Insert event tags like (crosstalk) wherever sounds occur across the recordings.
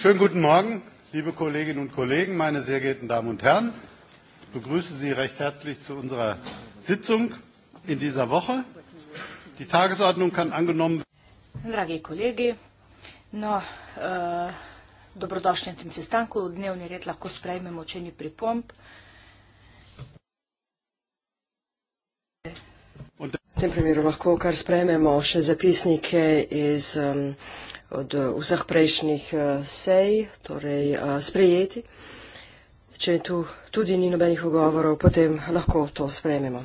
Schönen guten Morgen, liebe Kolleginnen und Kollegen, meine sehr geehrten Damen und Herren. Ich begrüße Sie recht herzlich zu unserer Sitzung in dieser Woche. Die Tagesordnung kann angenommen werden. Kollege, no, uh, dobrodošli tem sestanku. Dnevni red lahko sprejmemo, če ni pripomb. V tem primeru lahko kar sprejmemo še zapisnike iz um, od eh, vseh prejšnjih eh, sej, torej eh, sprejeti. Če tu tudi ni nobenih ogovorov, potem lahko to sprejmemo.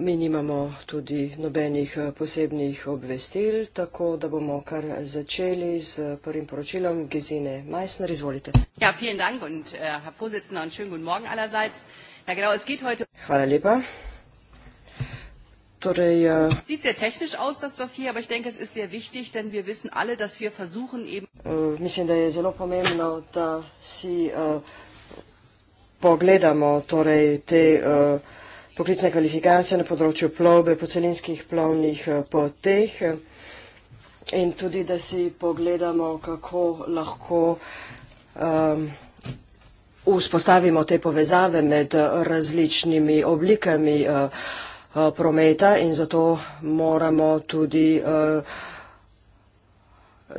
Mi nimamo tudi nobenih posebnih obvestil, tako da bomo kar začeli z prvim poročilom Gezine Meissner. Izvolite. Ja, vielen Dank und uh, Herr Vorsitzender und schönen guten Morgen allerseits. Ja, genau, es geht heute... Hvala lepa. Torej, uh, Sieht sehr technisch aus, das Dossier, aber ich denke, es ist sehr wichtig, denn wir wissen alle, dass wir versuchen eben. Uh, mislim, da je zelo pomembno, da si uh, torej, te uh, poklicne kvalifikacije na področju plovbe, po celinskih plovnih uh, poteh in tudi, da si pogledamo, kako lahko um, vzpostavimo te povezave med različnimi oblikami uh, Eh, prometa in zato moramo tudi eh,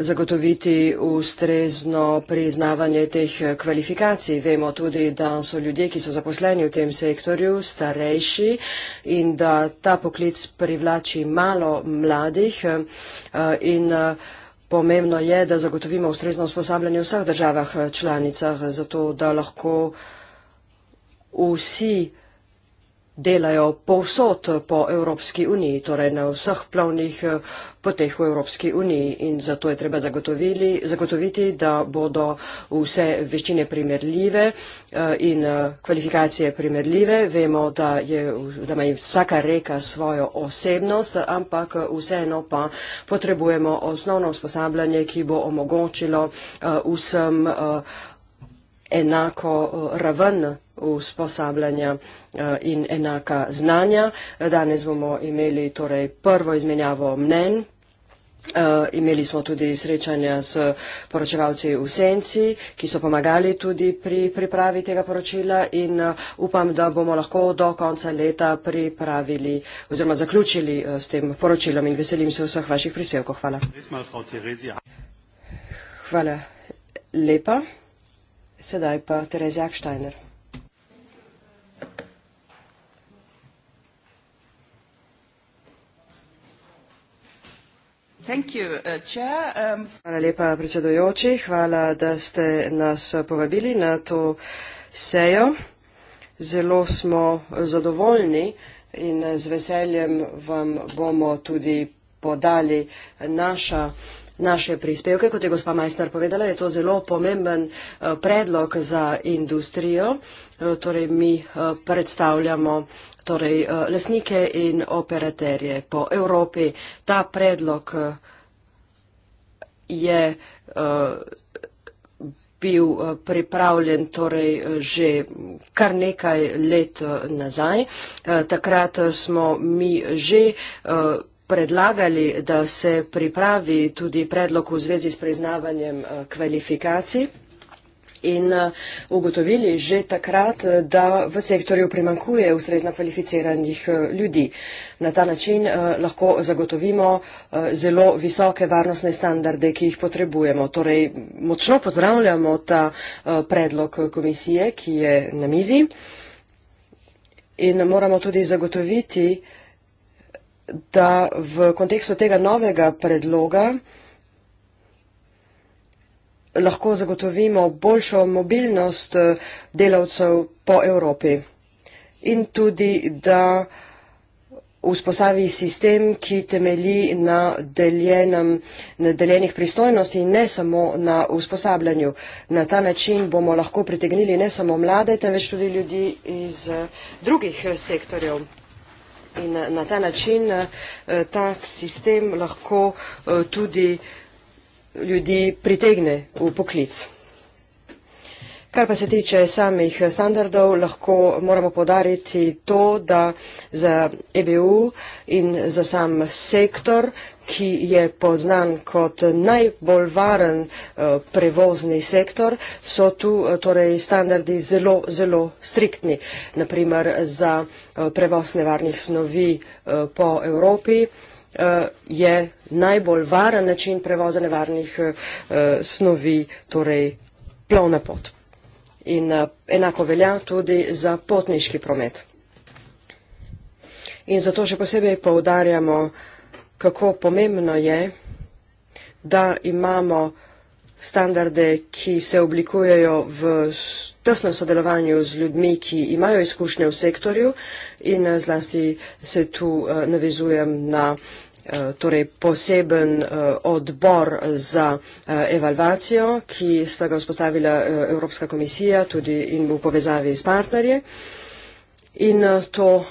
zagotoviti ustrezno priznavanje teh eh, kvalifikacij. Vemo tudi, da so ljudje, ki so zaposleni v tem sektorju, starejši in da ta poklic privlači malo mladih in pomembno je, da zagotovimo ustrezno usposabljanje v vseh državah članicah, zato da lahko vsi delajo povsod po Evropski uniji, torej na vseh plavnih eh, poteh v Evropski uniji in zato je treba zagotoviti, da bodo vse veščine primerljive eh, in eh, kvalifikacije primerljive. Vemo, da, je, da ima vsaka reka svojo osebnost, ampak vseeno pa potrebujemo osnovno usposabljanje, ki bo omogočilo vsem enako raven usposabljanja eh, in enaka znanja. Danes bomo imeli torej prvo izmenjavo mnen. Uh, eh, imeli smo tudi srečanja s poročevalci v Senci, ki so pomagali tudi pri pripravi tega poročila in uh, upam, da bomo lahko do konca leta pripravili oziroma zaključili uh, s tem poročilom in veselim se vseh vaših prispevkov. Hvala. Hvala lepa. Sedaj pa Terezija Štajner. Uh, um, Hvala lepa, predsedojoči. Hvala, da ste nas povabili na to sejo. Zelo smo zadovoljni in z veseljem vam bomo tudi podali naša, naše prispevke. Kot je gospa Majstar povedala, je to zelo pomemben eh, predlog za industrijo. Eh, torej, mi eh, predstavljamo torej eh, lesnike in operaterje po Evropi. Ta predlog eh, je eh, bil pripravljen torej že kar nekaj let nazaj. Takrat smo mi že predlagali, da se pripravi tudi predlog v zvezi s priznavanjem kvalifikacij in eh, ugotovili že takrat, eh, da v sektorju primankuje ustrezno kvalificiranih eh, ljudi. Na ta način lahko zagotovimo zelo visoke varnostne standarde, ki jih potrebujemo. Torej, močno pozdravljamo ta predlog komisije, ki je na mizi in moramo tudi zagotoviti, da v kontekstu tega novega predloga lahko zagotovimo boljšo mobilnost eh, delavcev po Evropi in tudi, da vzposavi sistem, ki temelji na, deljenem, na deljenih pristojnosti in ne samo na usposabljanju. Na ta način bomo lahko pritegnili ne samo mlade, temveč tudi ljudi iz eh, drugih eh, sektorjev. In na ta način ta sistem lahko tudi ljudi pritegne v poklic. Kar pa se tiče samih standardov, lahko moramo podariti to, da za EBU in za sam sektor, ki je poznan kot najbolj varen eh, prevozni sektor, so tu eh, torej standardi zelo, zelo striktni. Naprimer za eh, prevoz nevarnih snovi po Evropi Eh, je najbolj varen način prevoza nevarnih eh, eh, snovi, torej plovna pot. In enako velja tudi za potniški promet. In zato še posebej poudarjamo, kako pomembno je, da imamo standarde, ki se oblikujejo v tesnem sodelovanju z ljudmi, ki imajo izkušnje v sektorju in eh, zlasti se tu eh, navezujem na eh, torej poseben odbor za evalvacijo, ki sta ga vzpostavila Evropska komisija tudi in v povezavi s partnerje. In to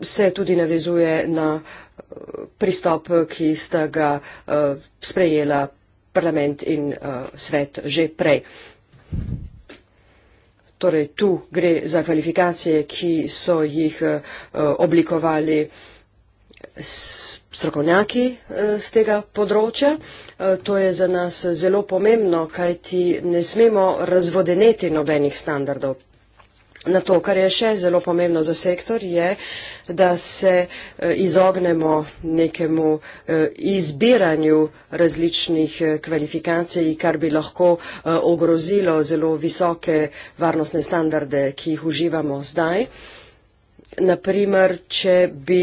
se tudi navezuje na pristop, ki sta ga sprejela parlament in svet že prej. Torej, tu gre za kvalifikacije, ki so jih eh, oblikovali strokovnjaki z eh, tega področja. Eh, to je za nas zelo pomembno, kajti ne smemo razvodeneti nobenih standardov. Na to, kar je še zelo pomembno za sektor, je, da se eh, izognemo nekemu eh, izbiranju različnih eh, kvalifikacij, kar bi lahko ogrozilo zelo visoke varnostne standarde, ki jih uživamo zdaj. Naprimer, če bi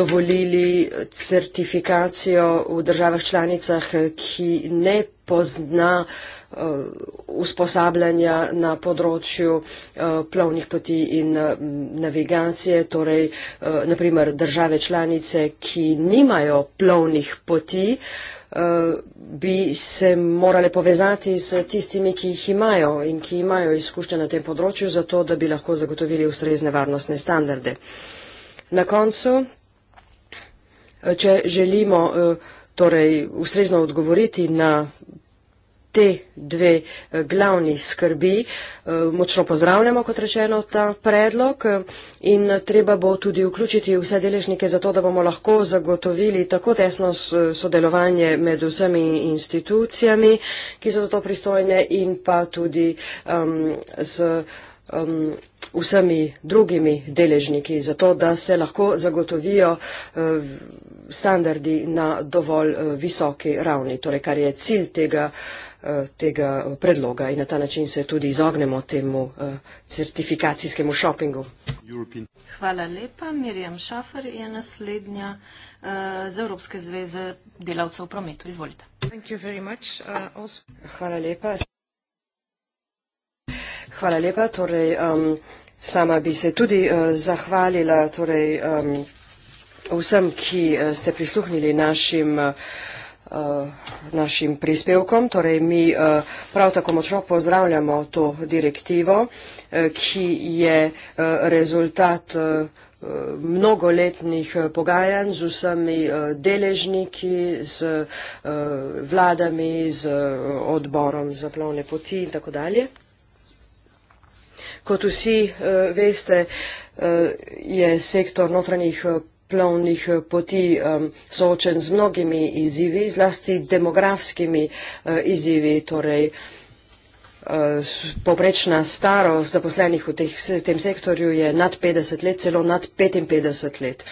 dovolili certifikacijo v državah članicah, ki ne pozna eh, usposabljanja na področju eh, plovnih poti in mm, navigacije, torej eh, naprimer države članice, ki nimajo plovnih poti, bi se morale povezati s tistimi, ki jih imajo in ki imajo izkušnje na tem področju, zato da bi lahko zagotovili ustrezne varnostne standarde. Na koncu, če želimo torej ustrezno odgovoriti na te dve eh, glavni skrbi. Eh, močno pozdravljamo, kot rečeno, ta predlog eh, in treba bo tudi vključiti vse deležnike za to, da bomo lahko zagotovili tako tesno sodelovanje med vsemi institucijami, ki so za to pristojne in pa tudi um, z um, vsemi drugimi deležniki za to, da se lahko zagotovijo. Um, standardi na dovolj visoki ravni, torej kar je cilj tega uh, Eh, tega predloga in na ta način se tudi izognemo temu eh, certifikacijskemu šopingu. Hvala lepa. Mirjam Šafer je naslednja eh, z Evropske zveze delavcev v prometu. Izvolite. Uh, Hvala lepa. Hvala lepa. Torej, um, sama bi se tudi uh, zahvalila torej, um, vsem, ki uh, ste prisluhnili našim uh, Eh, našim prispevkom. Torej, mi eh, prav tako močno pozdravljamo to direktivo, eh, ki je rezultat mnogoletnih pogajanj z vsemi deležniki, z vladami, z odborom za plovne poti in tako dalje. Kot vsi veste, je sektor notranjih plovnih eh, poti um, soočen z mnogimi izzivi, zlasti demografskimi uh, izzivi, torej uh, eh, poprečna starost zaposlenih v teh, tem sektorju je nad 50 let, celo nad 55 let.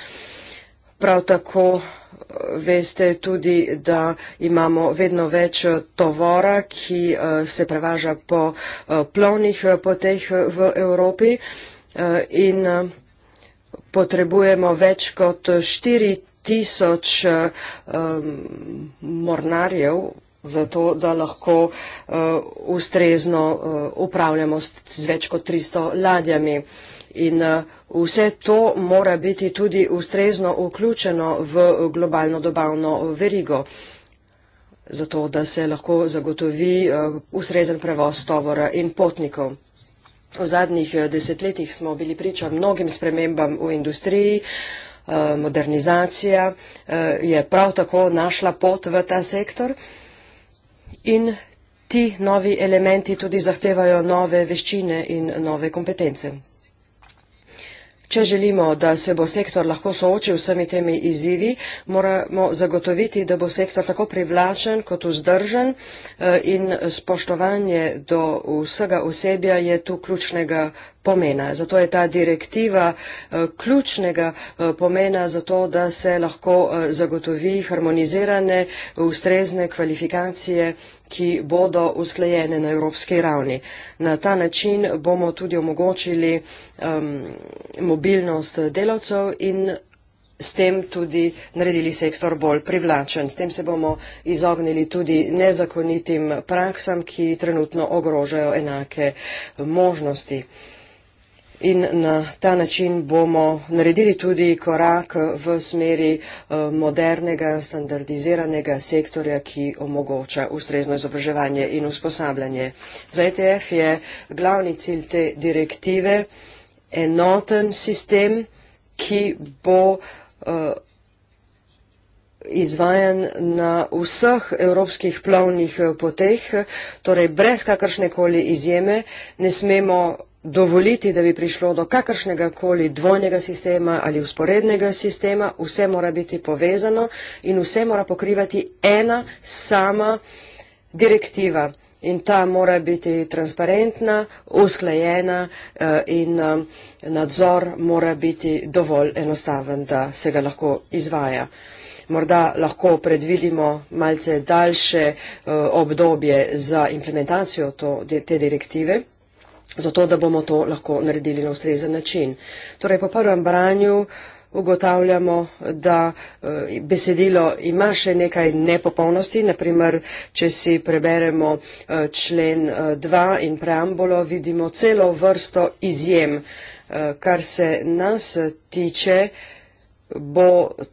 Prav tako veste tudi, da imamo vedno več tovora, ki se prevaža po plovnih poteh v Evropi in potrebujemo več kot 4 tisoč um, mornarjev, zato da lahko uh, ustrezno uh, upravljamo s, z več kot 300 ladjami. In uh, vse to mora biti tudi ustrezno vključeno v globalno dobavno verigo, zato da se lahko zagotovi uh, ustrezen prevoz tovora in potnikov. V zadnjih eh, desetletjih smo bili priča mnogim spremembam v industriji, eh, modernizacija eh, je prav tako našla pot v ta sektor in ti novi elementi tudi zahtevajo nove veščine in nove kompetence. Če želimo, da se bo sektor lahko soočil vsemi temi izzivi, moramo zagotoviti, da bo sektor tako privlačen kot vzdržen eh, in spoštovanje do vsega osebja je tu ključnega pomena. Zato je ta direktiva eh, ključnega eh, pomena za to, da se lahko eh, zagotovi harmonizirane, ustrezne kvalifikacije ki bodo usklajene na evropski ravni. Na ta način bomo tudi omogočili um, mobilnost delavcev in s tem tudi naredili sektor bolj privlačen. S tem se bomo izognili tudi nezakonitim praksam, ki trenutno ogrožajo enake možnosti. Uh, In na ta način bomo naredili tudi korak v smeri eh, modernega, standardiziranega sektorja, ki omogoča ustrezno izobraževanje in usposabljanje. Za ETF je glavni cilj te direktive enoten sistem, ki bo eh, izvajan na vseh evropskih plovnih poteh, torej brez kakršnekoli izjeme ne smemo dovoliti, da bi prišlo do kakršnega koli dvojnega sistema ali usporednega sistema, vse mora biti povezano in vse mora pokrivati ena sama direktiva. In ta mora biti transparentna, usklajena eh, in eh, nadzor mora biti dovolj enostaven, da se ga lahko izvaja. Morda lahko predvidimo malce daljše eh, obdobje za implementacijo to, te direktive zato, da bomo to lahko naredili na ustrezen način. Torej, po prvem branju ugotavljamo, da eh, besedilo ima še nekaj nepopolnosti. Naprimer, če si preberemo eh, člen 2 eh, in preambolo, vidimo celo vrsto izjem. Kar se nas tiče, bo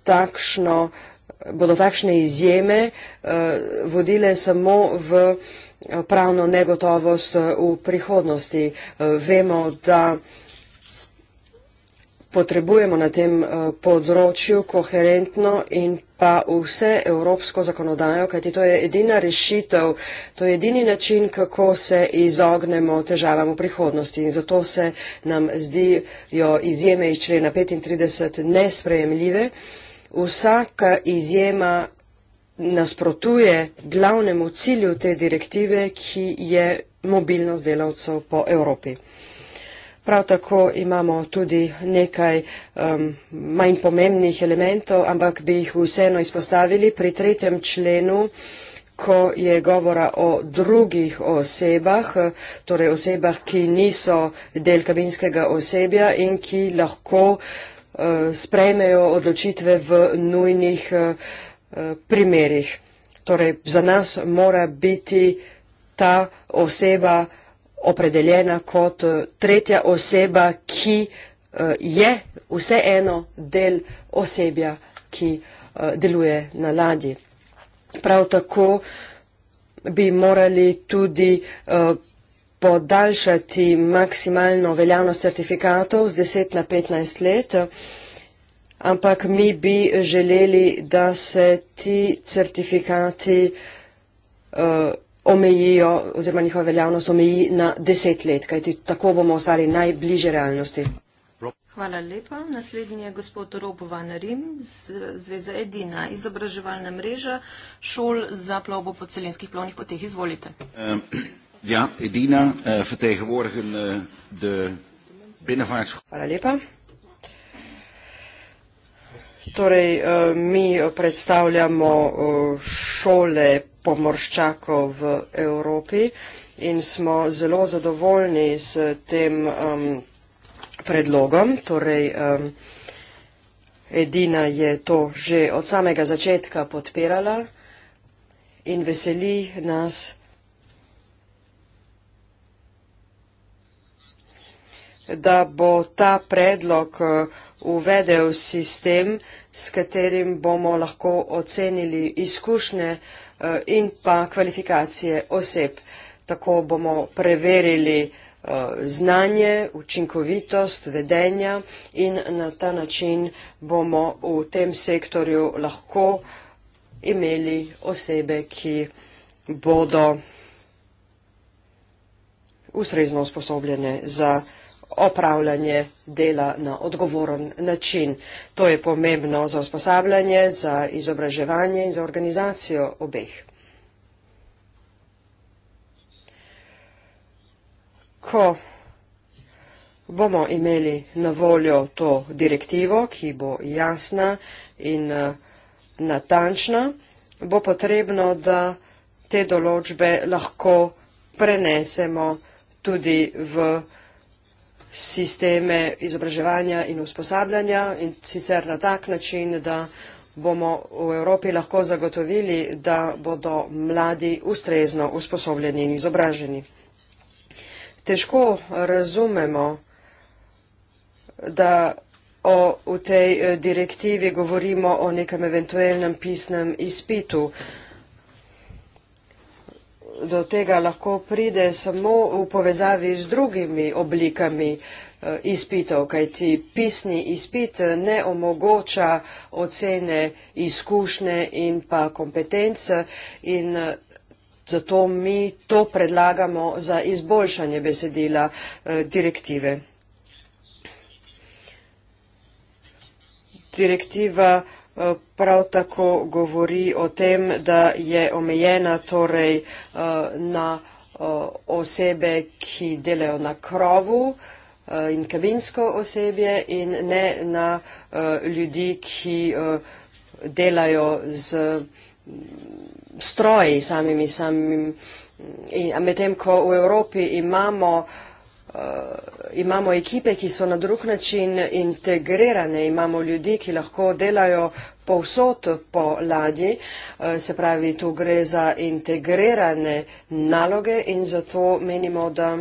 takšno, bodo takšne izjeme vodile samo v pravno negotovost eh, v prihodnosti. Eh, vemo, da potrebujemo na tem eh, področju koherentno in pa vse evropsko zakonodajo, kajti to je edina rešitev, to je edini način, kako se izognemo težavam v prihodnosti. In zato se nam zdijo izjeme iz člena 35 nesprejemljive. Vsaka izjema nasprotuje glavnemu cilju te direktive, ki je mobilnost delavcev po Evropi. Prav tako imamo tudi nekaj um, manj pomembnih elementov, ampak bi jih vseeno izpostavili pri tretjem členu, ko je govora o drugih osebah, torej osebah, ki niso del kabinskega osebja in ki lahko uh, sprejmejo odločitve v nujnih uh, primerih. Torej, za nas mora biti ta oseba opredeljena kot eh, tretja oseba, ki eh, je vseeno del osebja, ki eh, deluje na ladji. Prav tako bi morali tudi podaljšati maksimalno veljavnost certifikatov z 10 na 15 let ampak mi bi želeli, da se ti certifikati uh, omejijo oziroma njihova veljavnost omeji na deset let, kajti tako bomo ostali najbliže realnosti. Hvala lepa. Naslednji je gospod Rob Van Rim, Zveza Edina, izobraževalna mreža šol za plovbo po celinskih plovnih poteh. Izvolite. Ehm, ja, Edina, eh, vertegenwoordigende eh, de binnenvaartschool. Hvala lepa. Torej, eh, mi eh, predstavljamo eh, šole pomorščakov v Evropi in smo zelo zadovoljni s tem um, predlogom. Torej, um, Edina je to že od samega začetka podpirala in veseli nas, da bo ta predlog eh, uvedel sistem, s katerim bomo lahko ocenili izkušnje eh, in pa kvalifikacije oseb. Tako bomo preverili eh, znanje, učinkovitost, vedenja in na ta način bomo v tem sektorju lahko imeli osebe, ki bodo ustrezno usposobljene za opravljanje dela na odgovoren način. To je pomembno za usposabljanje, za izobraževanje in za organizacijo obeh. Ko bomo imeli na voljo to direktivo, ki bo jasna in eh, natančna, bo potrebno, da te določbe lahko prenesemo tudi v sisteme izobraževanja in usposabljanja in sicer na tak način, da bomo v Evropi lahko zagotovili, da bodo mladi ustrezno usposobljeni in izobraženi. Težko razumemo, da o, v tej eh, direktivi govorimo o nekem eventualnem pisnem izpitu do tega lahko pride samo v povezavi z drugimi oblikami eh, izpitov, kajti pisni izpit eh, ne omogoča ocene izkušnje in pa kompetence eh, in zato mi to predlagamo za izboljšanje besedila direktive. Direktiva prav tako govori o tem, da je omejena torej eh, na eh, osebe, ki delajo na krovu eh, in kabinsko osebje in ne na ljudi, ki delajo z mm, stroji samimi samimi. Medtem, ko v Evropi imamo uh, Eh, imamo ekipe, ki so na drug način integrirane, imamo ljudi, ki lahko delajo povsod po ladji, eh, se pravi, tu gre za integrirane naloge in zato menimo, da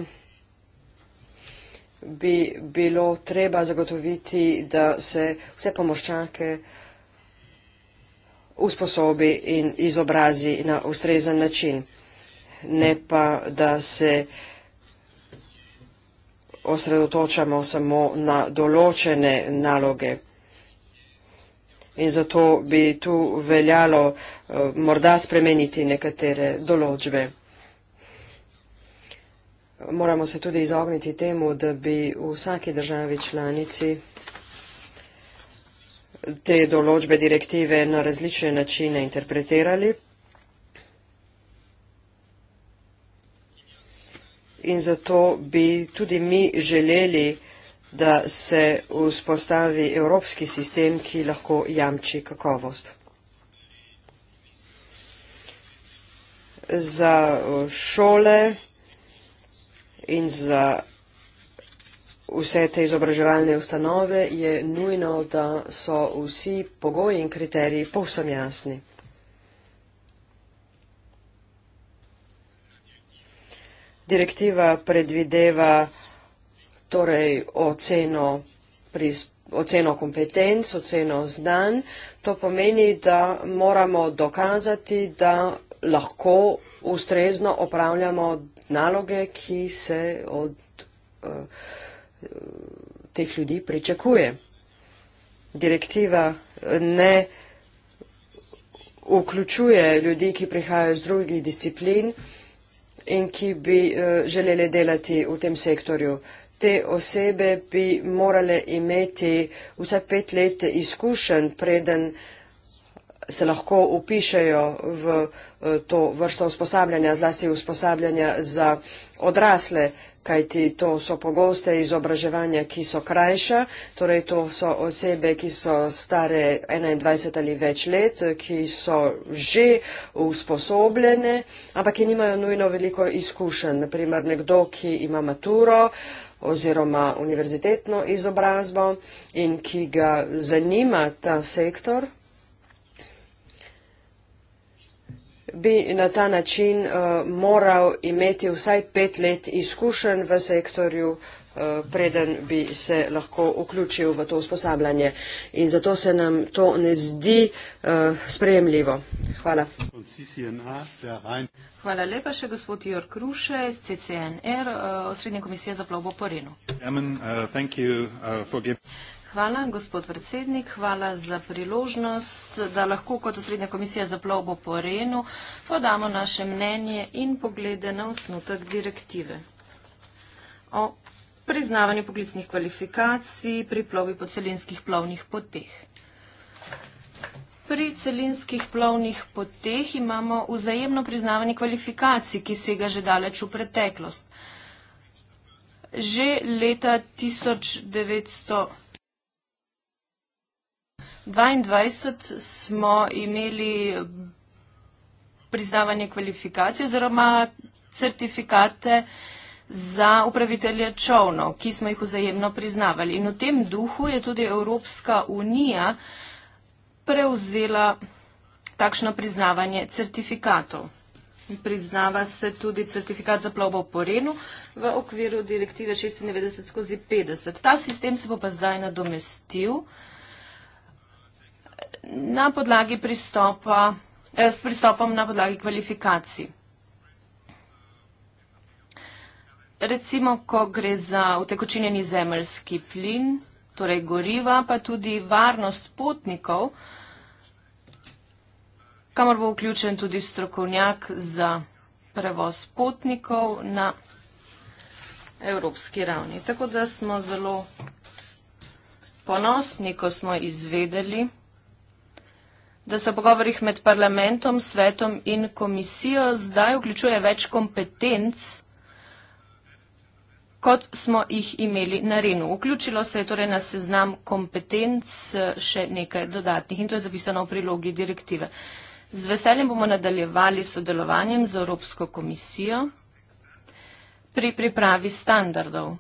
bi bilo treba zagotoviti, da se vse pomoščake usposobi in izobrazi na ustrezen način, ne pa da se uh, osredotočamo samo na določene naloge. In zato bi tu veljalo eh, morda spremeniti nekatere določbe. Moramo se tudi izogniti temu, da bi v vsaki državi članici te določbe direktive na različne načine interpretirali, in zato bi tudi mi želeli, da se vzpostavi evropski sistem, ki lahko jamči kakovost. Za šole in za vse te izobraževalne ustanove je nujno, da so vsi pogoji in kriteriji povsem jasni. Direktiva predvideva torej oceno, pri, oceno kompetenc, oceno znanj. To pomeni, da moramo dokazati, da lahko ustrezno opravljamo naloge, ki se od uh, teh ljudi pričakuje. Direktiva eh, ne vključuje ljudi, ki prihajajo iz drugih disciplin, uh, in ki bi eh, želeli delati v tem sektorju. Te osebe bi morale imeti vsa pet let izkušen, preden se lahko upišajo v eh, to vrsto usposabljanja, zlasti usposabljanja za odrasle kajti to so pogoste izobraževanja, ki so krajša, torej to so osebe, ki so stare 21 ali več let, ki so že usposobljene, ampak ki nimajo nujno veliko izkušenj. Naprimer, nekdo, ki ima maturo oziroma univerzitetno izobrazbo in ki ga zanima ta sektor, bi na ta način uh, moral imeti vsaj pet let izkušen v sektorju, uh, preden bi se lahko vključil v to usposabljanje. In zato se nam to ne zdi uh, sprejemljivo. Hvala. Hvala lepa še gospod Jor Kruše z CCNR, uh, Osrednje komisije za plavbo po Renu. German, uh, Hvala, gospod predsednik. Hvala za priložnost, da lahko kot osrednja komisija za plovbo po Renu podamo naše mnenje in poglede na osnutek direktive o priznavanju poklicnih kvalifikacij pri plovbi po celinskih plovnih poteh. Pri celinskih plovnih poteh imamo vzajemno priznavanje kvalifikacij, ki sega že daleč v preteklost. Že leta 1900. 2022 smo imeli priznavanje kvalifikacij oziroma certifikate za upravitelje čovnov, ki smo jih vzajemno priznavali. In v tem duhu je tudi Evropska unija prevzela takšno priznavanje certifikatov. Priznava se tudi certifikat za plovbo po Renu v okviru direktive 96 skozi 50. Ta sistem se bo pa zdaj nadomestil na podlagi pristopa, eh, s pristopom na podlagi kvalifikacij. Recimo, ko gre za utekočinjeni zemljski plin, torej goriva, pa tudi varnost potnikov, kamor bo vključen tudi strokovnjak za prevoz potnikov na evropski ravni. Tako da smo zelo ponosni, ko smo izvedeli, da se v pogovorih med parlamentom, svetom in komisijo zdaj vključuje več kompetenc, kot smo jih imeli na Renu. Vključilo se je torej na seznam kompetenc eh, še nekaj dodatnih in to je zapisano v prilogi direktive. Z veseljem bomo nadaljevali sodelovanjem z Evropsko komisijo pri pripravi standardov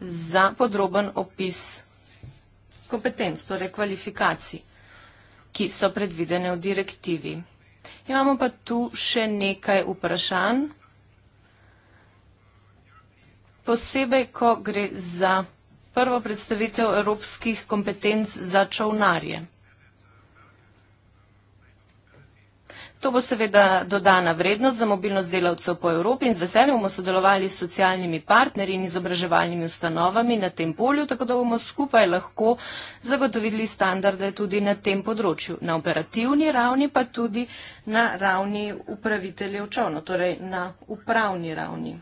za podroben opis kompetenc, torej kvalifikacij, ki so predvidene v direktivi. Imamo pa tu še nekaj vprašanj, posebej, ko gre za prvo predstavitev evropskih kompetenc za čovnarje. To bo seveda dodana vrednost za mobilnost delavcev po Evropi in z veseljem bomo sodelovali s socialnimi partnerji in izobraževalnimi ustanovami na tem polju, tako da bomo skupaj lahko zagotovili standarde tudi na tem področju, na operativni ravni pa tudi na ravni upraviteljev čovno, torej na upravni ravni.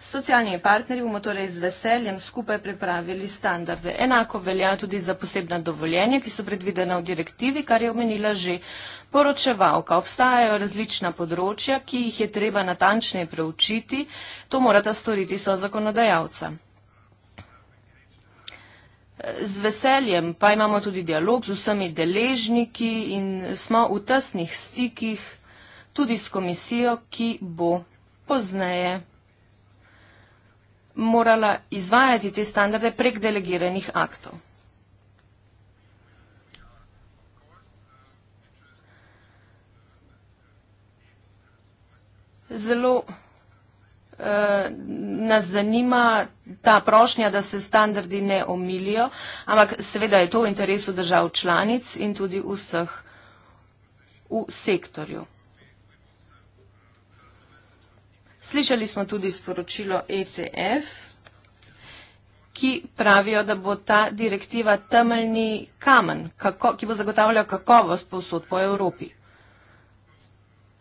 S socialnimi partnerji bomo torej z veseljem skupaj pripravili standarde. Enako velja tudi za posebna dovoljenja, ki so predvidena v direktivi, kar je omenila že poročevalka. Obstajajo različna področja, ki jih je treba natančneje preučiti. To morata storiti so zakonodajalca. Z veseljem pa imamo tudi dialog z vsemi deležniki in smo v tesnih stikih tudi s komisijo, ki bo pozneje morala izvajati te standarde prek delegiranih aktov. Zelo eh, nas zanima ta prošnja, da se standardi ne omilijo, ampak seveda je to v interesu držav članic in tudi vseh v sektorju. Slišali smo tudi sporočilo ETF, ki pravijo, da bo ta direktiva temeljni kamen, kako, ki bo zagotavljal kakovost povsod po Evropi.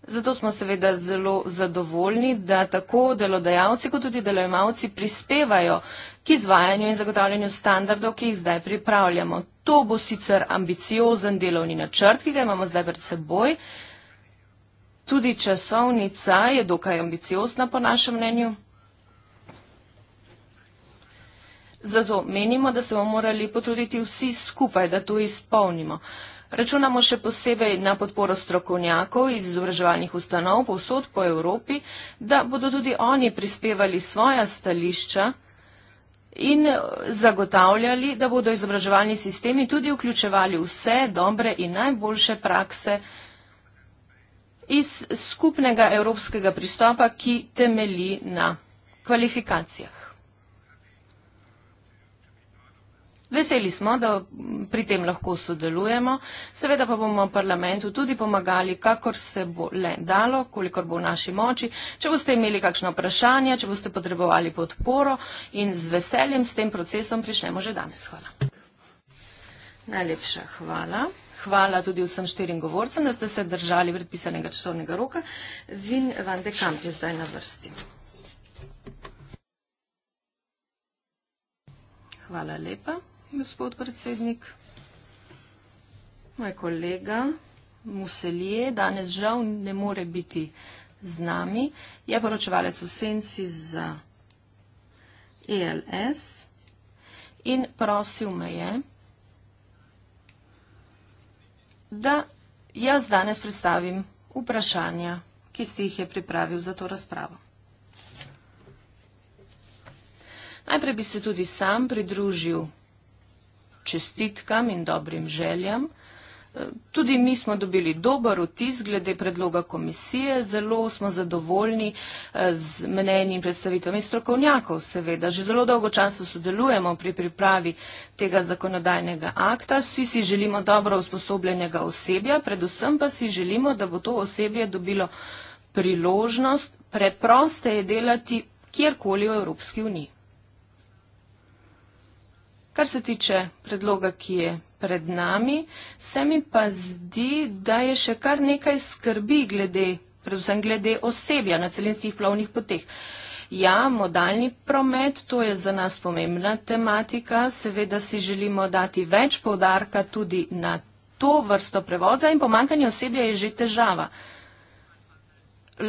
Zato smo seveda zelo zadovoljni, da tako delodajalci kot tudi delojemalci prispevajo k izvajanju in zagotavljanju standardov, ki jih zdaj pripravljamo. To bo sicer ambiciozen delovni načrt, ki ga imamo zdaj pred seboj. Tudi časovnica je dokaj ambiciozna po našem mnenju. Zato menimo, da se bomo morali potruditi vsi skupaj, da to izpolnimo. Računamo še posebej na podporo strokovnjakov iz izobraževalnih ustanov povsod po Evropi, da bodo tudi oni prispevali svoja stališča in zagotavljali, da bodo izobraževalni sistemi tudi vključevali vse dobre in najboljše prakse iz skupnega evropskega pristopa, ki temelji na kvalifikacijah. Veseli smo, da pri tem lahko sodelujemo, seveda pa bomo parlamentu tudi pomagali, kakor se bo le dalo, kolikor bo v naši moči. Če boste imeli kakšno vprašanje, če boste potrebovali podporo in z veseljem s tem procesom prišnemo že danes. Hvala. Najlepša hvala hvala tudi vsem štirim govorcem, da ste se držali predpisanega časovnega roka. Vin van de Kamp je zdaj na vrsti. Hvala lepa, gospod predsednik. Moj kolega Muselje danes žal ne more biti z nami. Je poročevalec v senci za ELS in prosil me je, da jaz danes predstavim vprašanja, ki si jih je pripravil za to razpravo. Najprej bi se tudi sam pridružil čestitkam in dobrim željam. Tudi mi smo dobili dober vtis glede predloga komisije, zelo smo zadovoljni eh, z mnenji in predstavitvami strokovnjakov, seveda. Že zelo dolgo časa sodelujemo pri pripravi tega zakonodajnega akta. Vsi si želimo dobro usposobljenega osebja, predvsem pa si želimo, da bo to osebje dobilo priložnost preproste je delati kjerkoli v Evropski uniji. Kar se tiče predloga, ki je pred nami, se mi pa zdi, da je še kar nekaj skrbi glede, predvsem glede osebja na celinskih plovnih poteh. Ja, modalni promet, to je za nas pomembna tematika, seveda si želimo dati več povdarka tudi na to vrsto prevoza in pomankanje osebja je že težava.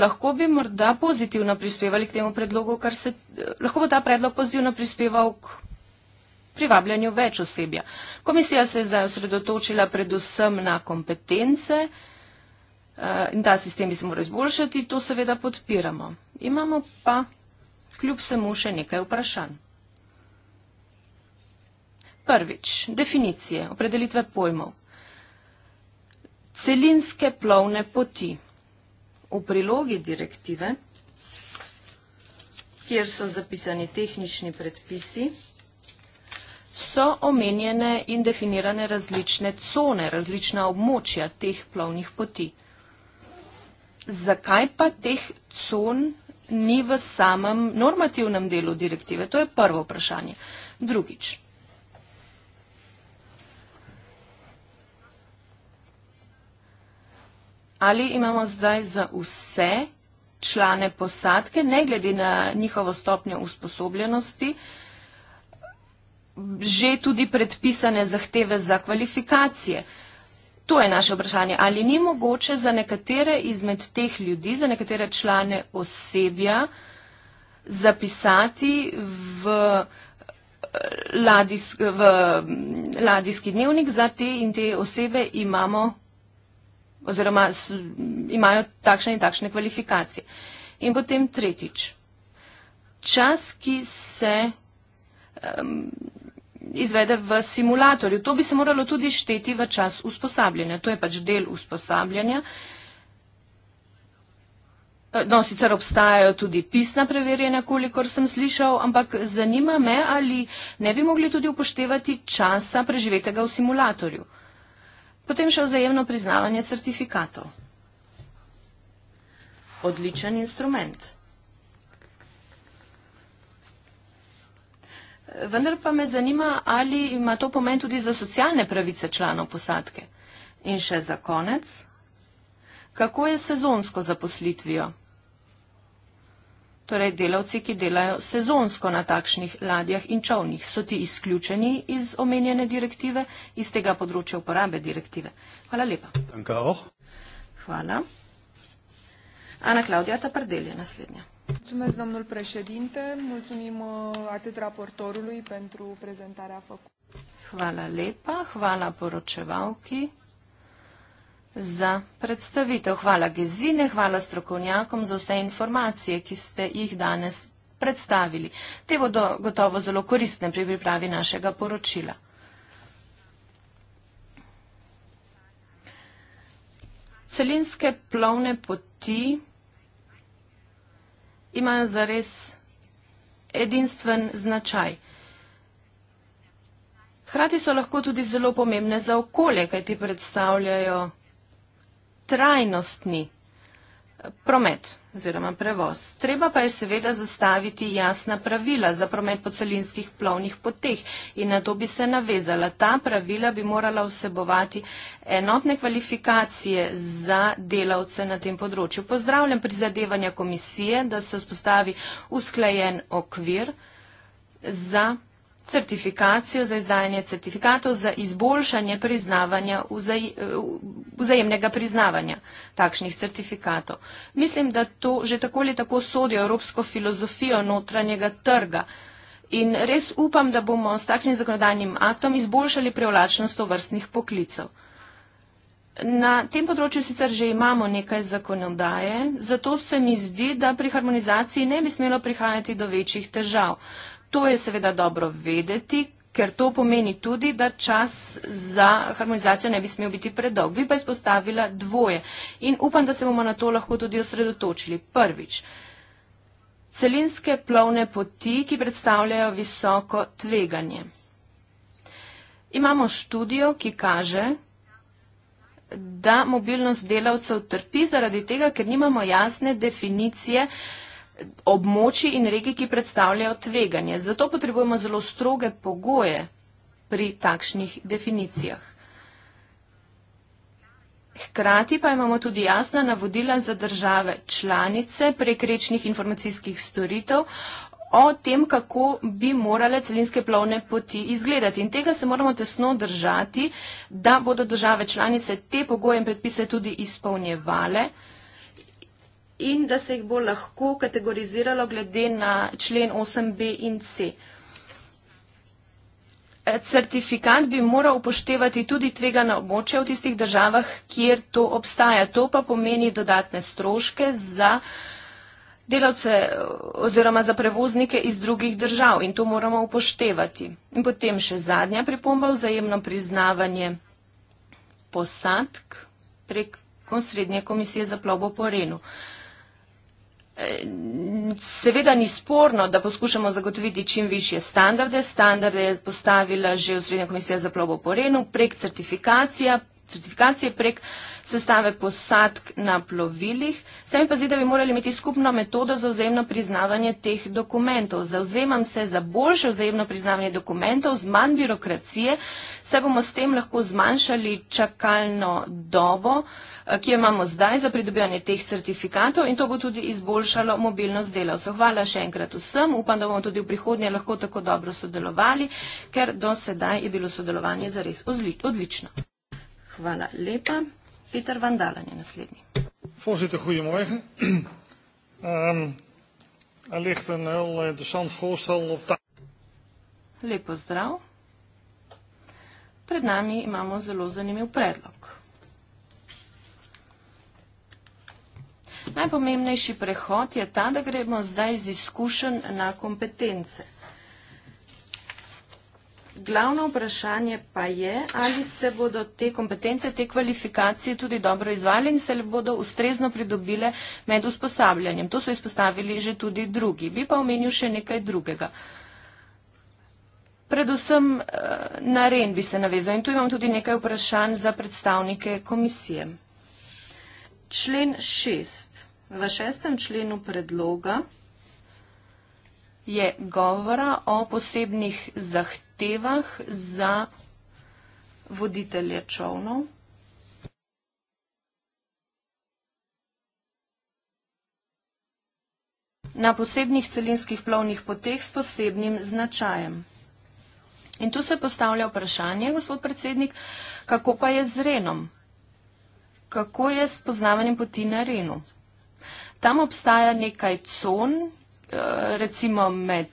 Lahko bi morda pozitivno prispevali k temu predlogu, kar se, eh, lahko bo ta predlog pozitivno prispeval k privabljanju več osebja. Komisija se je osredotočila predvsem na kompetence eh, in ta sistem bi se moral izboljšati, to seveda podpiramo. Imamo pa kljub semu še nekaj vprašanj. Prvič, definicije, opredelitve pojmov. Celinske plovne poti v prilogi direktive, kjer so zapisani tehnični predpisi, so omenjene in definirane različne cone, različna območja teh plovnih poti. Zakaj pa teh con ni v samem normativnem delu direktive? To je prvo vprašanje. Drugič. Ali imamo zdaj za vse člane posadke, ne glede na njihovo stopnjo usposobljenosti, že tudi predpisane zahteve za kvalifikacije. To je naše vprašanje. Ali ni mogoče za nekatere izmed teh ljudi, za nekatere člane osebja zapisati v eh, ladijski, v mm, ladijski dnevnik za te in te osebe imamo oziroma imajo takšne in takšne kvalifikacije. In potem tretjič. Čas, ki se um, izvede v simulatorju. To bi se moralo tudi šteti v čas usposabljanja. To je pač del usposabljanja. Eh, no, sicer obstajajo tudi pisna preverjanja, kolikor sem slišal, ampak zanima me, ali ne bi mogli tudi upoštevati časa preživetega v simulatorju. Potem še vzajemno priznavanje certifikatov. Odličen instrument. Vendar pa me zanima, ali ima to pomen tudi za socialne pravice članov posadke. In še za konec, kako je sezonsko zaposlitvijo? Torej, delavci, ki delajo sezonsko na takšnih ladjah in čovnih, so ti izključeni iz omenjene direktive, iz tega področja uporabe direktive. Hvala lepa. Hvala. Ana Klaudija Taprdel je naslednja. Domnul președinte, mulțumim uh, atât raportorului pentru prezentarea făcută. Hvala lepa, hvala poročevalki za predstavitev, hvala Gezine, hvala strokovnjakom za vse informacije, ki ste jih danes predstavili. Te bodo gotovo zelo koristne pri pripravi našega poročila. Celinske plovne poti imajo zares edinstven značaj. Hrati so lahko tudi zelo pomembne za okolje, kaj ti predstavljajo trajnostni promet oziroma prevoz. Treba pa je seveda zastaviti jasna pravila za promet po celinskih plovnih poteh in na to bi se navezala. Ta pravila bi morala vsebovati enotne kvalifikacije za delavce na tem področju. Pozdravljam prizadevanja komisije, da se vzpostavi usklajen okvir za certifikacijo za izdajanje certifikatov za izboljšanje priznavanja vzaj, vzajemnega priznavanja takšnih certifikatov. Mislim, da to že tako ali tako sodi evropsko filozofijo notranjega trga in res upam, da bomo s takšnim zakonodajnim aktom izboljšali privlačnost ovrstnih poklicov. Na tem področju sicer že imamo nekaj zakonodaje, zato se mi zdi, da pri harmonizaciji ne bi smelo prihajati do večjih težav. To je seveda dobro vedeti, ker to pomeni tudi, da čas za harmonizacijo ne bi smel biti predolg. Bi pa izpostavila dvoje in upam, da se bomo na to lahko tudi osredotočili. Prvič, celinske plovne poti, ki predstavljajo visoko tveganje. Imamo študijo, ki kaže, da mobilnost delavcev trpi zaradi tega, ker nimamo jasne definicije območji in regije, ki predstavljajo tveganje. Zato potrebujemo zelo stroge pogoje pri takšnih definicijah. Hkrati pa imamo tudi jasna navodila za države članice prekrečnih informacijskih storitev o tem, kako bi morale celinske plovne poti izgledati. In tega se moramo tesno držati, da bodo države članice te pogoje in predpise tudi izpolnjevale in da se jih bo lahko kategoriziralo glede na člen 8b in c. E, Certifikat bi moral upoštevati tudi tvegana območja v tistih državah, kjer to obstaja. To pa pomeni dodatne stroške za delavce e, oziroma za prevoznike iz drugih držav in to moramo upoštevati. In potem še zadnja pripomba, vzajemno priznavanje posadk prek osrednje komisije za plovbo po Renu. Seveda ni sporno, da poskušamo zagotoviti čim više standarde. Standarde je postavila že osrednja komisija za plovbo po Renu prek certifikacija, certifikacije prek sestave posadk na plovilih. Se mi pa zdi, da bi morali imeti skupno metodo za vzajemno priznavanje teh dokumentov. Zauzemam se za boljše vzajemno priznavanje dokumentov z manj birokracije, saj bomo s tem lahko zmanjšali čakalno dobo, eh, ki jo imamo zdaj za pridobivanje teh certifikatov in to bo tudi izboljšalo mobilnost delavcev. Hvala še enkrat vsem. Upam, da bomo tudi v prihodnje lahko tako dobro sodelovali, ker do sedaj je bilo sodelovanje zares odlično. Hvala lepa. Peter Vandalan je naslednji. Voorzitter, goedemorgen. Um, (clears throat) er ligt een heel interessant voorstel op tafel. Lepo zdrav. Pred nami imamo zelo zanimiv predlog. Najpomembnejši prehod je ta, da gremo zdaj iz izkušenj na kompetence. Glavno vprašanje pa je, ali se bodo te kompetence, te kvalifikacije tudi dobro izvali in se le bodo ustrezno pridobile med usposabljanjem. To so izpostavili že tudi drugi. Bi pa omenil še nekaj drugega. Predvsem eh, na REN bi se navezal in tu imam tudi nekaj vprašanj za predstavnike komisije. Člen šest. V šestem členu predloga je govora o posebnih zahtevah zahtevah za voditelje čovnov. Na posebnih celinskih plovnih poteh s posebnim značajem. In tu se postavlja vprašanje, gospod predsednik, kako pa je z Renom? Kako je s poznavanjem poti na Renu? Tam obstaja nekaj con, recimo med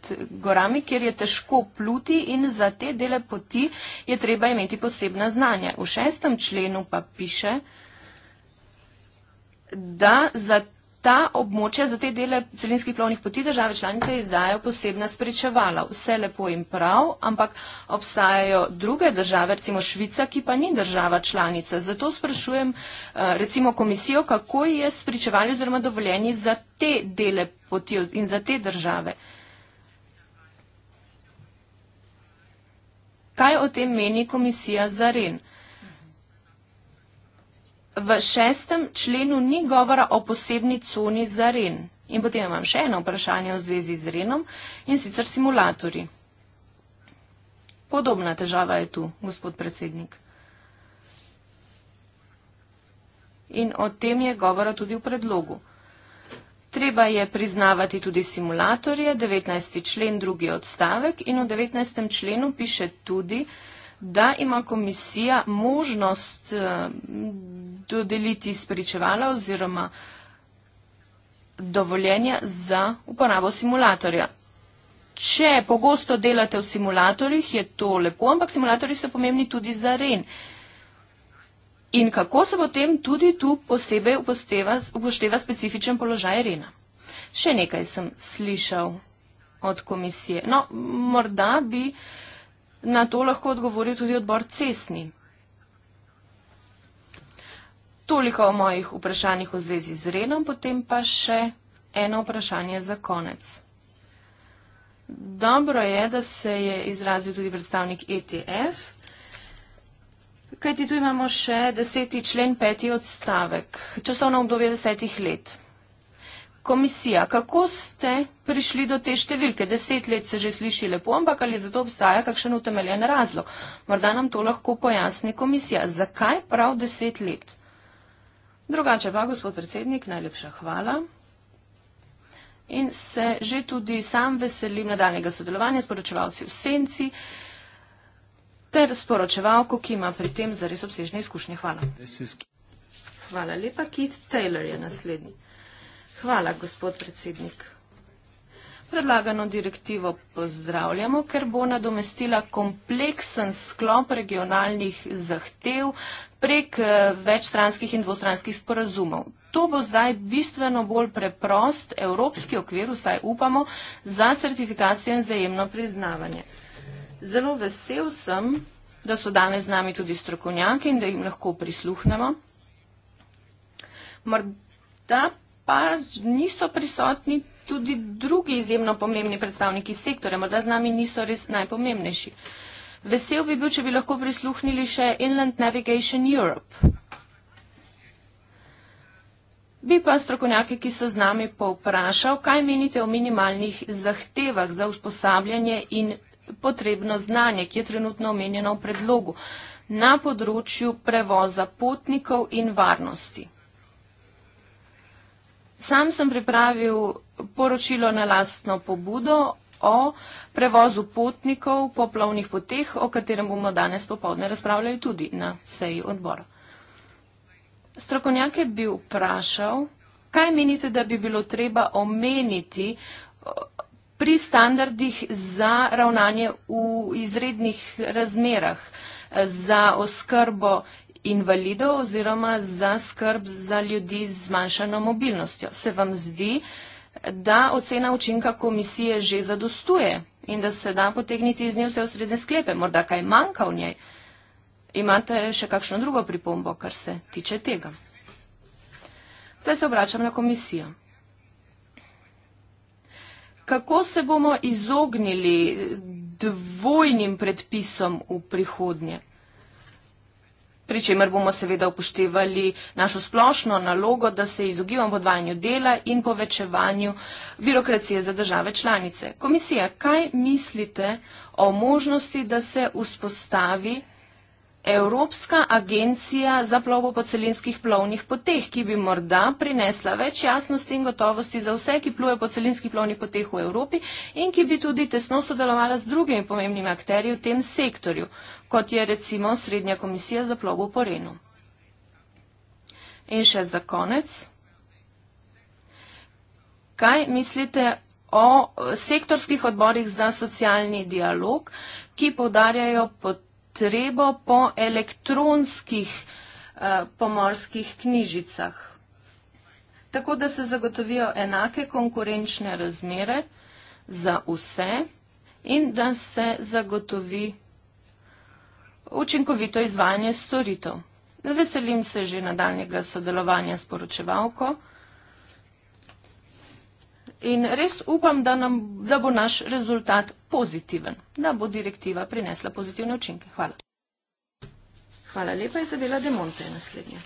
gorami, kjer je težko pluti in za te dele poti je treba imeti posebna znanja. V šestem členu pa piše, da za ta območja, za te dele celinskih plovnih poti države članice izdajo posebna spričevala. Vse lepo in prav, ampak obstajajo druge države, recimo Švica, ki pa ni država članica. Zato sprašujem eh, recimo komisijo, kako je spričevali oziroma dovoljeni za te dele poti in za te države. Kaj o tem meni komisija za REN? v šestem členu ni govora o posebni coni za REN. In potem imam še eno vprašanje v zvezi z REN-om in sicer simulatori. Podobna težava je tu, gospod predsednik. In o tem je govora tudi v predlogu. Treba je priznavati tudi simulatorje, 19. člen, drugi odstavek in v 19. členu piše tudi, da ima komisija možnost eh, dodeliti spričevala oziroma dovoljenja za uporabo simulatorja. Če pogosto delate v simulatorjih, je to lepo, ampak simulatorji so pomembni tudi za REN. In kako se potem tudi tu posebej upošteva, upošteva specifičen položaj REN-a? Še nekaj sem slišal od komisije. No, morda bi uh, Na to lahko odgovori tudi odbor cesni. Toliko o mojih vprašanjih v zvezi z redom, potem pa še eno vprašanje za konec. Dobro je, da se je izrazil tudi predstavnik ETF, kajti tu imamo še deseti člen peti odstavek, časovno obdobje desetih let komisija, kako ste prišli do te številke? Deset let se že sliši lepo, ampak ali za to obstaja kakšen utemeljen razlog? Morda nam to lahko pojasni komisija. Zakaj prav deset let? Drugače pa, gospod predsednik, najlepša hvala. In se že tudi sam veselim nadaljnega sodelovanja s poročevalci v Senci ter sporočevalko, ki ima pri tem zares obsežne izkušnje. Hvala. Hvala lepa, Keith Taylor je naslednji. Hvala, gospod predsednik. Predlagano direktivo pozdravljamo, ker bo nadomestila kompleksen sklop regionalnih zahtev prek eh, večstranskih in dvostranskih sporazumov. To bo zdaj bistveno bolj preprost evropski okvir, vsaj upamo, za certifikacijo in zajemno priznavanje. Zelo vesel sem, da so danes z nami tudi strokovnjaki in da jim lahko prisluhnemo. Morda pa niso prisotni tudi drugi izjemno pomembni predstavniki sektorja, morda z nami niso res najpomembnejši. Vesel bi bil, če bi lahko prisluhnili še Inland Navigation Europe. Bi pa strokovnjake, ki so z nami, povprašal, kaj menite o minimalnih zahtevah za usposabljanje in potrebno znanje, ki je trenutno omenjeno v predlogu na področju prevoza potnikov in varnosti. Sam sem pripravil poročilo na lastno pobudo o prevozu potnikov po plovnih poteh, o katerem bomo danes popovdne razpravljali tudi na seji odbora. Strokovnjak je bil vprašal, kaj menite, da bi bilo treba omeniti pri standardih za ravnanje v izrednih razmerah za oskrbo invalidov oziroma za skrb za ljudi z zmanjšano mobilnostjo. Se vam zdi, da ocena učinka komisije že zadostuje in da se da potegniti iz nje vse osrednje sklepe? Morda kaj manjka v njej? Imate še kakšno drugo pripombo, kar se tiče tega? Zdaj se obračam na komisijo. Kako se bomo izognili dvojnim predpisom v prihodnje? pri čemer bomo seveda upoštevali našo splošno nalogo, da se izogibamo podvajanju dela in povečevanju birokracije za države članice. Komisija, kaj mislite o možnosti, da se vzpostavi Evropska agencija za plovbo po celinskih plovnih poteh, ki bi morda prinesla več jasnosti in gotovosti za vse, ki plujejo po celinskih plovnih poteh v Evropi in ki bi tudi tesno sodelovala z drugimi pomembnimi akterji v tem sektorju, kot je recimo Srednja komisija za plovbo po Renu. In še za konec. Kaj mislite o sektorskih odborih za socialni dialog, ki podarjajo potrebno? potrebo po elektronskih eh, pomorskih knjižicah. Tako da se zagotovijo enake konkurenčne razmere za vse in da se zagotovi učinkovito izvajanje storitev. Veselim se že nadaljnjega sodelovanja s poročevalko in res upam, da, nam, da bo naš rezultat pozitiven, da bo direktiva prinesla pozitivne učinke. Hvala. Hvala lepa, Izabela Demonte, naslednja.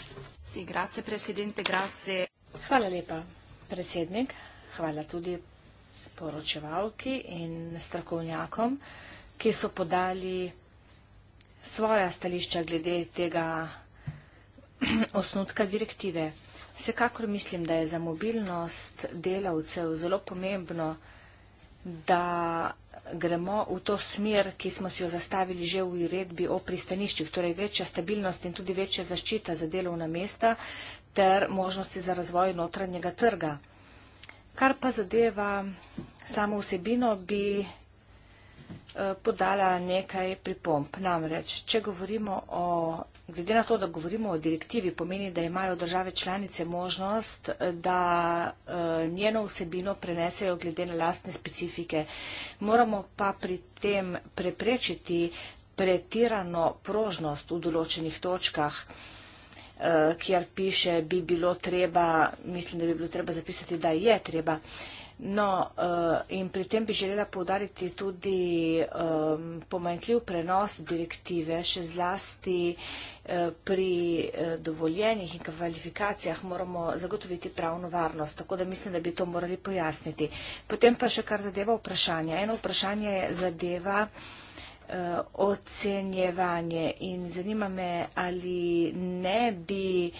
Si, grazie, presidente, grazie. Hvala lepa, predsednik. Hvala tudi poročevalki in strokovnjakom, ki so podali svoja stališča glede tega (clears throat) osnutka direktive. Vsekakor mislim, da je za mobilnost delavcev zelo pomembno, da gremo v to smer, ki smo si jo zastavili že v uredbi o pristaniščih, torej večja stabilnost in tudi večja zaščita za delovna mesta ter možnosti za razvoj notranjega trga. Kar pa zadeva samo vsebino, bi Eh, podala nekaj pripomp. Namreč, če govorimo o, glede na to, da govorimo o direktivi, pomeni, da imajo države članice možnost, da eh, njeno vsebino prenesejo glede na lastne specifike. Moramo pa pri tem preprečiti pretirano prožnost v določenih točkah eh, kjer piše, bi bilo treba, mislim, da bi bilo treba zapisati, da je treba uh, No, eh, in pri tem bi želela povdariti tudi pomanjkljiv prenos direktive, še zlasti eh, pri eh, dovoljenih in kvalifikacijah moramo zagotoviti pravno varnost, tako da mislim, da bi to morali pojasniti. Potem pa še kar zadeva vprašanja. Eno vprašanje je zadeva uh, ocenjevanje in zanima me, ali ne bi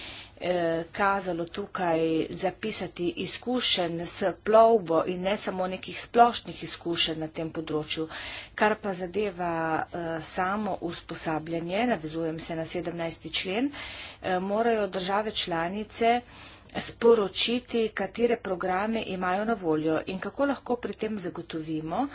eh, kazalo tukaj zapisati izkušen s plovbo in ne samo nekih splošnih izkušen na tem področju. Kar pa zadeva eh, samo usposabljanje, navezujem se na 17. člen, morajo države članice sporočiti, katere programe imajo na voljo in kako lahko pri tem zagotovimo,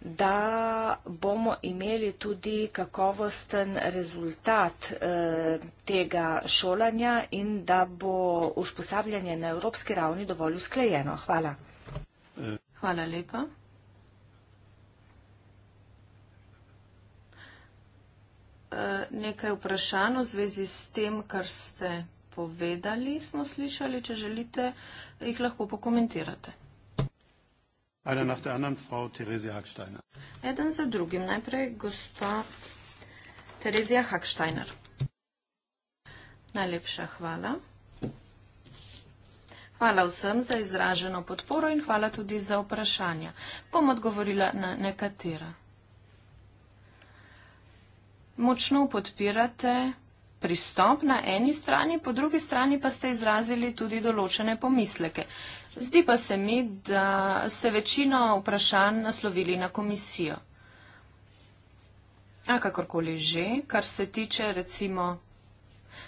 da bomo imeli tudi kakovosten rezultat eh, tega šolanja in da bo usposabljanje na evropski ravni dovolj usklejeno. Hvala. Hvala lepa. Eh, nekaj vprašanj v zvezi s tem, kar ste povedali, smo slišali. Če želite, jih lahko pokomentirate. Ena nach der anderen, Frau Theresia Hacksteiner. Eden za drugim. Najprej gospa Theresia Hacksteiner. Najlepša hvala. Hvala vsem za izraženo podporo in hvala tudi za vprašanja. Bom odgovorila na nekatera. Močno podpirate pristop na eni strani, po drugi strani pa ste izrazili tudi določene pomisleke. Zdi pa se mi, da se večino vprašanj naslovili na komisijo. A kakorkoli že, kar se tiče recimo,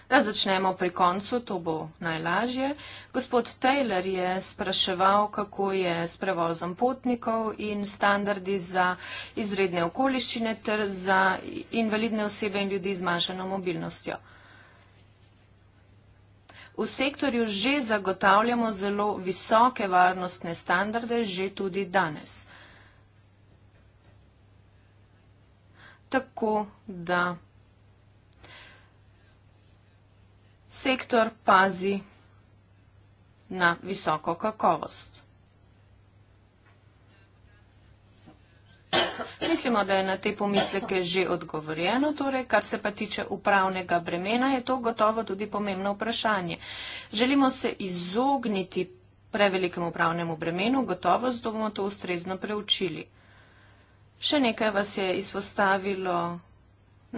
da začnemo pri koncu, to bo najlažje. Gospod Taylor je spraševal, kako je s prevozom potnikov in standardi za izredne okoliščine ter za invalidne osebe in ljudi z manjšano mobilnostjo v sektorju že zagotavljamo zelo visoke varnostne standarde, že tudi danes. Tako da sektor pazi na visoko kakovost. Mislimo, da je na te pomisleke že odgovorjeno, torej, kar se pa tiče upravnega bremena, je to gotovo tudi pomembno vprašanje. Želimo se izogniti prevelikemu upravnemu bremenu, gotovo, zato bomo to ustrezno preučili. Še nekaj vas je izpostavilo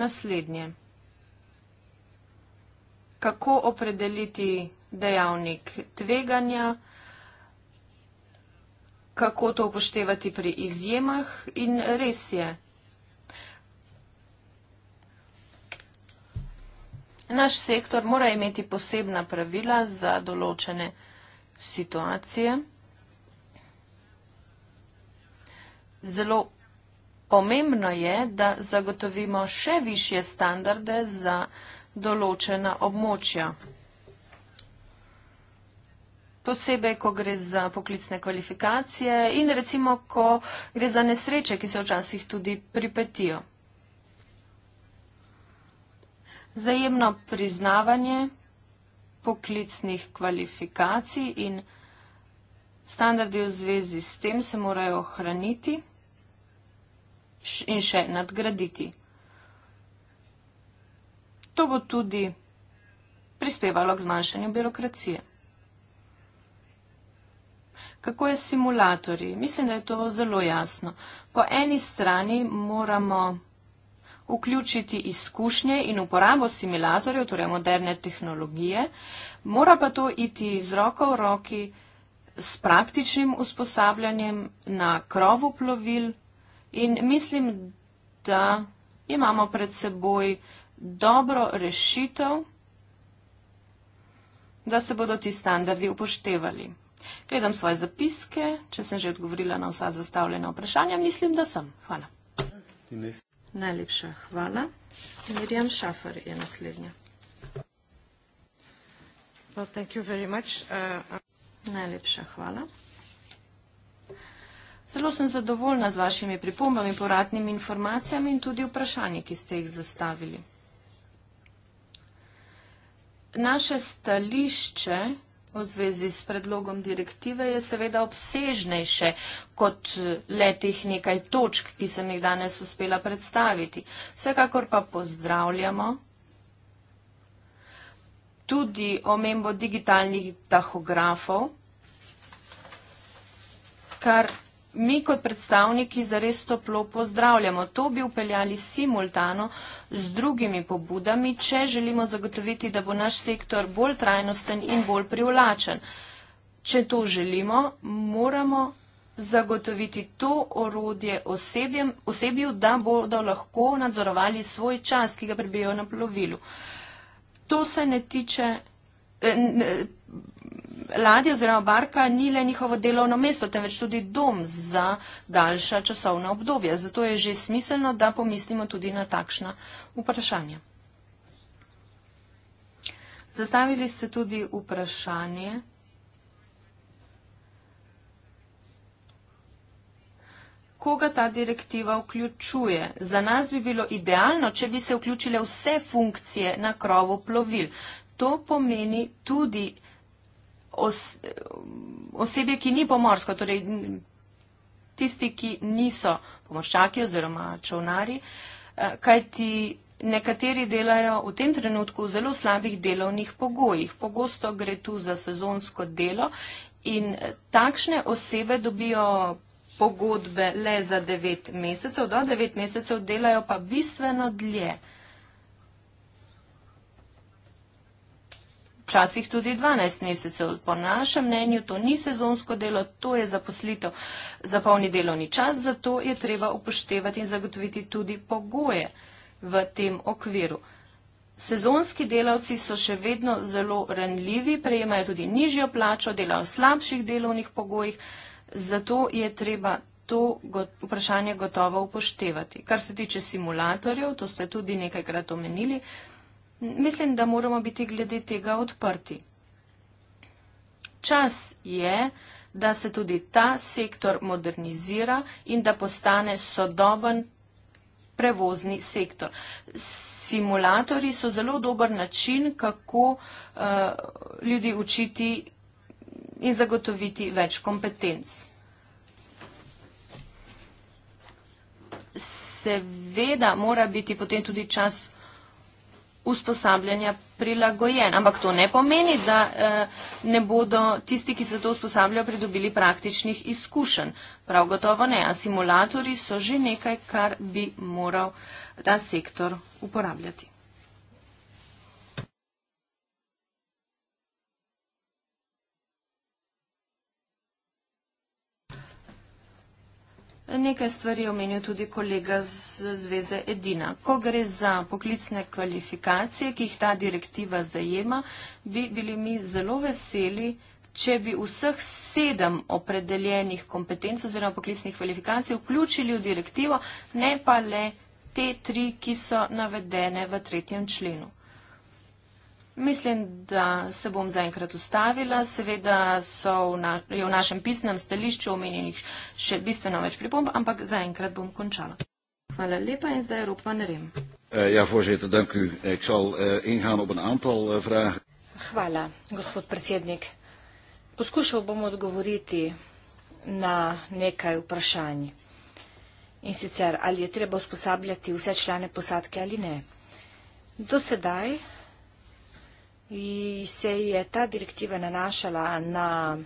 naslednje. Kako opredeliti dejavnik tveganja? kako to upoštevati pri izjemah in res je. Naš sektor mora imeti posebna pravila za določene situacije. Zelo pomembno je, da zagotovimo še višje standarde za določena območja posebej, ko gre za poklicne kvalifikacije in recimo, ko gre za nesreče, ki se včasih tudi pripetijo. Zajemno priznavanje poklicnih kvalifikacij in standardi v zvezi s tem se morajo ohraniti in še nadgraditi. To bo tudi prispevalo k zmanjšanju birokracije kako je s simulatorji. Mislim, da je to zelo jasno. Po eni strani moramo vključiti izkušnje in uporabo simulatorjev, torej moderne tehnologije, mora pa to iti z roko v roki s praktičnim usposabljanjem na krovu plovil in mislim, da imamo pred seboj dobro rešitev, da se bodo ti standardi upoštevali. Gledam svoje zapiske, če sem že odgovorila na vsa zastavljena vprašanja, mislim, da sem. Hvala. Najlepša hvala. Mirjam Šafar je naslednja. Well, thank you very much. Uh, Najlepša hvala. Zelo sem zadovoljna z vašimi pripombami, poradnimi informacijami in tudi vprašanji, ki ste jih zastavili. Naše stališče v zvezi s predlogom direktive je seveda obsežnejše kot eh, le teh nekaj točk, ki sem jih danes uspela predstaviti. Vsekakor pa pozdravljamo tudi omembo digitalnih tahografov, kar mi kot predstavniki zares toplo pozdravljamo. To bi upeljali simultano z drugimi pobudami, če želimo zagotoviti, da bo naš sektor bolj trajnosten in bolj privlačen. Če to želimo, moramo zagotoviti to orodje osebjem, osebju, da bodo lahko nadzorovali svoj čas, ki ga prebijo na plovilu. To se ne tiče. Eh, ne, ladja oziroma barka ni le njihovo delovno mesto, temveč tudi dom za daljša časovna obdobja. Zato je že smiselno, da pomislimo tudi na takšna vprašanja. Zastavili ste tudi vprašanje. koga ta direktiva vključuje. Za nas bi bilo idealno, če bi se vključile vse funkcije na krovu plovil. To pomeni tudi os, osebje, ki ni pomorsko, torej tisti, ki niso pomorščaki oziroma čovnari, eh, kaj ti nekateri delajo v tem trenutku v zelo slabih delovnih pogojih. Pogosto gre tu za sezonsko delo in takšne osebe dobijo pogodbe le za devet mesecev, do devet mesecev delajo pa bistveno dlje. včasih tudi 12 mesecev. Po našem mnenju to ni sezonsko delo, to je zaposlitev za polni delovni čas, zato je treba upoštevati in zagotoviti tudi pogoje v tem okviru. Sezonski delavci so še vedno zelo renljivi, prejemajo tudi nižjo plačo, delajo v slabših delovnih pogojih, zato je treba to vprašanje gotovo upoštevati. Kar se tiče simulatorjev, to ste tudi nekajkrat omenili, Mislim, da moramo biti glede tega odprti. Čas je, da se tudi ta sektor modernizira in da postane sodoben prevozni sektor. Simulatori so zelo dober način, kako uh, ljudi učiti in zagotoviti več kompetenc. Seveda mora biti potem tudi čas usposabljanja prilagojen. Ampak to ne pomeni, da eh, ne bodo tisti, ki se to usposabljajo, pridobili praktičnih izkušenj. Prav gotovo ne. Simulatori so že nekaj, kar bi moral ta sektor uporabljati. Nekaj stvari je omenil tudi kolega z Zveze Edina. Ko gre za poklicne kvalifikacije, ki jih ta direktiva zajema, bi bili mi zelo veseli, če bi vseh sedem opredeljenih kompetenc oziroma poklicnih kvalifikacij vključili v direktivo, ne pa le te tri, ki so navedene v tretjem členu. Mislim, da se bom zaenkrat ustavila. Seveda so v na, je v našem pisnem stališču omenjenih še bistveno več pripomb, ampak zaenkrat bom končala. Hvala lepa in zdaj Rupa Nerem. Eh, ja, voorzitter, dank u. Ik zal uh, ingaan op een aantal uh, vragen. Hvala, gospod predsednik. Poskušal bom odgovoriti na nekaj vprašanj. In sicer, ali je treba usposabljati vse člane posadke ali ne. Do sedaj se je ta direktiva nanašala na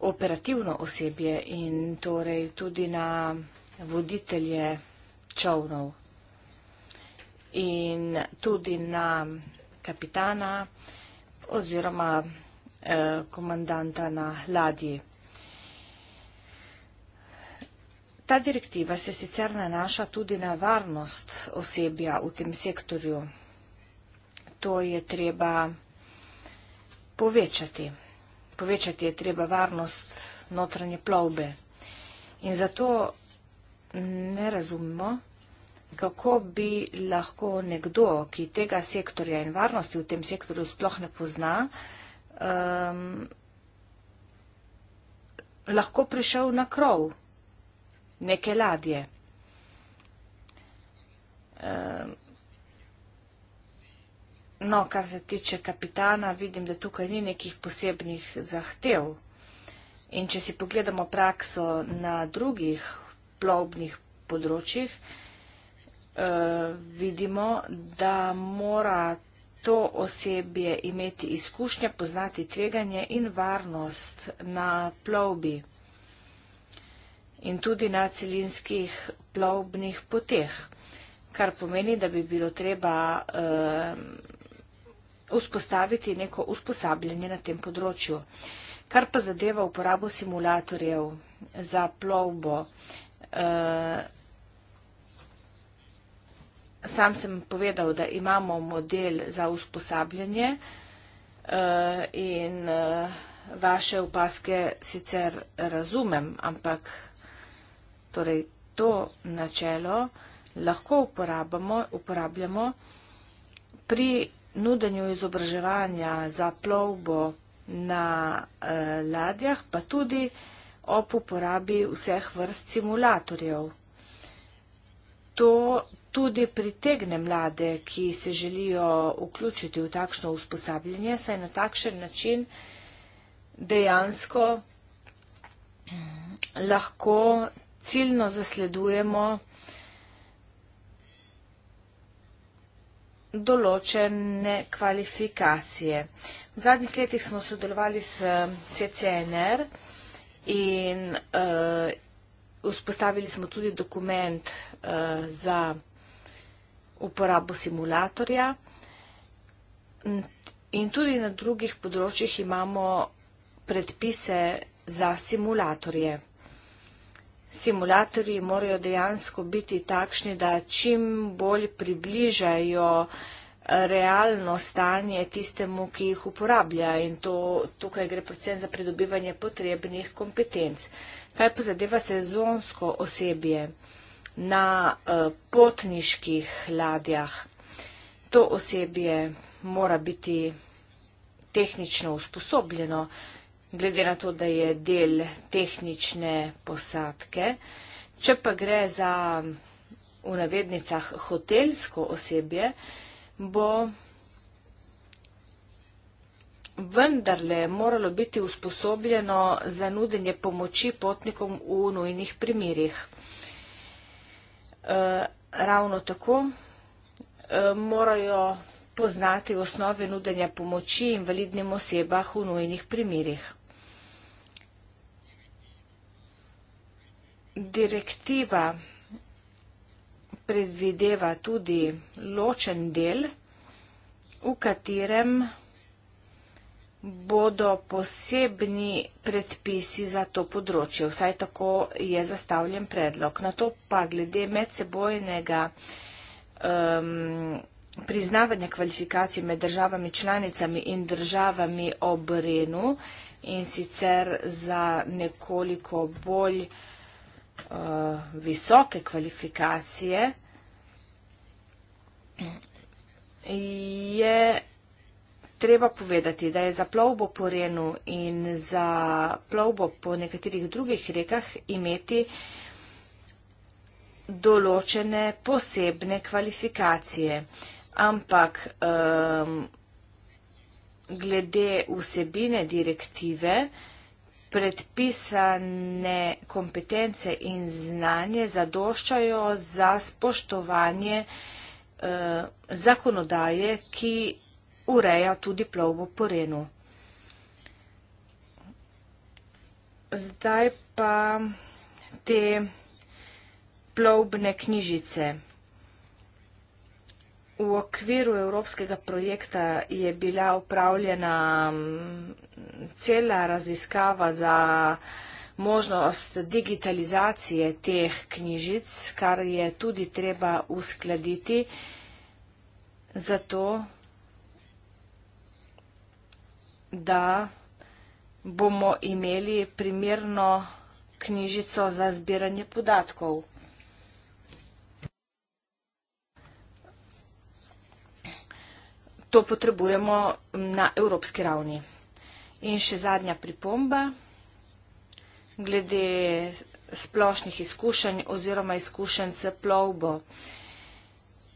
operativno osebje in torej tudi na voditelje čovnov in tudi na kapitana oziroma eh, komandanta na ladji. Ta direktiva se sicer nanaša tudi na varnost osebja v tem sektorju. To je treba povečati. Povečati je treba varnost notranje plovbe. In zato ne razumemo, kako bi lahko nekdo, ki tega sektorja in varnosti v tem sektorju sploh ne pozna, um, lahko prišel na krov neke ladje. Um, No, kar se tiče kapitana, vidim, da tukaj ni nekih posebnih zahtev. In če si pogledamo prakso na drugih plovbnih področjih, eh, vidimo, da mora to osebje imeti izkušnje, poznati tveganje in varnost na plovbi in tudi na celinskih plovbnih poteh, kar pomeni, da bi bilo treba. Eh, vzpostaviti neko usposabljanje na tem področju. Kar pa zadeva uporabo simulatorjev za plovbo, eh, sam sem povedal, da imamo model za usposabljanje eh, in eh, vaše opaske sicer razumem, ampak torej to načelo lahko uporabljamo pri vsega, nudenju izobraževanja za plovbo na eh, ladjah, pa tudi ob uporabi vseh vrst simulatorjev. To tudi pritegne mlade, ki se želijo vključiti v takšno usposabljanje, saj na takšen način dejansko (clears throat) lahko ciljno zasledujemo določene kvalifikacije. V zadnjih letih smo sodelovali s CCNR in uh, vzpostavili smo tudi dokument uh, za uporabo simulatorja. In tudi na drugih področjih imamo predpise za simulatorje simulatorji morajo dejansko biti takšni, da čim bolj približajo eh, realno stanje tistemu, ki jih uporablja in to tukaj gre predvsem za pridobivanje potrebnih kompetenc. Kaj pa zadeva sezonsko osebje na eh, potniških ladjah? To osebje mora biti tehnično usposobljeno, glede na to, da je del tehnične posadke. Če pa gre za v navednicah hotelsko osebje, bo vendarle moralo biti usposobljeno za nudenje pomoči potnikom v nujnih primerjih. E, eh, ravno tako e, morajo poznati osnove nudenja pomoči invalidnim osebah v nujnih primerjih. direktiva predvideva tudi ločen del, v katerem bodo posebni predpisi za to področje. Vsaj tako je zastavljen predlog. Na to pa glede medsebojnega um, priznavanja kvalifikacij med državami članicami in državami ob Renu in sicer za nekoliko bolj uh, Eh, visoke kvalifikacije, je treba povedati, da je za plovbo po Renu in za plovbo po nekaterih drugih rekah imeti določene posebne kvalifikacije. Ampak um, glede vsebine direktive, predpisane kompetence in znanje zadoščajo za spoštovanje eh, zakonodaje, ki ureja tudi plovbo po Renu. Zdaj pa te plovbne knjižice. V okviru evropskega projekta je bila upravljena mm, cela raziskava za možnost digitalizacije teh knjižic, kar je tudi treba uskladiti. Zato, da bomo imeli primerno knjižico za zbiranje podatkov. to potrebujemo na evropski ravni. In še zadnja pripomba glede splošnih izkušenj oziroma izkušenj s plovbo.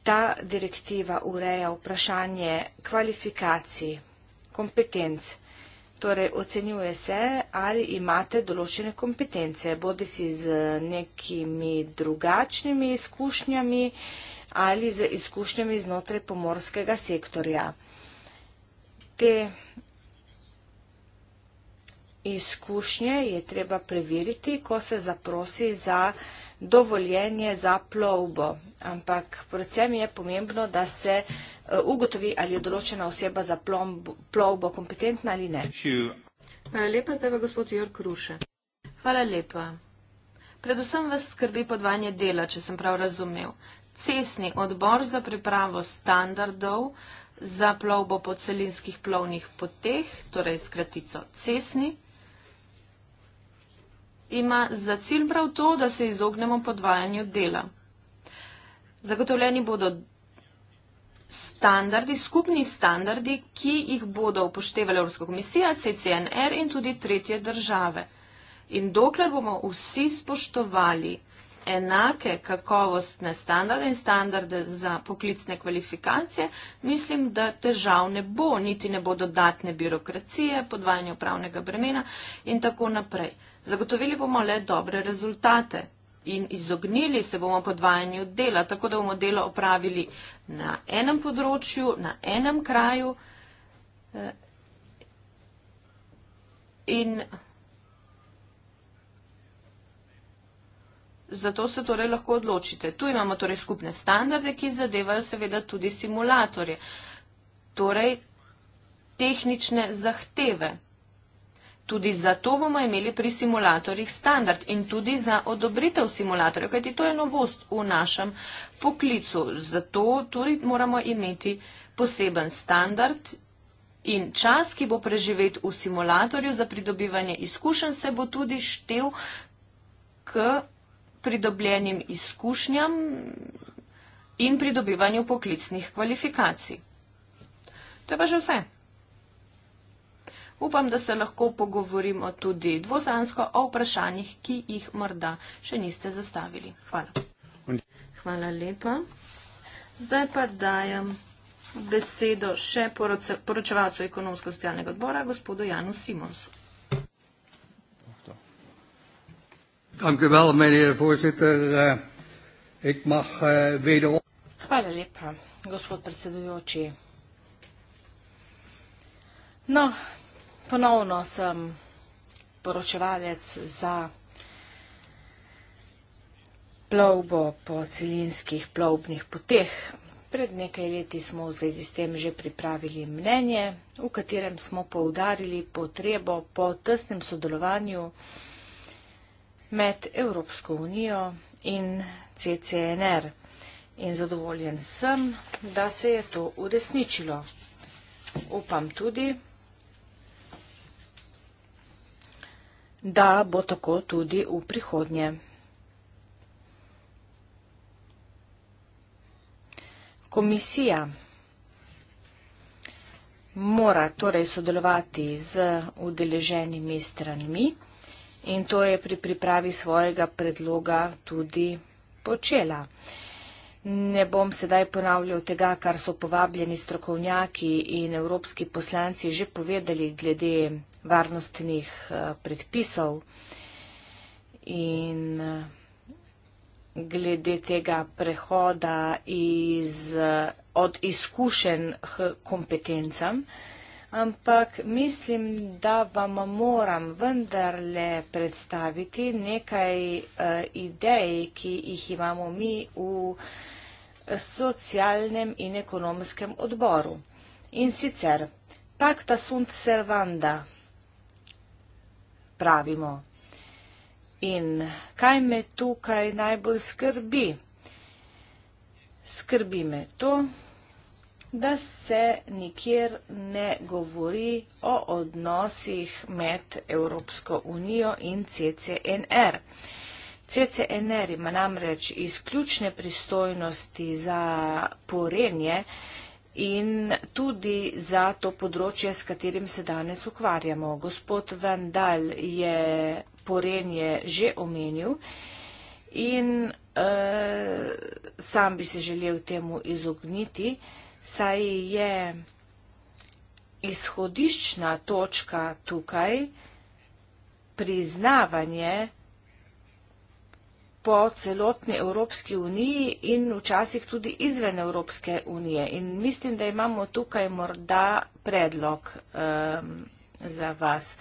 Ta direktiva ureja vprašanje kvalifikacij, kompetenc. Torej, ocenjuje se, ali imate določene kompetence, bodi si z nekimi drugačnimi izkušnjami, ali z izkušnjami znotraj pomorskega sektorja. Te izkušnje je treba preveriti, ko se zaprosi za dovoljenje za plovbo. Ampak predvsem je pomembno, da se eh, ugotovi, ali je določena oseba za plovbo kompetentna ali ne. Hvala lepa, zdaj pa gospod Jork Ruše. Hvala lepa. Predvsem vas skrbi podvanje dela, če sem prav razumel cesni odbor za pripravo standardov za plovbo po celinskih plovnih poteh, torej skratico cesni, ima za cilj prav to, da se izognemo podvajanju dela. Zagotovljeni bodo standardi, skupni standardi, ki jih bodo upoštevali Evropska komisija, CCNR in tudi tretje države. In dokler bomo vsi spoštovali enake kakovostne standarde in standarde za poklicne kvalifikacije, mislim, da težav ne bo, niti ne bo dodatne birokracije, podvajanja upravnega bremena in tako naprej. Zagotovili bomo le dobre rezultate in izognili se bomo podvajanju dela, tako da bomo delo opravili na enem področju, na enem kraju. Eh, in Zato se torej lahko odločite. Tu imamo torej skupne standarde, ki zadevajo seveda tudi simulatorje. Torej, tehnične zahteve. Tudi zato bomo imeli pri simulatorjih standard in tudi za odobritev simulatorja, kajti to je novost v našem poklicu. Zato tudi moramo imeti poseben standard in čas, ki bo preživet v simulatorju za pridobivanje izkušenj, se bo tudi štev k pridobljenim izkušnjam in pridobivanju poklicnih kvalifikacij. To je pa že vse. Upam, da se lahko pogovorimo tudi dvosansko o vprašanjih, ki jih morda še niste zastavili. Hvala. Hvala lepa. Zdaj pa dajem besedo še poročevalcu ekonomsko-socialnega odbora, gospodu Janu Simonsu. Dank u wel, meneer de voorzitter. Uh, ik mag uh, wederom... Hvala lepa, gospod predsedujoči. No, ponovno sem poročevalec za plovbo po celinskih plovbnih poteh. Pred nekaj leti smo v zvezi s tem že pripravili mnenje, v katerem smo poudarili potrebo po tesnem sodelovanju med Evropsko unijo in CCNR. In zadovoljen sem, da se je to uresničilo. Upam tudi, da bo tako tudi v prihodnje. Komisija mora torej sodelovati z udeleženimi stranmi in to je pri pripravi svojega predloga tudi počela. Ne bom sedaj ponavljal tega, kar so povabljeni strokovnjaki in evropski poslanci že povedali glede varnostnih eh, predpisov in eh, glede tega prehoda iz, eh, od izkušenj h kompetencam ampak mislim, da vam moram vendarle predstaviti nekaj uh, idej, ki jih imamo mi v socialnem in ekonomskem odboru. In sicer, pacta sunt servanda, pravimo. In kaj me tukaj najbolj skrbi? Skrbi me to, da se nikjer ne govori o odnosih med Evropsko unijo in CCNR. CCNR ima namreč izključne pristojnosti za porenje in tudi za to področje, s katerim se danes ukvarjamo. Gospod Vandal je porenje že omenil in e, sam bi se želel temu izogniti saj je izhodiščna točka tukaj priznavanje po celotni Evropski uniji in včasih tudi izven Evropske unije. In mislim, da imamo tukaj morda predlog um, za vas.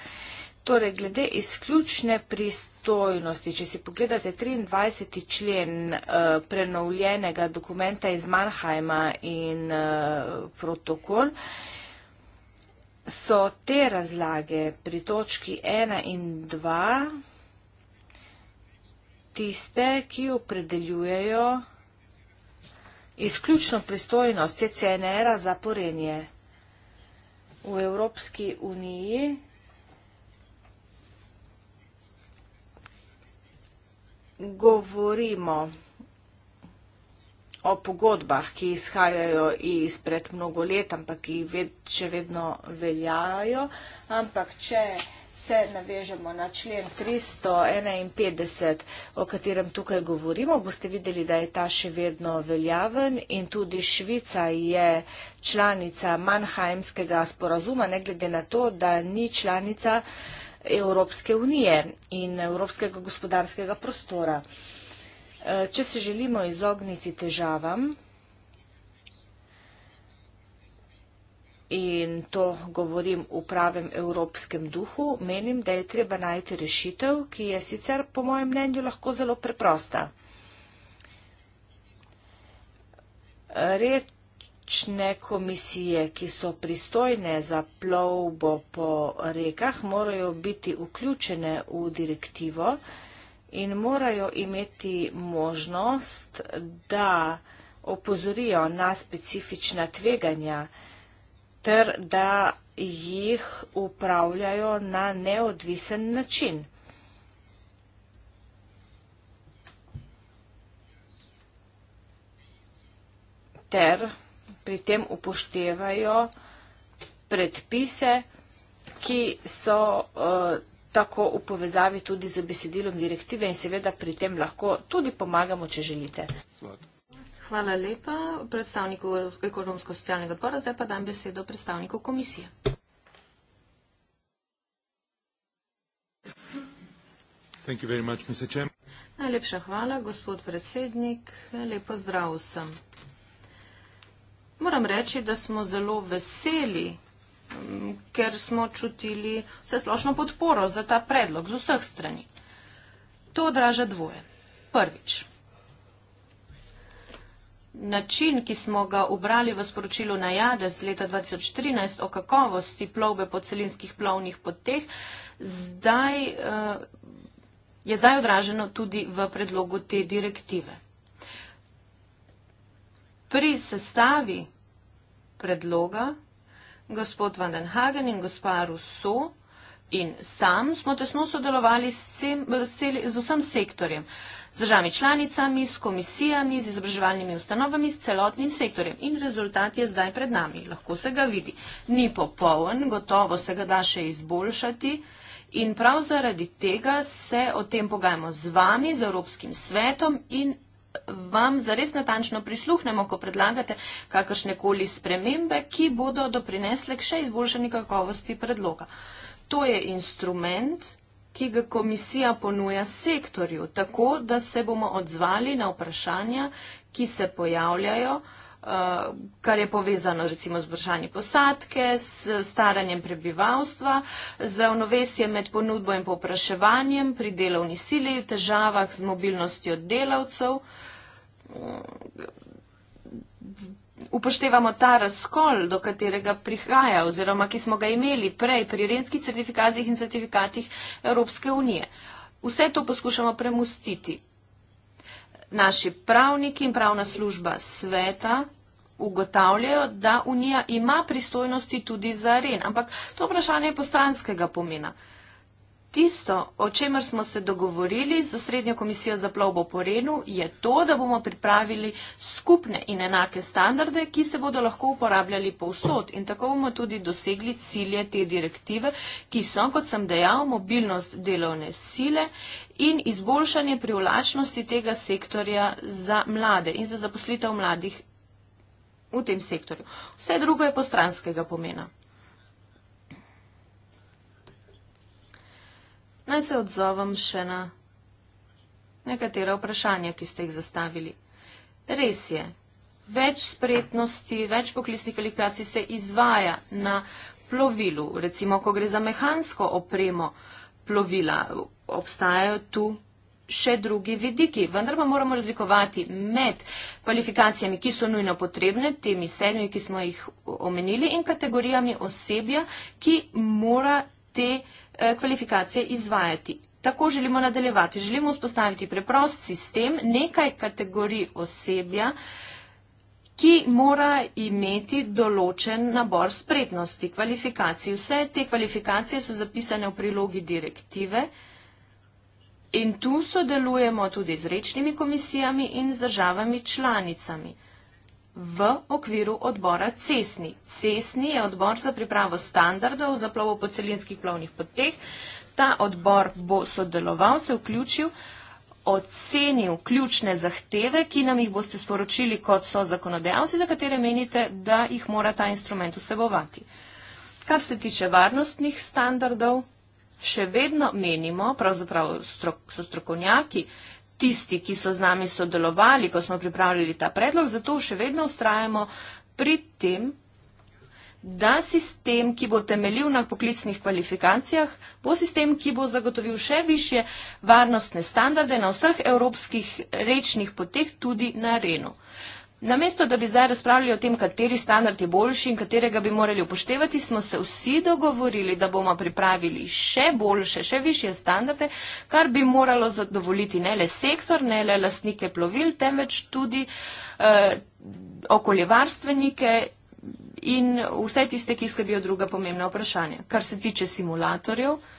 Torej, glede izključne pristojnosti pristojnosti. Če si pogledate 23. člen eh, prenovljenega dokumenta iz Mannheima in eh, protokol, so te razlage pri točki 1 in 2 tiste, ki opredeljujejo izključno pristojnost CNR-a za porenje. V Evropski uniji govorimo o pogodbah, ki izhajajo izpred mnogo let, ampak ki ved, še vedno veljajo. Ampak če se navežemo na člen 351, o katerem tukaj govorimo, boste videli, da je ta še vedno veljaven in tudi Švica je članica Mannheimskega sporazuma, ne glede na to, da ni članica uh, Evropske unije in Evropskega gospodarskega prostora. E, če se želimo izogniti težavam, in to govorim v pravem evropskem duhu, menim, da je treba najti rešitev, ki je sicer po mojem mnenju lahko zelo preprosta. Red Rečne komisije, ki so pristojne za plovbo po rekah, morajo biti vključene v direktivo in morajo imeti možnost, da opozorijo na specifična tveganja ter da jih upravljajo na neodvisen način. Ter, pri tem upoštevajo predpise, ki so uh, tako v povezavi tudi z besedilom direktive in seveda pri tem lahko tudi pomagamo, če želite. Hvala lepa predstavniku ekonomsko-socialnega odbora. Zdaj pa dam besedo predstavniku komisije. Much, Najlepša hvala, gospod predsednik. Lepo zdrav vsem. Moram reči, da smo zelo veseli, mm, ker smo čutili vse splošno podporo za ta predlog z vseh strani. To odraža dvoje. Prvič, način, ki smo ga ubrali v sporočilu na Jades leta 2013 o kakovosti plovbe po celinskih plovnih poteh, zdaj, eh, je zdaj odraženo tudi v predlogu te direktive pri sestavi predloga gospod Van den Hagen in gospa Rousseau in sam smo tesno sodelovali s, cem, s, cel, z vsem sektorjem, z državami članicami, s komisijami, z izobraževalnimi ustanovami, s celotnim sektorjem in rezultat je zdaj pred nami. Lahko se ga vidi. Ni popoln, gotovo se ga da še izboljšati. In prav zaradi tega se o tem pogajamo z vami, z Evropskim svetom in vam zares natančno prisluhnemo, ko predlagate kakršne koli spremembe, ki bodo doprinesle k še izboljšanju kakovosti predloga. To je instrument, ki ga komisija ponuja sektorju, tako da se bomo odzvali na vprašanja, ki se pojavljajo. Eh, kar je povezano recimo z vršanjem posadke, s staranjem prebivalstva, z ravnovesjem med ponudbo in popraševanjem pri delovni sili, v težavah z mobilnostjo delavcev. Upoštevamo ta razkol, do katerega prihaja oziroma ki smo ga imeli prej pri renskih certifikatih in certifikatih Evropske unije. Vse to poskušamo premustiti naši pravniki in pravna služba sveta ugotavljajo, da Unija ima pristojnosti tudi za REN. Ampak to vprašanje je poslanskega pomena tisto, o čemer smo se dogovorili z osrednjo komisijo za plovbo po Renu, je to, da bomo pripravili skupne in enake standarde, ki se bodo lahko uporabljali povsod. In tako bomo tudi dosegli cilje te direktive, ki so, kot sem dejal, mobilnost delovne sile in izboljšanje privlačnosti tega sektorja za mlade in za zaposlitev mladih v tem sektorju. Vse drugo je postranskega pomena. naj se odzovem še na nekatera vprašanja, ki ste jih zastavili. Res je, več spretnosti, več poklicnih kvalifikacij se izvaja na plovilu. Recimo, ko gre za mehansko opremo plovila, obstajajo tu še drugi vidiki. Vendar pa moramo razlikovati med kvalifikacijami, ki so nujno potrebne, temi sedmi, ki smo jih omenili, in kategorijami osebja, ki mora te kvalifikacije Eh, kvalifikacije izvajati. Tako želimo nadaljevati. Želimo vzpostaviti preprost sistem, nekaj kategorij osebja, ki mora imeti določen nabor spretnosti, kvalifikacij. Vse te kvalifikacije so zapisane v prilogi direktive in tu sodelujemo tudi z rečnimi komisijami in z državami članicami v okviru odbora CESNI. CESNI je odbor za pripravo standardov za plovo po celinskih plovnih poteh. Ta odbor bo sodeloval, se vključil, ocenil ključne zahteve, ki nam jih boste sporočili kot so zakonodajalci, za katere menite, da jih mora ta instrument vsebovati. Kar se tiče varnostnih standardov, še vedno menimo, pravzaprav strok, so strokovnjaki, tisti, ki so z nami sodelovali, ko smo pripravljali ta predlog, zato še vedno ustrajamo pri tem, da sistem, ki bo temeljil na poklicnih kvalifikacijah, bo sistem, ki bo zagotovil še više varnostne standarde na vseh evropskih rečnih poteh, tudi na arenu. Namesto, da bi zdaj razpravljali o tem, kateri standard je boljši in katerega bi morali upoštevati, smo se vsi dogovorili, da bomo pripravili še boljše, še više standarde, kar bi moralo zadovoljiti ne le sektor, ne le lastnike plovil, temveč tudi eh, okoljevarstvenike in vse tiste, ki skrbijo druga pomembna vprašanja. Kar se tiče simulatorjev, eh,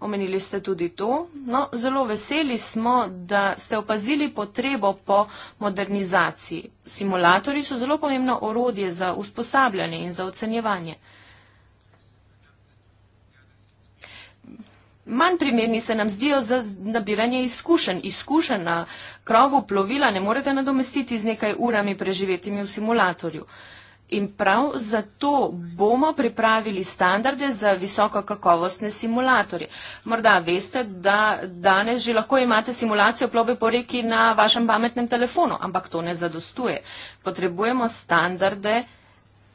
Omenili ste tudi to. No, zelo veseli smo, da ste opazili potrebo po modernizaciji. Simulatori so zelo pomembno orodje za usposabljanje in za ocenjevanje. Manj primerni se nam zdijo za nabiranje izkušenj. Izkušenj na krovu plovila ne morete nadomestiti z nekaj urami preživetimi v simulatorju. In prav zato bomo pripravili standarde za visoko kakovostne simulatorje. Morda veste, da danes že lahko imate simulacijo plove po reki na vašem pametnem telefonu, ampak to ne zadostuje. Potrebujemo standarde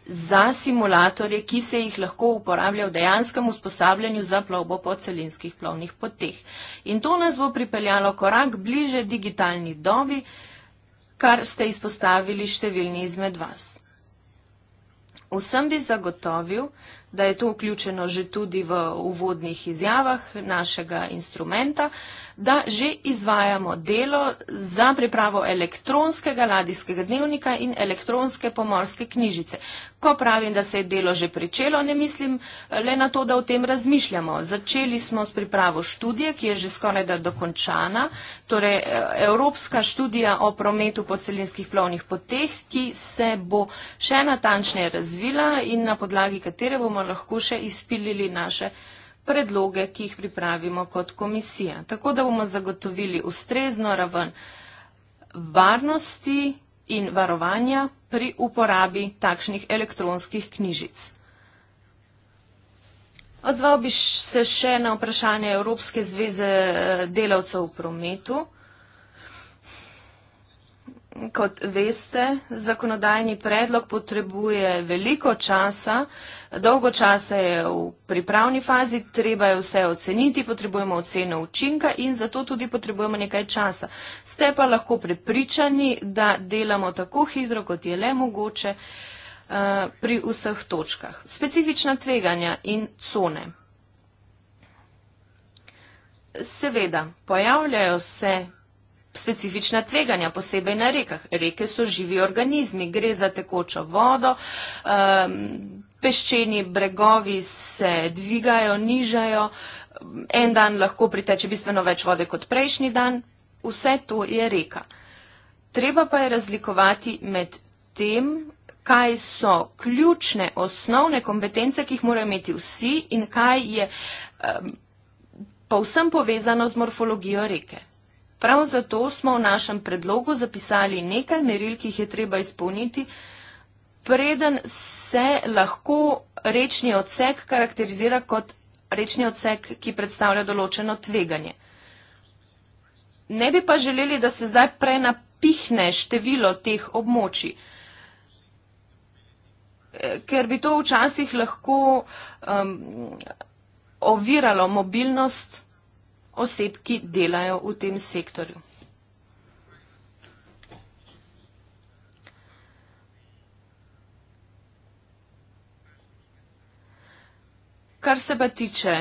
za simulatorje, ki se jih lahko uporablja v dejanskem usposabljanju za plovbo po celinskih plovnih poteh. In to nas bo pripeljalo korak bliže digitalni dobi, kar ste izpostavili številni izmed vas. Vsem bi zagotovil, da je to vključeno že tudi v uvodnih izjavah našega instrumenta da že izvajamo delo za pripravo elektronskega ladijskega dnevnika in elektronske pomorske knjižice. Ko pravim, da se je delo že pričelo, ne mislim eh, le na to, da o tem razmišljamo. Začeli smo s pripravo študije, ki je že skoraj da dokončana, torej eh, Evropska študija o prometu po celinskih plovnih poteh, ki se bo še natančneje razvila in na podlagi katere bomo lahko še izpilili naše predloge, ki jih pripravimo kot komisija. Tako da bomo zagotovili ustrezno raven varnosti in varovanja pri uporabi takšnih elektronskih knjižic. Odzval bi se še na vprašanje Evropske zveze eh, delavcev v prometu. Kot veste, zakonodajni predlog potrebuje veliko časa, Dolgo časa je v pripravni fazi, treba je vse oceniti, potrebujemo oceno učinka in zato tudi potrebujemo nekaj časa. Ste pa lahko prepričani, da delamo tako hitro, kot je le mogoče eh, pri vseh točkah. Specifična tveganja in cone. Seveda, pojavljajo se specifična tveganja, posebej na rekah. Reke so živi organizmi, gre za tekočo vodo, ehm, peščeni bregovi se dvigajo, nižajo, en dan lahko priteče bistveno več vode kot prejšnji dan. Vse to je reka. Treba pa je razlikovati med tem, kaj so ključne osnovne kompetence, ki jih morajo imeti vsi in kaj je um, povsem povezano z morfologijo reke. Prav zato smo v našem predlogu zapisali nekaj meril, ki jih je treba izpolniti, preden se lahko rečni odsek karakterizira kot rečni odsek, ki predstavlja določeno tveganje. Ne bi pa želeli, da se zdaj prenapihne število teh območij, e, ker bi to včasih lahko um, oviralo mobilnost oseb, ki delajo v tem sektorju. Kar se pa tiče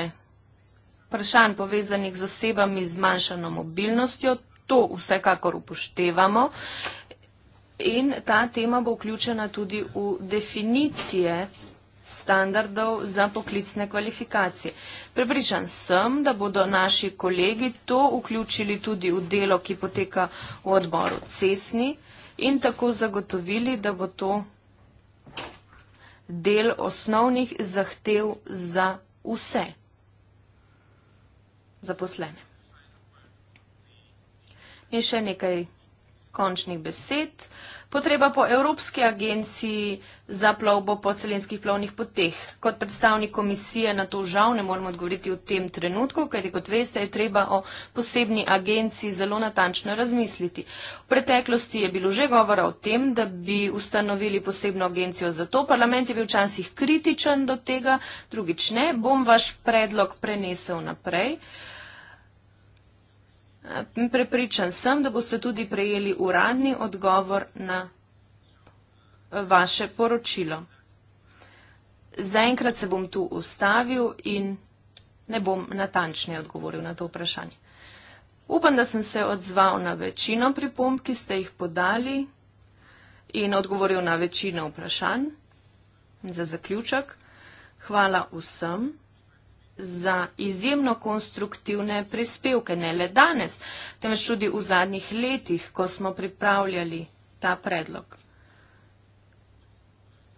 vprašanj povezanih z osebami z manjšano mobilnostjo, to vsekakor upoštevamo. In ta tema bo vključena tudi v definicije standardov za poklicne kvalifikacije. Prepričan sem, da bodo naši kolegi to vključili tudi v delo, ki poteka v odboru CESNI in tako zagotovili, da bo to del osnovnih zahtev za vse zaposlene. In še nekaj končnih besed potreba po Evropski agenciji za plovbo po celinskih plovnih poteh. Kot predstavnik komisije na to žal ne moramo odgovoriti v tem trenutku, kajti kot veste, je treba o posebni agenciji zelo natančno razmisliti. V preteklosti je bilo že govora o tem, da bi ustanovili posebno agencijo za to. Parlament je bil včasih kritičen do tega, drugič ne. Bom vaš predlog prenesel naprej. Uh, Eh, prepričan sem, da boste tudi prejeli uradni odgovor na eh, vaše poročilo. Zaenkrat se bom tu ustavil in ne bom natančne odgovoril na to vprašanje. Upam, da sem se odzval na večino pripomb, ki ste jih podali in odgovoril na večino vprašanj. Za zaključek, hvala vsem za izjemno konstruktivne prispevke, ne le danes, temveč tudi v zadnjih letih, ko smo pripravljali ta predlog.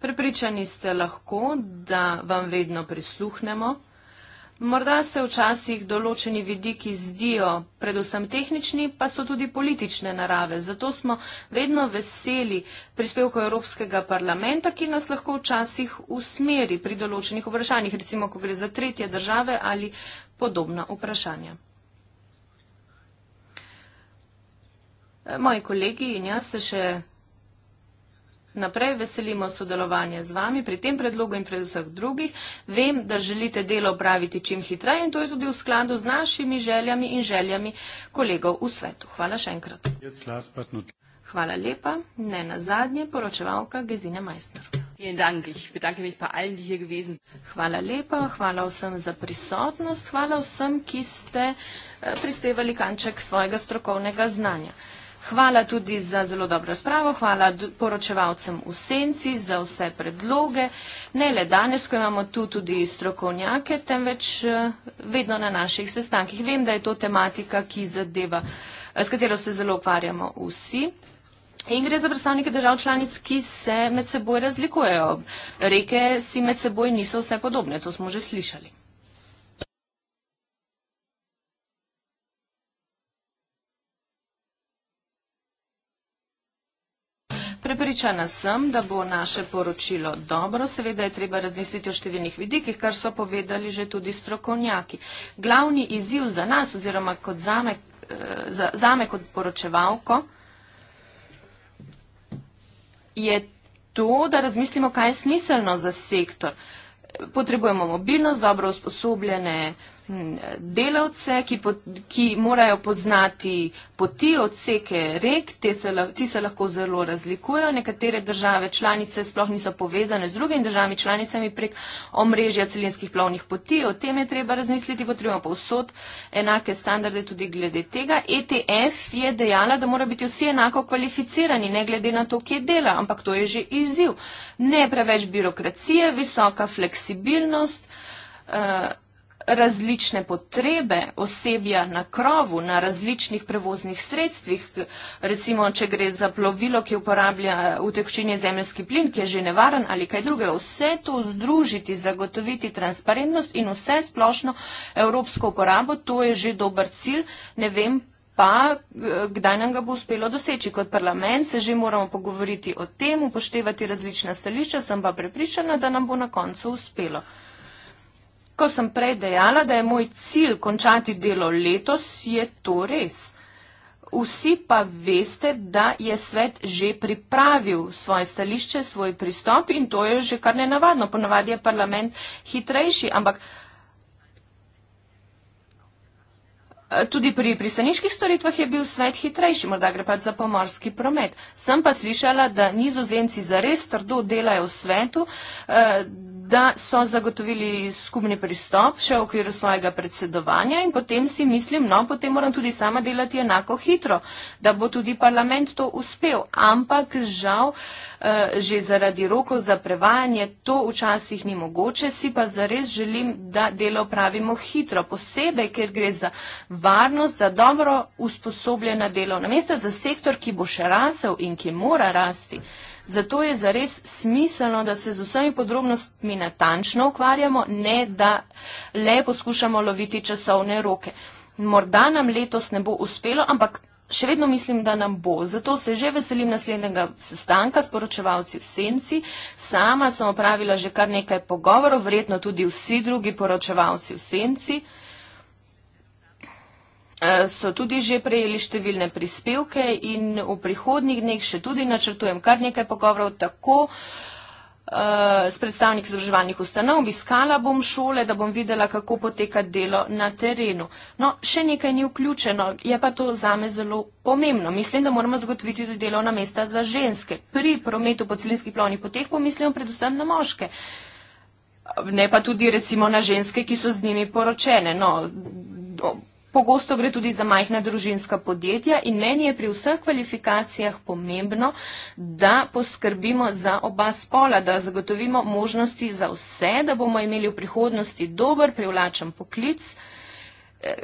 Prepričani ste lahko, da vam vedno prisluhnemo. Morda se včasih določeni vidiki zdijo predvsem tehnični, pa so tudi politične narave. Zato smo vedno veseli prispevkov Evropskega parlamenta, ki nas lahko včasih usmeri pri določenih vprašanjih, recimo, ko gre za tretje države ali podobna vprašanja. Moji kolegi in jaz se še naprej. Veselimo sodelovanje z vami pri tem predlogu in pri vseh drugih. Vem, da želite delo opraviti čim hitreje in to je tudi v skladu z našimi željami in željami kolegov v svetu. Hvala še enkrat. Hvala lepa. Ne na zadnje, poročevalka Gezine Majstor. Hvala lepa, hvala vsem za prisotnost, hvala vsem, ki ste eh, prispevali kanček svojega strokovnega znanja. Hvala tudi za zelo dobro spravo, hvala poročevalcem v senci za vse predloge. Ne le danes, ko imamo tu tudi strokovnjake, temveč eh, vedno na naših sestankih. Vem, da je to tematika, zadeva, eh, s katero se zelo ukvarjamo vsi. In gre za predstavnike držav članic, ki se med seboj razlikujejo. Reke si med seboj niso vse podobne, to smo že slišali. Prepričana sem, da bo naše poročilo dobro. Seveda je treba razmisliti o številnih vidikih, kar so povedali že tudi strokovnjaki. Glavni izziv za nas oziroma kot zame, eh, za, zame kot poročevalko je to, da razmislimo, kaj je smiselno za sektor. Potrebujemo mobilnost, dobro usposobljene. Hm, delavce, ki, po, ki morajo poznati poti, odseke rek, te se, ti se lahko zelo razlikujejo. Nekatere države članice sploh niso povezane z drugimi državami članicami prek omrežja celinskih plovnih poti. O tem je treba razmisliti, potrebujemo pa vsod enake standarde tudi glede tega. ETF je dejala, da morajo biti vsi enako kvalificirani, ne glede na to, kje dela, ampak to je že izziv. Ne preveč birokracije, visoka fleksibilnost. Uh, različne potrebe osebja na krovu, na različnih prevoznih sredstvih, recimo, če gre za plovilo, ki uporablja utekočinje zemljski plin, ki je že nevaren ali kaj druge, vse to združiti, zagotoviti transparentnost in vse splošno evropsko uporabo, to je že dober cilj, ne vem pa kdaj nam ga bo uspelo doseči. Kot parlament se že moramo pogovoriti o tem, upoštevati različna stališča, sem pa prepričana, da nam bo na koncu uspelo. Ko sem prej dejala, da je moj cilj končati delo letos, je to res. Vsi pa veste, da je svet že pripravil svoje stališče, svoj pristop in to je že kar nenavadno. Ponavadi je parlament hitrejši, ampak Eh, tudi pri pristaniških storitvah je bil svet hitrejši, morda gre pač za pomorski promet. Sem pa slišala, da nizozemci zares trdo delajo v svetu, eh, da so zagotovili skupni pristop še v okviru svojega predsedovanja in potem si mislim, no, potem moram tudi sama delati enako hitro, da bo tudi parlament to uspel. Ampak žal, eh, že zaradi rokov za prevajanje to včasih ni mogoče, si pa zares želim, da delo pravimo hitro, posebej, ker gre za varnost za dobro usposobljena delovna mesta, za sektor, ki bo še rasel in ki mora rasti. Zato je zares smiselno, da se z vsemi podrobnostmi natančno ukvarjamo, ne da le poskušamo loviti časovne roke. Morda nam letos ne bo uspelo, ampak še vedno mislim, da nam bo. Zato se že veselim naslednjega sestanka s poročevalci v Senci. Sama sem opravila že kar nekaj pogovorov, verjetno tudi vsi drugi poročevalci v Senci. Eh, so tudi že prejeli številne prispevke in v prihodnjih dneh še tudi načrtujem kar nekaj pogovorov tako eh, s predstavniki izobraževalnih ustanov, obiskala bom šole, da bom videla, kako poteka delo na terenu. No, še nekaj ni vključeno, je pa to zame zelo pomembno. Mislim, da moramo zagotoviti tudi delovna mesta za ženske. Pri prometu po celinskih plovnih poteh pomislimo predvsem na moške, ne pa tudi recimo na ženske, ki so z njimi poročene. No, Pogosto gre tudi za majhna družinska podjetja in meni je pri vseh kvalifikacijah pomembno, da poskrbimo za oba spola, da zagotovimo možnosti za vse, da bomo imeli v prihodnosti dober, privlačen poklic eh,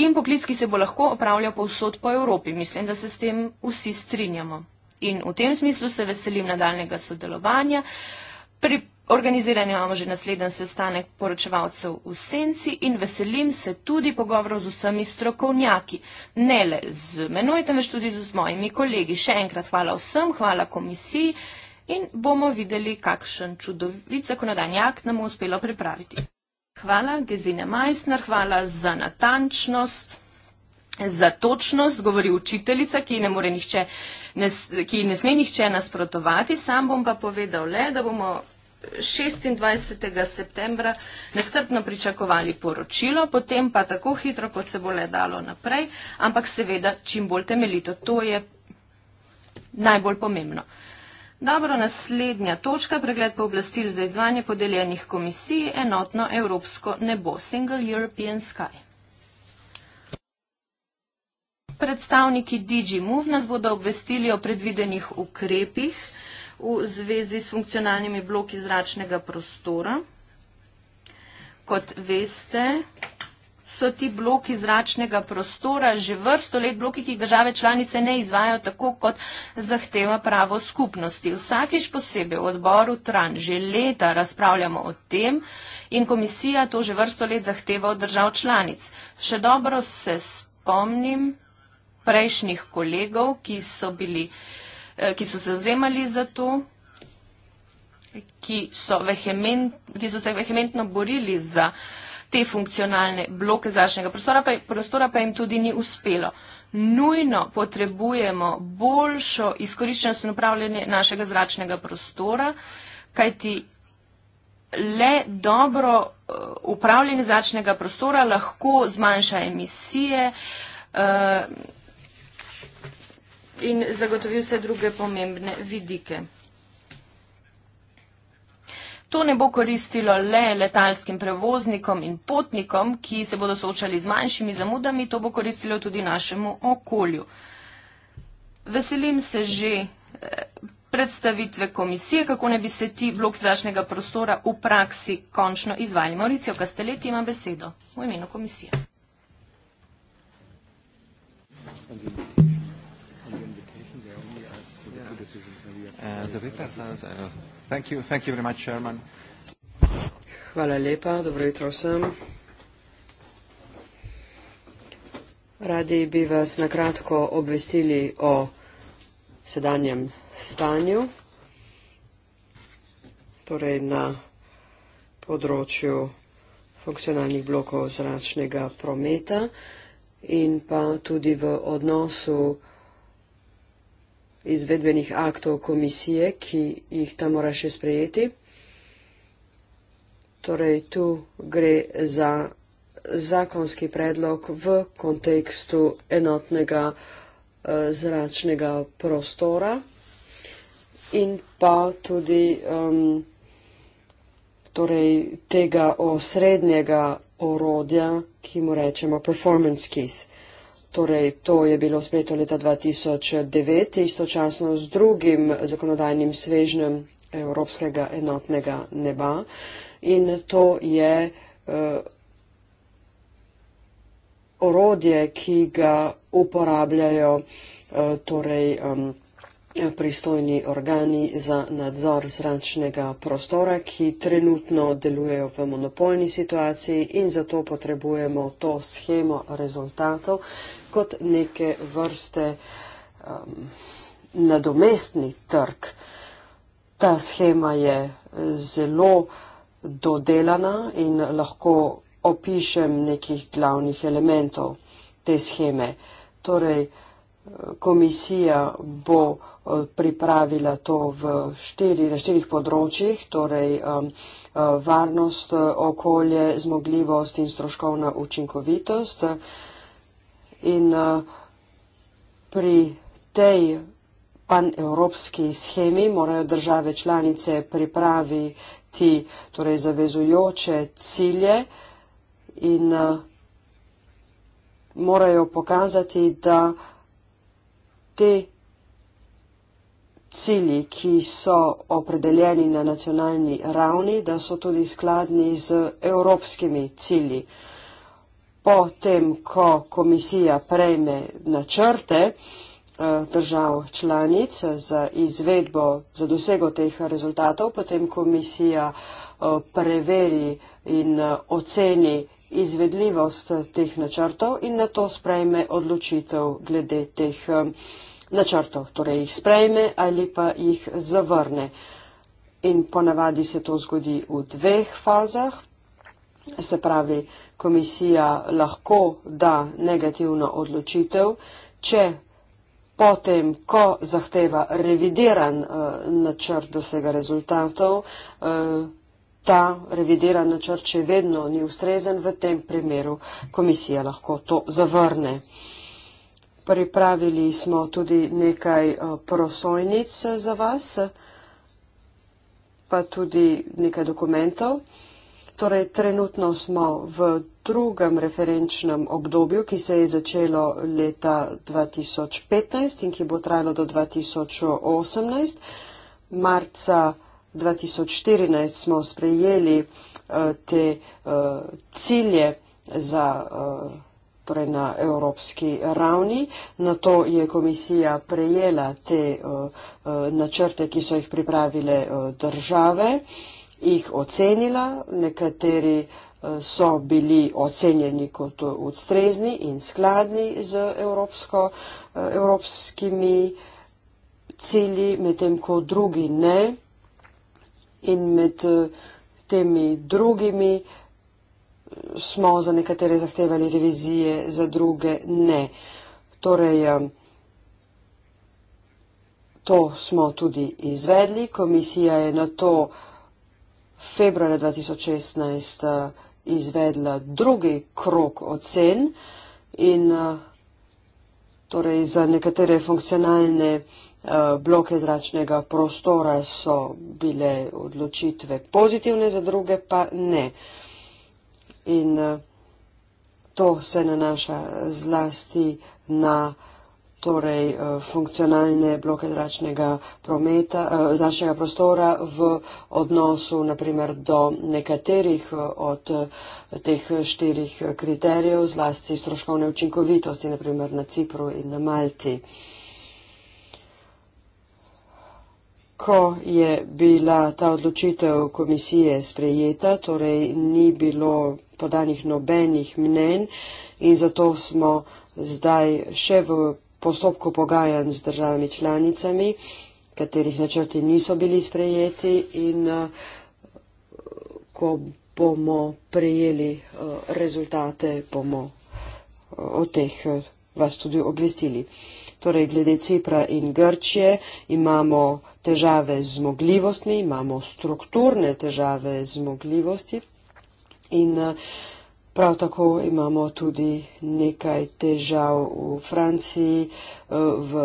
in poklic, ki se bo lahko opravljal povsod po Evropi. Mislim, da se s tem vsi strinjamo. In v tem smislu se veselim nadaljnega sodelovanja. Pri Organiziran imamo že naslednji sestanek poročevalcev v Senci in veselim se tudi pogovorov z vsemi strokovnjaki. Ne le z menoj, temveč tudi z mojimi kolegi. Še enkrat hvala vsem, hvala komisiji in bomo videli, kakšen čudovit zakonodajni akt nam bo uspelo pripraviti. Hvala Gezine Majsner, hvala za natančnost. Za točnost govori učiteljica, ki ne, more nihče, ne, ki ne sme nihče nasprotovati. Sam bom pa povedal le, da bomo 26. septembra nestrpno pričakovali poročilo, potem pa tako hitro, kot se bo le dalo naprej, ampak seveda čim bolj temeljito. To je najbolj pomembno. Dobro, naslednja točka, pregled pooblastil za izvanje podeljenih komisij, enotno evropsko nebo, Single European Sky. Predstavniki DigiMove nas bodo obvestili o predvidenih ukrepih v zvezi s funkcionalnimi bloki zračnega prostora. Kot veste, so ti bloki zračnega prostora že vrsto let bloki, ki jih države članice ne izvajo tako, kot zahteva pravo skupnosti. Vsakiš posebej v odboru TRAN že leta razpravljamo o tem in komisija to že vrsto let zahteva od držav članic. Še dobro se spomnim prejšnjih kolegov, ki so bili Eh, ki so se vzemali za to, ki so, vehement, ki so se vehementno borili za te funkcionalne bloke zračnega prostora, pa, prostora pa jim tudi ni uspelo. Nujno potrebujemo boljšo izkoriščenost in upravljanje našega zračnega prostora, kajti le dobro eh, upravljanje zračnega prostora lahko zmanjša emisije. Uh, in zagotovi vse druge pomembne vidike. To ne bo koristilo le letalskim prevoznikom in potnikom, ki se bodo soočali z manjšimi zamudami, to bo koristilo tudi našemu okolju. Veselim se že eh, predstavitve komisije, kako ne bi se ti blok zračnega prostora v praksi končno izvali. Mauricio Kasteleti ima besedo v imenu komisije. Thank you. Hvala lepa. Dobro jutro vsem. Radi bi vas nakratko obvestili o sedanjem stanju, torej na področju funkcionalnih blokov zračnega prometa in pa tudi v odnosu izvedbenih aktov komisije, ki jih ta mora še sprejeti. Torej, tu gre za zakonski predlog v kontekstu enotnega uh, zračnega prostora in pa tudi um, torej tega osrednjega orodja, ki mu rečemo performance kit. Torej, to je bilo sprejeto leta 2009, istočasno z drugim zakonodajnim svežnjem Evropskega enotnega neba. In to je uh, orodje, ki ga uporabljajo uh, torej, um, pristojni organi za nadzor zračnega prostora, ki trenutno delujejo v monopolni situaciji in zato potrebujemo to schemo rezultatov kot neke vrste um, nadomestni trg. Ta schema je eh, zelo dodelana in lahko opišem nekih glavnih elementov te scheme. Torej, eh, komisija bo eh, pripravila to v štiri, na štirih področjih, torej um, varnost, okolje, zmogljivost in stroškovna učinkovitost. Um, in uh, pri tej panevropski schemi morajo države članice pripraviti torej zavezujoče cilje in uh, morajo pokazati, da te cilji, ki so opredeljeni na nacionalni ravni, da so tudi skladni z evropskimi cilji potem, ko komisija prejme načrte eh, držav članic za izvedbo, za dosego teh rezultatov, potem komisija eh, preveri in eh, oceni izvedljivost teh načrtov in na to sprejme odločitev glede teh načrtov, torej jih sprejme ali pa jih zavrne. In ponavadi se to zgodi v dveh fazah, se pravi, komisija lahko da negativno odločitev, če potem, ko zahteva revideran uh, eh, načrt dosega rezultatov, uh, ta revideran načrt še vedno ni ustrezen, v tem primeru komisija lahko to zavrne. Pripravili smo tudi nekaj eh, prosojnic za vas, pa tudi nekaj dokumentov. Torej, trenutno smo v drugem referenčnem obdobju, ki se je začelo leta 2015 in ki bo trajalo do 2018. Marca 2014 smo sprejeli uh, te uh, cilje za, uh, torej na evropski ravni. Na to je komisija prejela te uh, uh, načrte, ki so jih pripravile uh, države. Uh, jih ocenila, nekateri eh, so bili ocenjeni kot ustrezni in skladni z evropsko, eh, evropskimi cilji, medtem ko drugi ne. In med eh, temi drugimi smo za nekatere zahtevali revizije, za druge ne. Torej, to smo tudi izvedli. Komisija je na to februarja 2016 eh, izvedla drugi krok ocen in eh, torej za nekatere funkcionalne eh, bloke zračnega prostora so bile odločitve pozitivne, za druge pa ne. In to se nanaša zlasti na torej eh, funkcionalne bloke zračnega prometa, eh, zračnega prostora v odnosu naprimer do nekaterih eh, od teh štirih kriterijev, zlasti stroškovne učinkovitosti, naprimer na Cipru in na Malti. Ko je bila ta odločitev komisije sprejeta, torej ni bilo podanih nobenih mnen in zato smo zdaj še v postopku pogajanj z državami članicami, katerih načrti niso bili sprejeti in eh, ko bomo prejeli eh, rezultate, bomo eh, o teh vas tudi obvestili. Torej, glede Cipra in Grčije imamo težave z zmogljivostmi, imamo strukturne težave z zmogljivosti in uh, Prav tako imamo tudi nekaj težav v Franciji eh, v,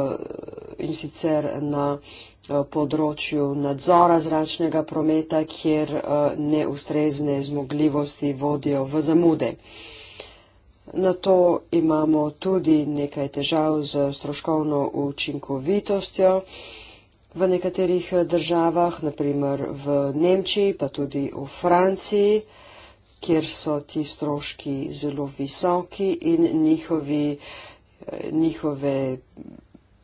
in sicer na eh, področju nadzora zračnega prometa, kjer eh, neustrezne zmogljivosti vodijo v zamude. Na to imamo tudi nekaj težav z stroškovno učinkovitostjo v nekaterih državah, naprimer v Nemčiji, pa tudi v Franciji kjer so ti stroški zelo visoki in njihovi, eh, njihove,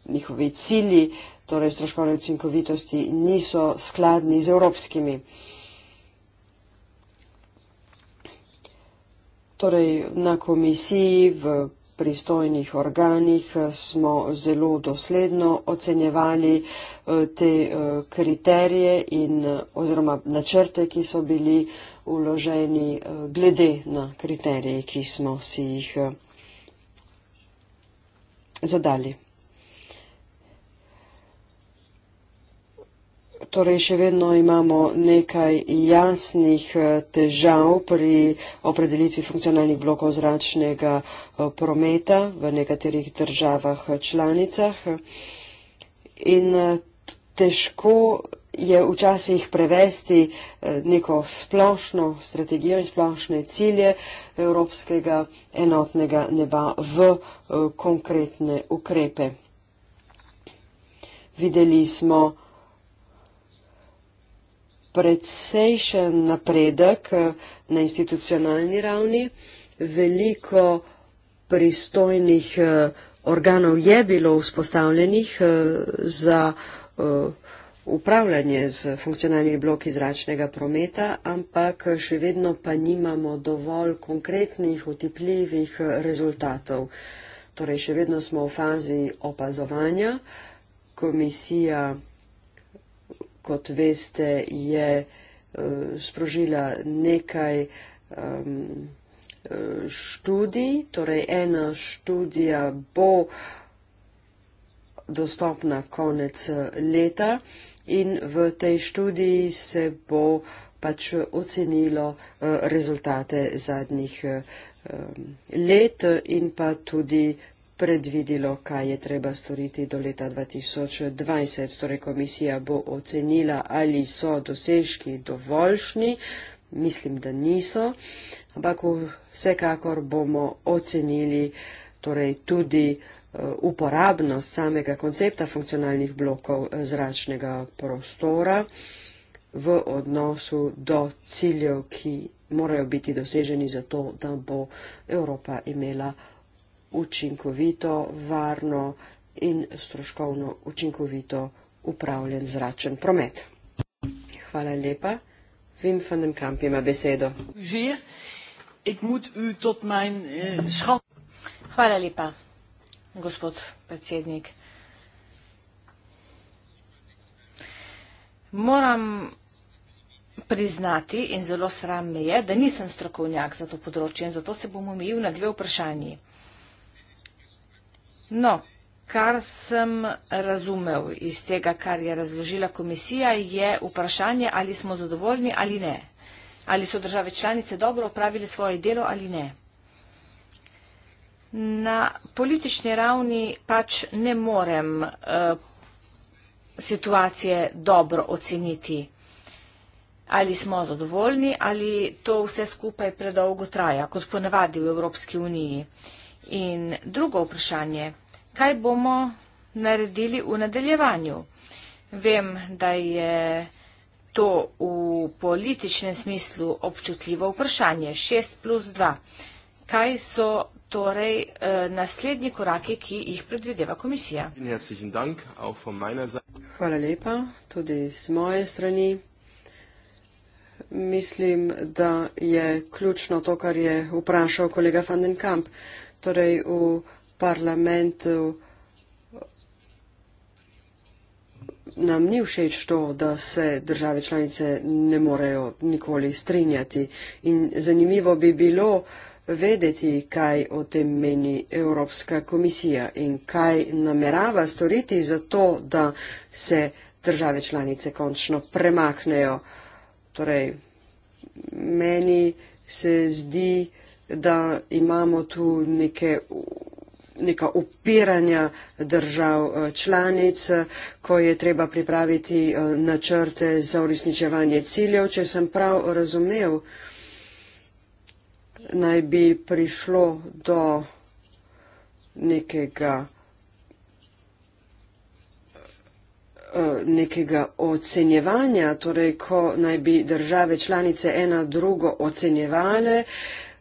njihove cilji, torej stroškovne učinkovitosti, niso skladni z evropskimi. Torej, na komisiji v pristojnih organih eh, smo zelo dosledno ocenjevali eh, te kriterije in, oziroma načrte, ki so bili uh, uloženi eh, glede na kriterije, ki smo si jih eh, zadali. Torej, še vedno imamo nekaj jasnih eh, težav pri opredelitvi funkcionalnih blokov zračnega prometa v nekaterih državah članicah in težko je včasih prevesti eh, neko splošno strategijo in splošne cilje evropskega enotnega neba v eh, konkretne ukrepe. Videli smo predsejšen napredek eh, na institucionalni ravni, veliko pristojnih organov je bilo vzpostavljenih za upravljanje z funkcionalnimi bloki zračnega prometa, ampak še vedno pa nimamo dovolj konkretnih, utipljivih rezultatov. Torej, še vedno smo v fazi opazovanja. Komisija, kot veste, je eh, sprožila nekaj um, študij, torej ena študija bo dostopna konec leta in v tej študiji se bo pač ocenilo eh, rezultate zadnjih eh, let in pa tudi predvidilo, kaj je treba storiti do leta 2020. Torej komisija bo ocenila, ali so dosežki dovoljšni. Mislim, da niso, ampak vsekakor bomo ocenili torej tudi uh, uporabnost samega koncepta funkcionalnih blokov eh, zračnega prostora v odnosu do ciljev, ki morajo biti doseženi za to, da bo Evropa imela učinkovito, varno in stroškovno učinkovito upravljen zračen promet. Hvala lepa. Wim van den Kamp ima besedo. Eh, Hvala lepa gospod predsednik. Moram priznati in zelo sram me je, da nisem strokovnjak za to področje in zato se bom omejil na dve vprašanji. No, kar sem razumev iz tega, kar je razložila komisija, je vprašanje, ali smo zadovoljni ali ne. Ali so države članice dobro opravili svoje delo ali ne. Na politični ravni pač ne morem eh, situacije dobro oceniti, ali smo zadovoljni, ali to vse skupaj predolgo traja, kot ponavadi v Evropski uniji. In drugo vprašanje, kaj bomo naredili v nadaljevanju? Vem, da je to v političnem smislu občutljivo vprašanje, 6 plus 2. Kaj so torej uh, naslednji korake, ki jih predvideva komisija? Hvala lepa, tudi z moje strani. Mislim, da je ključno to, kar je vprašal kolega Van den Kamp. Torej v parlamentu nam ni všeč to, da se države članice ne morejo nikoli strinjati. In zanimivo bi bilo, uh, vedeti, kaj o tem meni Evropska komisija in kaj namerava storiti za to, da se države članice končno premaknejo. Torej, meni se zdi, da imamo tu neke, neka upiranja držav eh, članic, ko je treba pripraviti eh, načrte za uresničevanje ciljev, če sem prav razumel naj bi prišlo do nekega eh, nekega ocenjevanja, torej ko naj bi države članice ena drugo ocenjevale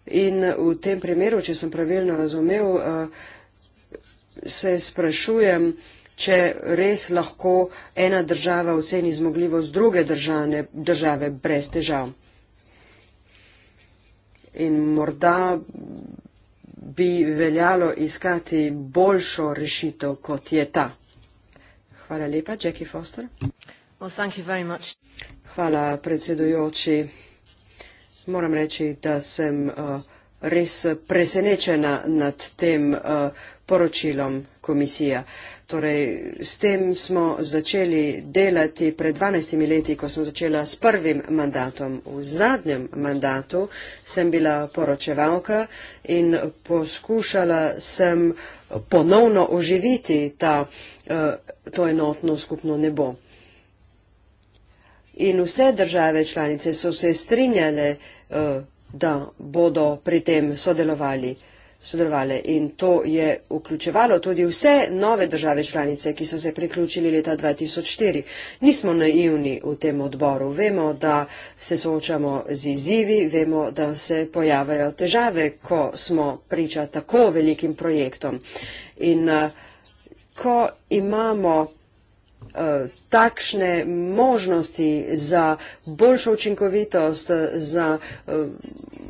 in v tem primeru, če sem pravilno razumel, eh, se sprašujem, če res lahko ena država oceni zmogljivost druge države brez težav in morda bi veljalo iskati boljšo rešitev, kot je ta. Hvala lepa, Jackie Foster. Well, Hvala, predsedujoči. Moram reči, da sem uh, res presenečena nad tem uh, poročilom komisija. Uh, Torej, s tem smo začeli delati pred 12 leti, ko sem začela s prvim mandatom. V zadnjem mandatu sem bila poročevalka in poskušala sem ponovno oživiti ta, eh, to enotno skupno nebo. In vse države članice so se strinjale, eh, da bodo pri tem sodelovali sodelovale in to je vključevalo tudi vse nove države članice, ki so se priključili leta 2004. Nismo naivni v tem odboru, vemo, da se soočamo z izzivi, vemo, da se pojavajo težave, ko smo priča tako velikim projektom. In eh, ko imamo takšne možnosti za boljšo učinkovitost, za eh,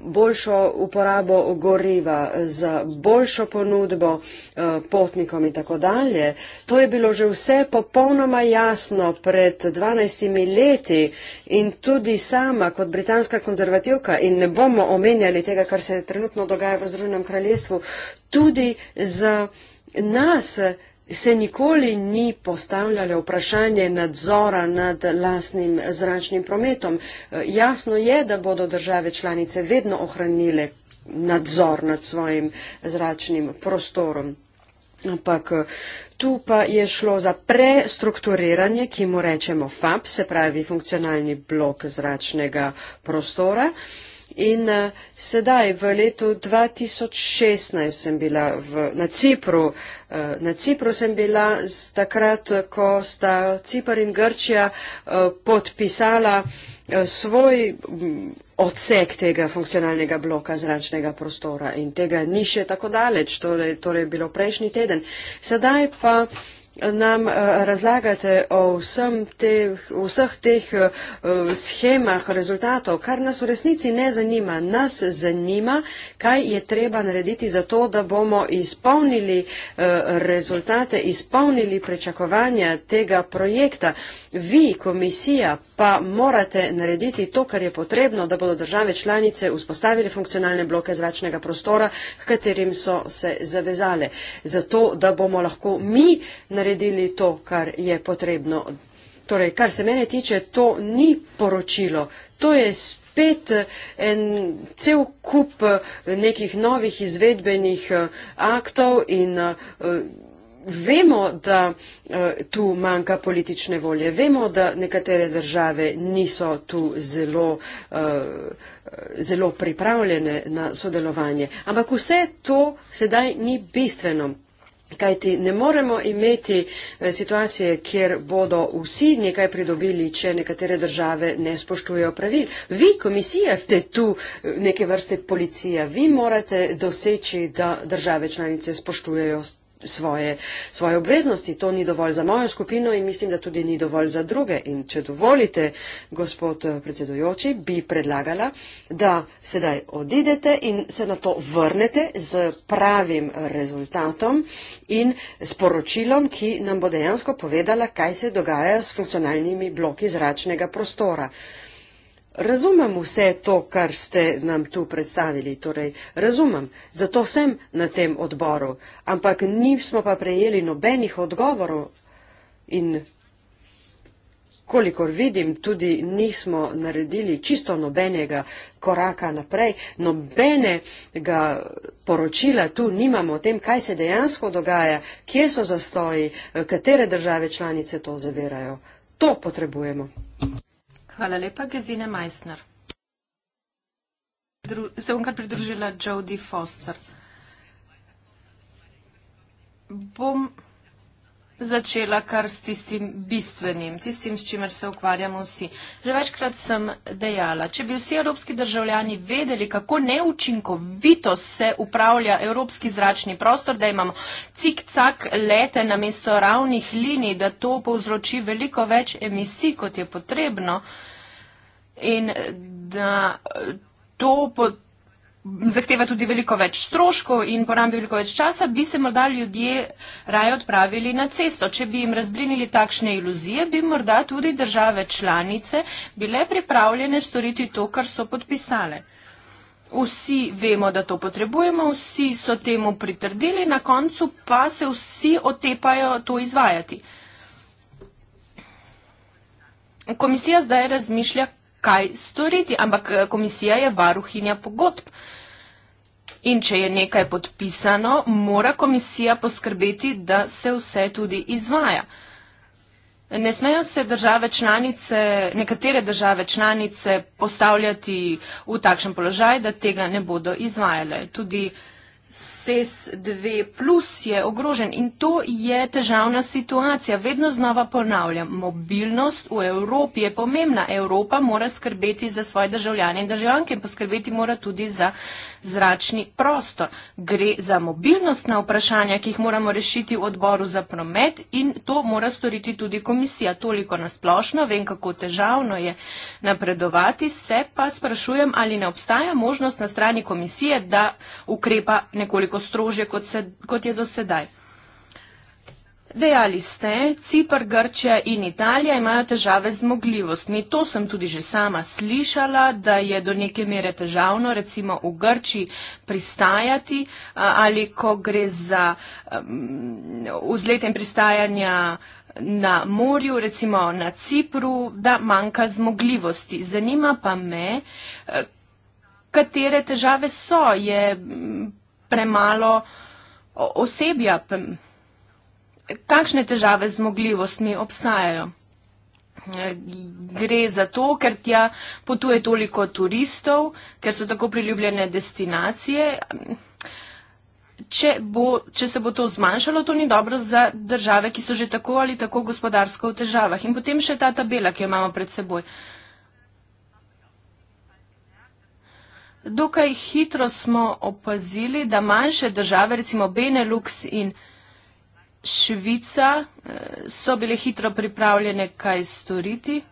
boljšo uporabo goriva, za boljšo ponudbo eh, potnikom in tako dalje. To je bilo že vse popolnoma jasno pred 12 leti in tudi sama kot britanska konzervativka in ne bomo omenjali tega, kar se trenutno dogaja v Združenem kraljestvu, tudi za nas se nikoli ni postavljalo vprašanje nadzora nad lastnim zračnim prometom. E, jasno je, da bodo države članice vedno ohranile nadzor nad svojim zračnim prostorom. Ampak e, tu pa je šlo za prestrukturiranje, ki mu rečemo FAP, se pravi funkcionalni blok zračnega prostora. Uh, In uh, sedaj, v letu 2016 sem bila v, na Cipru. Uh, na Cipru sem bila takrat, ko sta Cipr in Grčija uh, podpisala uh, svoj mm, odsek tega funkcionalnega bloka zračnega prostora. In tega ni še tako daleč, torej, torej bilo prejšnji teden. Sedaj pa. Uh, nam eh, razlagate o teh, vseh teh eh, schemah rezultatov, kar nas v resnici ne zanima. Nas zanima, kaj je treba narediti za to, da bomo izpolnili eh, rezultate, izpolnili prečakovanja tega projekta. Vi, komisija, pa morate narediti to, kar je potrebno, da bodo države članice vzpostavili funkcionalne bloke zračnega prostora, katerim so se zavezale. Zato, da bomo lahko mi naredili naredili to, kar je potrebno. Torej, kar se mene tiče, to ni poročilo. To je spet eh, en cel kup eh, nekih novih izvedbenih eh, aktov in vemo, da tu manjka politične volje. Vemo, da nekatere države niso tu zelo, zelo pripravljene na sodelovanje. Ampak vse to sedaj ni bistveno. Kajti ne moremo imeti eh, situacije, kjer bodo vsi nekaj pridobili, če nekatere države ne spoštujejo pravil. Vi, komisija, ste tu eh, neke vrste policija. Vi morate doseči, da države članice spoštujejo svoje, svoje obveznosti. To ni dovolj za mojo skupino in mislim, da tudi ni dovolj za druge. In če dovolite, gospod eh, predsedujoči, bi predlagala, da sedaj odidete in se na to vrnete z pravim rezultatom in sporočilom, ki nam bo dejansko povedala, kaj se dogaja s funkcionalnimi bloki zračnega prostora razumem vse to, kar ste nam tu predstavili, torej razumem, zato sem na tem odboru, ampak nismo pa prejeli nobenih odgovorov in kolikor vidim, tudi nismo naredili čisto nobenega koraka naprej, nobenega poročila tu nimamo o tem, kaj se dejansko dogaja, kje so zastoji, katere države članice to zavirajo. To potrebujemo. Hvala lepa, Gesine Meissner. Se bom kar pridružila Jodie Foster. Bom začela kar s tistim bistvenim, tistim, s čimer se ukvarjamo vsi. Že večkrat sem dejala, če bi vsi evropski državljani vedeli, kako neučinkovito se upravlja evropski zračni prostor, da imamo cik-cak lete na mesto ravnih linij, da to povzroči veliko več emisij, kot je potrebno in da to potrebno zahteva tudi veliko več stroškov in porabi veliko več časa, bi se morda ljudje raje odpravili na cesto. Če bi jim razblinili takšne iluzije, bi morda tudi države članice bile pripravljene storiti to, kar so podpisale. Vsi vemo, da to potrebujemo, vsi so temu pritrdili, na koncu pa se vsi otepajo to izvajati. Komisija zdaj razmišlja, kaj storiti, ampak eh, komisija je varuhinja pogodb. In če je nekaj podpisano, mora komisija poskrbeti, da se vse tudi izvaja. Ne smejo se države članice, nekatere države članice postavljati v takšen položaj, da tega ne bodo izvajale. Tudi SES-2 plus je ogrožen in to je težavna situacija. Vedno znova ponavljam, mobilnost v Evropi je pomembna. Evropa mora skrbeti za svoje državljane in državljanke in poskrbeti mora tudi za zračni prostor. Gre za mobilnostna vprašanja, ki jih moramo rešiti v odboru za promet in to mora storiti tudi komisija. Toliko nasplošno, vem, kako težavno je napredovati, se pa sprašujem, ali ne obstaja možnost na strani komisije, da ukrepa nekoliko nekoliko strožje, kot, se, kot je do sedaj. Dejali ste, Cipr, Grčija in Italija imajo težave z zmogljivostmi. To sem tudi že sama slišala, da je do neke mere težavno, recimo v Grčiji pristajati ali ko gre za vzletem pristajanja na morju, recimo na Cipru, da manjka zmogljivosti. Zanima pa me, e, katere težave so. Je premalo osebja? Kakšne težave z mogljivostmi obstajajo? Gre za to, ker tja potuje toliko turistov, ker so tako priljubljene destinacije. Če, bo, če se bo to zmanjšalo, to ni dobro za države, ki so že tako ali tako gospodarsko v težavah. In potem še ta tabela, ki jo imamo pred seboj. Uh, Dokaj hitro smo opazili, da manjše države, recimo Benelux in Švica, eh, so bile hitro pripravljene kaj storiti.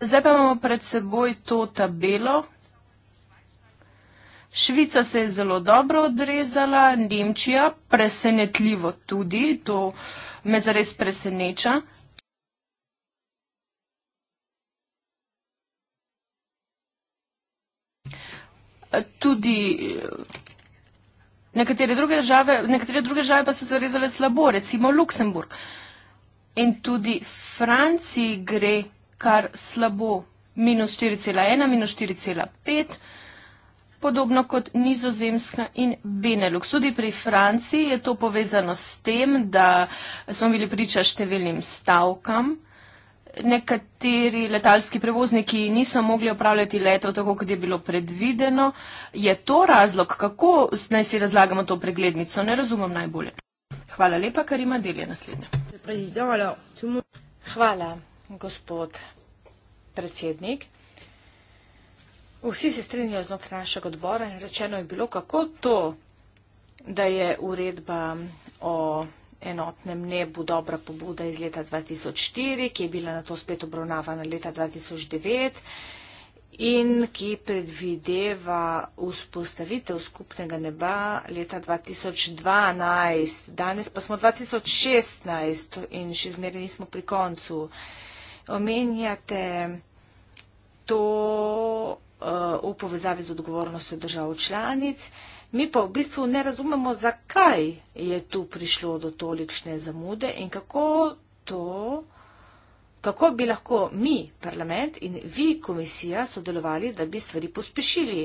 Zdaj pa imamo pred seboj to tabelo. Švica se je zelo dobro odrezala, Nemčija presenetljivo tudi, to me zares preseneča. tudi nekatere druge države, nekatere druge države pa so se rezale slabo, recimo Luksemburg. In tudi Franciji gre kar slabo, minus 4,1, minus 4,5 podobno kot nizozemska in Benelux. Tudi pri Franciji je to povezano s tem, da smo bili priča številnim stavkam nekateri letalski prevozniki niso mogli opravljati letov tako, kot je bilo predvideno. Je to razlog, kako naj si razlagamo to preglednico? Ne razumem najbolje. Hvala lepa, kar ima delje naslednje. Hvala, gospod predsednik. Vsi se strinjajo znotraj našega odbora in rečeno je bilo, kako to, da je uredba o enotnem nebu dobra pobuda iz leta 2004, ki je bila na to spet obravnavana leta 2009 in ki predvideva vzpostavitev skupnega neba leta 2012. Danes pa smo 2016 in še zmeraj nismo pri koncu. Omenjate to uh, v povezavi z odgovornostjo držav članic. Uh, Mi pa v bistvu ne razumemo, zakaj je tu prišlo do tolikšne zamude in kako to, kako bi lahko mi, parlament in vi, komisija, sodelovali, da bi stvari pospešili.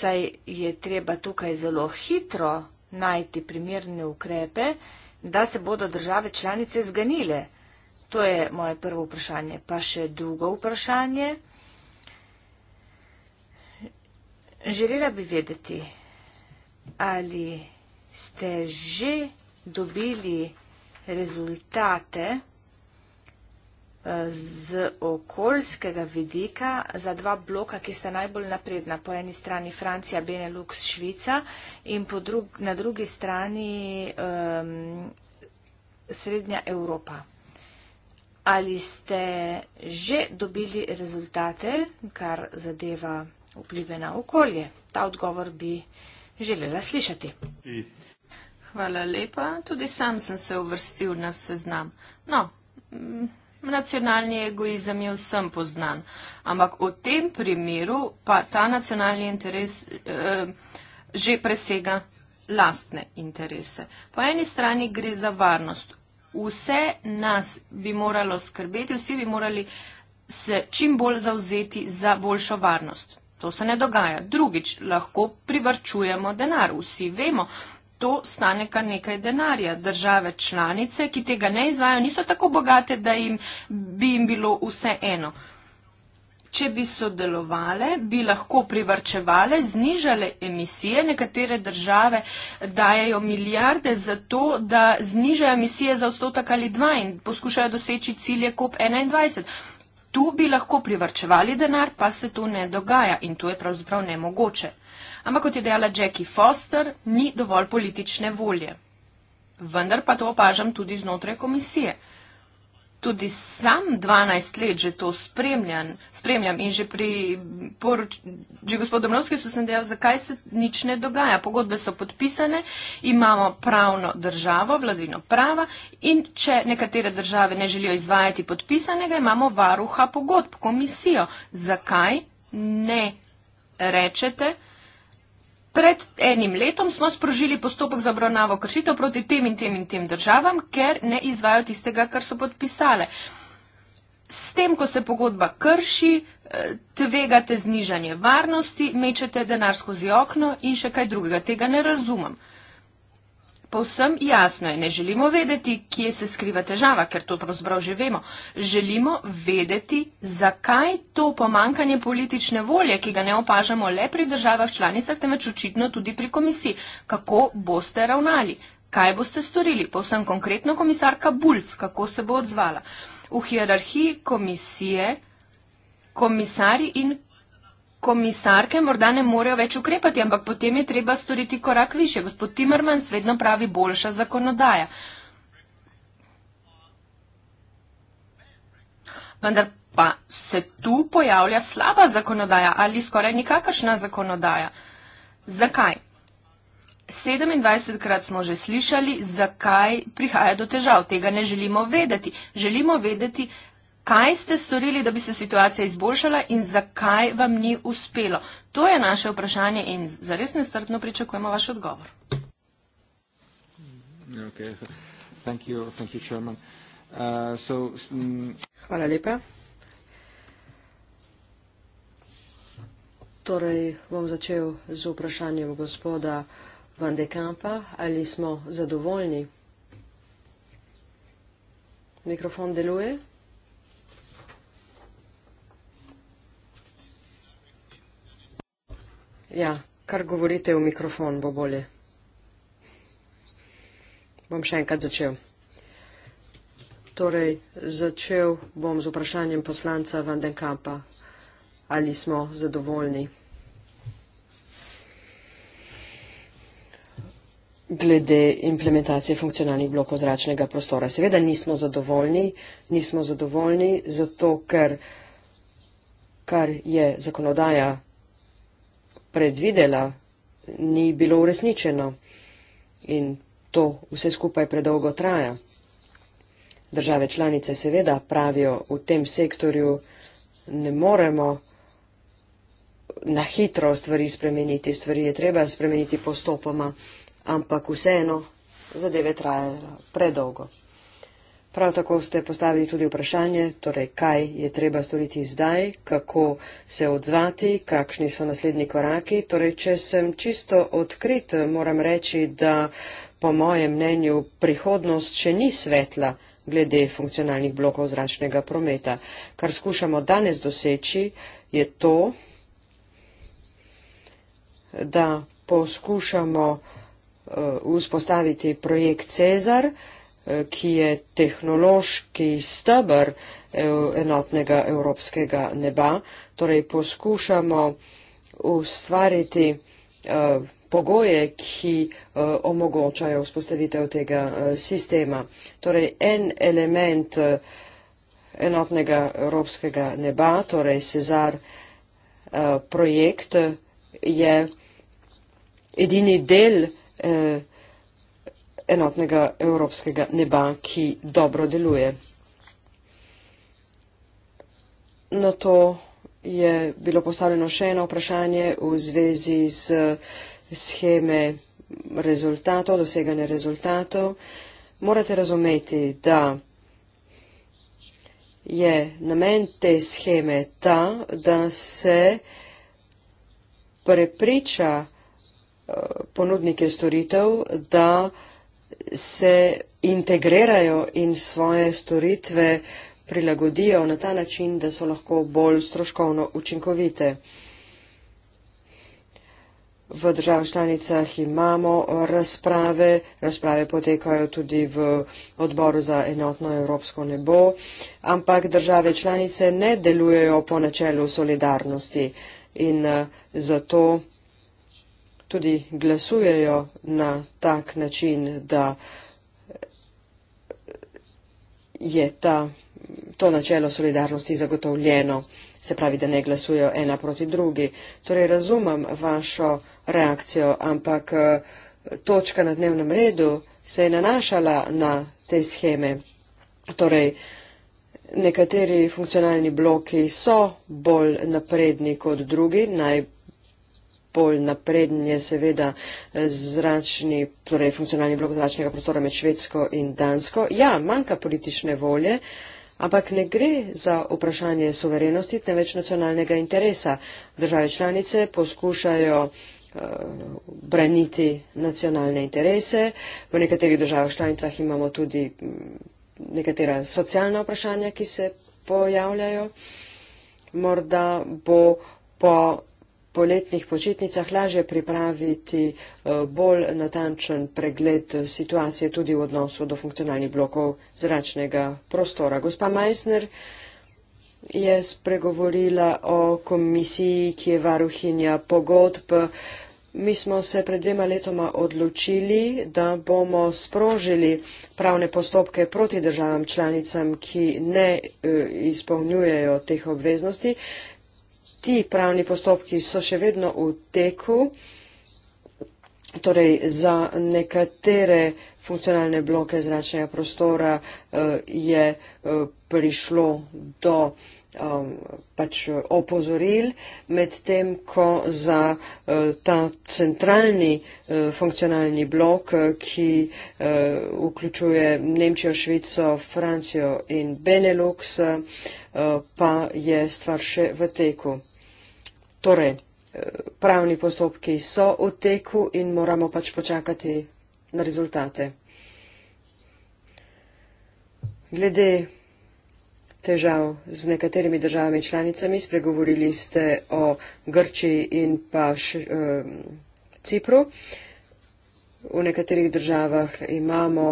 Saj je treba tukaj zelo hitro najti primerne ukrepe, da se bodo države članice zganile. To je moje prvo vprašanje. Pa še drugo vprašanje. Želela bi vedeti, ali ste že dobili rezultate eh, z okoljskega vidika za dva bloka, ki sta najbolj napredna, po eni strani Francija, Benelux, Švica in drug, na drugi strani um, Srednja Evropa. Ali ste že dobili rezultate, kar zadeva vplive na okolje. Ta odgovor bi želela slišati. Hvala lepa. Tudi sam sem se uvrstil na seznam. No, nacionalni egoizem je vsem poznan, ampak v tem primeru pa ta nacionalni interes eh, že presega lastne interese. Po eni strani gre za varnost. Vse nas bi moralo skrbeti, vsi bi morali se čim bolj zauzeti za boljšo varnost. To se ne dogaja. Drugič, lahko privrčujemo denar. Vsi vemo, to stane kar nekaj denarja. Države članice, ki tega ne izvajo, niso tako bogate, da jim, bi jim bilo vse eno. Če bi sodelovale, bi lahko privrčevale, znižale emisije. Nekatere države dajajo milijarde za to, da znižajo emisije za odstotek ali dva in poskušajo doseči cilje COP21. Tu bi lahko privrčevali denar, pa se to ne dogaja in to je pravzaprav nemogoče. Ampak kot je dejala Jackie Foster, ni dovolj politične volje. Vendar pa to opažam tudi znotraj komisije tudi sam 12 let že to spremljam, spremljam in že pri poroč... že gospod Domnovski so sem dejal, zakaj se nič ne dogaja. Pogodbe so podpisane, imamo pravno državo, vladino prava in če nekatere države ne želijo izvajati podpisanega, imamo varuha pogodb, komisijo. Zakaj ne rečete, Pred enim letom smo sprožili postopek za obravnavo kršitev proti tem in tem in tem državam, ker ne izvajo tistega, kar so podpisale. S tem, ko se pogodba krši, eh, tvegate znižanje varnosti, mečete denar skozi okno in še kaj drugega. Tega ne razumem. Povsem jasno je, ne želimo vedeti, kje se skriva težava, ker to pravzaprav že vemo. Želimo vedeti, zakaj to pomankanje politične volje, ki ga ne opažamo le pri državah članicah, temveč očitno tudi pri komisiji. Kako boste ravnali? Kaj boste storili? Povsem konkretno komisarka Bulc, kako se bo odzvala? V hierarhiji komisije komisari in komisarji komisarke morda ne morejo več ukrepati, ampak potem je treba storiti korak više. Gospod Timmermans vedno pravi boljša zakonodaja. Vendar pa se tu pojavlja slaba zakonodaja ali skoraj nikakršna zakonodaja. Zakaj? 27 krat smo že slišali, zakaj prihaja do težav. Tega ne želimo vedeti. Želimo vedeti, kaj ste storili, da bi se situacija izboljšala in zakaj vam ni uspelo? To je naše vprašanje in zares nestrpno pričakujemo vaš odgovor. Okay. Thank you. Thank you, uh, so, um... Hvala lepa. Torej bom začel z vprašanjem gospoda Van de Kampa. Ali smo zadovoljni? Mikrofon deluje? Ja, kar govorite v mikrofon, bo bolje. Bom še enkrat začel. Torej, začel bom z vprašanjem poslanca Van den Kampa. Ali smo zadovoljni? glede implementacije funkcionalnih blokov zračnega prostora. Seveda nismo zadovoljni, nismo zadovoljni zato, ker kar je zakonodaja predvidela, ni bilo uresničeno. In to vse skupaj predolgo traja. Države članice seveda pravijo, v tem sektorju ne moremo na hitro stvari spremeniti, stvari je treba spremeniti postopoma, ampak vseeno zadeve trajajo predolgo. Prav tako ste postavili tudi vprašanje, torej kaj je treba storiti zdaj, kako se odzvati, kakšni so naslednji koraki. Torej, če sem čisto odkrit, moram reči, da po mojem mnenju prihodnost še ni svetla glede funkcionalnih blokov zračnega prometa. Kar skušamo danes doseči, je to, da poskušamo uh, vzpostaviti projekt Cezar, uh, Eh, ki je tehnološki stebr eh, enotnega evropskega neba. Torej poskušamo ustvariti eh, pogoje, ki omogočajo vzpostavitev tega sistema. Torej en element enotnega evropskega neba, torej Cezar projekt, je edini del enotnega evropskega neba, ki dobro deluje. Na to je bilo postavljeno še eno vprašanje v zvezi z scheme rezultatov, doseganje rezultatov. Morate razumeti, da je namen te scheme ta, da se prepriča eh, ponudnike storitev, da se integrirajo in svoje storitve prilagodijo na ta način, da so lahko bolj stroškovno učinkovite. V državah članicah imamo razprave, razprave potekajo tudi v odboru za enotno evropsko nebo, ampak države članice ne delujejo po načelu solidarnosti in eh, zato tudi glasujejo na tak način, da je ta, to načelo solidarnosti zagotovljeno, se pravi, da ne glasujejo ena proti drugi. Torej razumem vašo reakcijo, ampak eh, točka na dnevnem redu se je nanašala na te scheme. Torej, nekateri funkcionalni bloki so bolj napredni kot drugi, naj bolj napreden je seveda eh, zračni, torej funkcionalni blok zračnega prostora med Švedsko in Dansko. Ja, manjka politične volje, ampak ne gre za vprašanje suverenosti, temveč nacionalnega interesa. Države članice poskušajo eh, braniti nacionalne interese. V nekaterih državah članicah imamo tudi mm, nekatera socialna vprašanja, ki se pojavljajo. Morda bo po po letnih počitnicah lažje pripraviti eh, bolj natančen pregled situacije tudi v odnosu do funkcionalnih blokov zračnega prostora. Gospa Meissner je spregovorila o komisiji, ki je varuhinja pogodb. Mi smo se pred dvema letoma odločili, da bomo sprožili pravne postopke proti državam članicam, ki ne eh, izpolnjujejo teh obveznosti ti pravni postopki so še vedno v teku, torej za nekatere funkcionalne bloke zračnega prostora eh, je eh, prišlo do um, pač opozoril, medtem ko za eh, ta centralni funkcionalni blok, ki vključuje Nemčijo, Švico, Francijo in Benelux, pa je stvar še v teku. Torej, eh, pravni postopki so v teku in moramo pač počakati na rezultate. Glede težav z nekaterimi državami članicami, spregovorili ste o Grčiji in pa š, eh, Cipru. V nekaterih državah imamo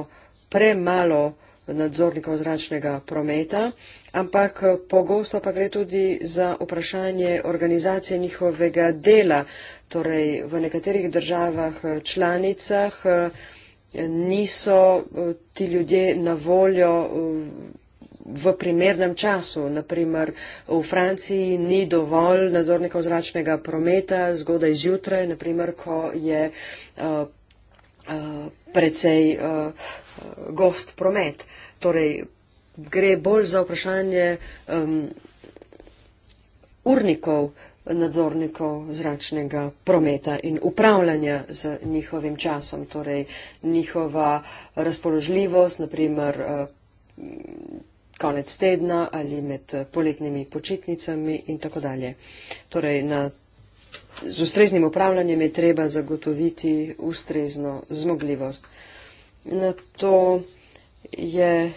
premalo eh, nadzornikov zračnega prometa, ampak pogosto pa gre tudi za vprašanje organizacije njihovega dela. Torej, v nekaterih državah eh, članicah eh, niso eh, ti ljudje na voljo v primernem času. Naprimer, v Franciji ni dovolj nadzornikov zračnega prometa zgodaj zjutraj, naprimer, ko je uh, uh, precej uh, gost promet. Uh, Torej, gre bolj za vprašanje um, urnikov, nadzornikov zračnega prometa in upravljanja z njihovim časom, torej njihova razpoložljivost, naprimer uh, konec tedna ali med uh, poletnimi počitnicami in tako dalje. Torej, na, z ustreznim upravljanjem je treba zagotoviti ustrezno zmogljivost. Na to je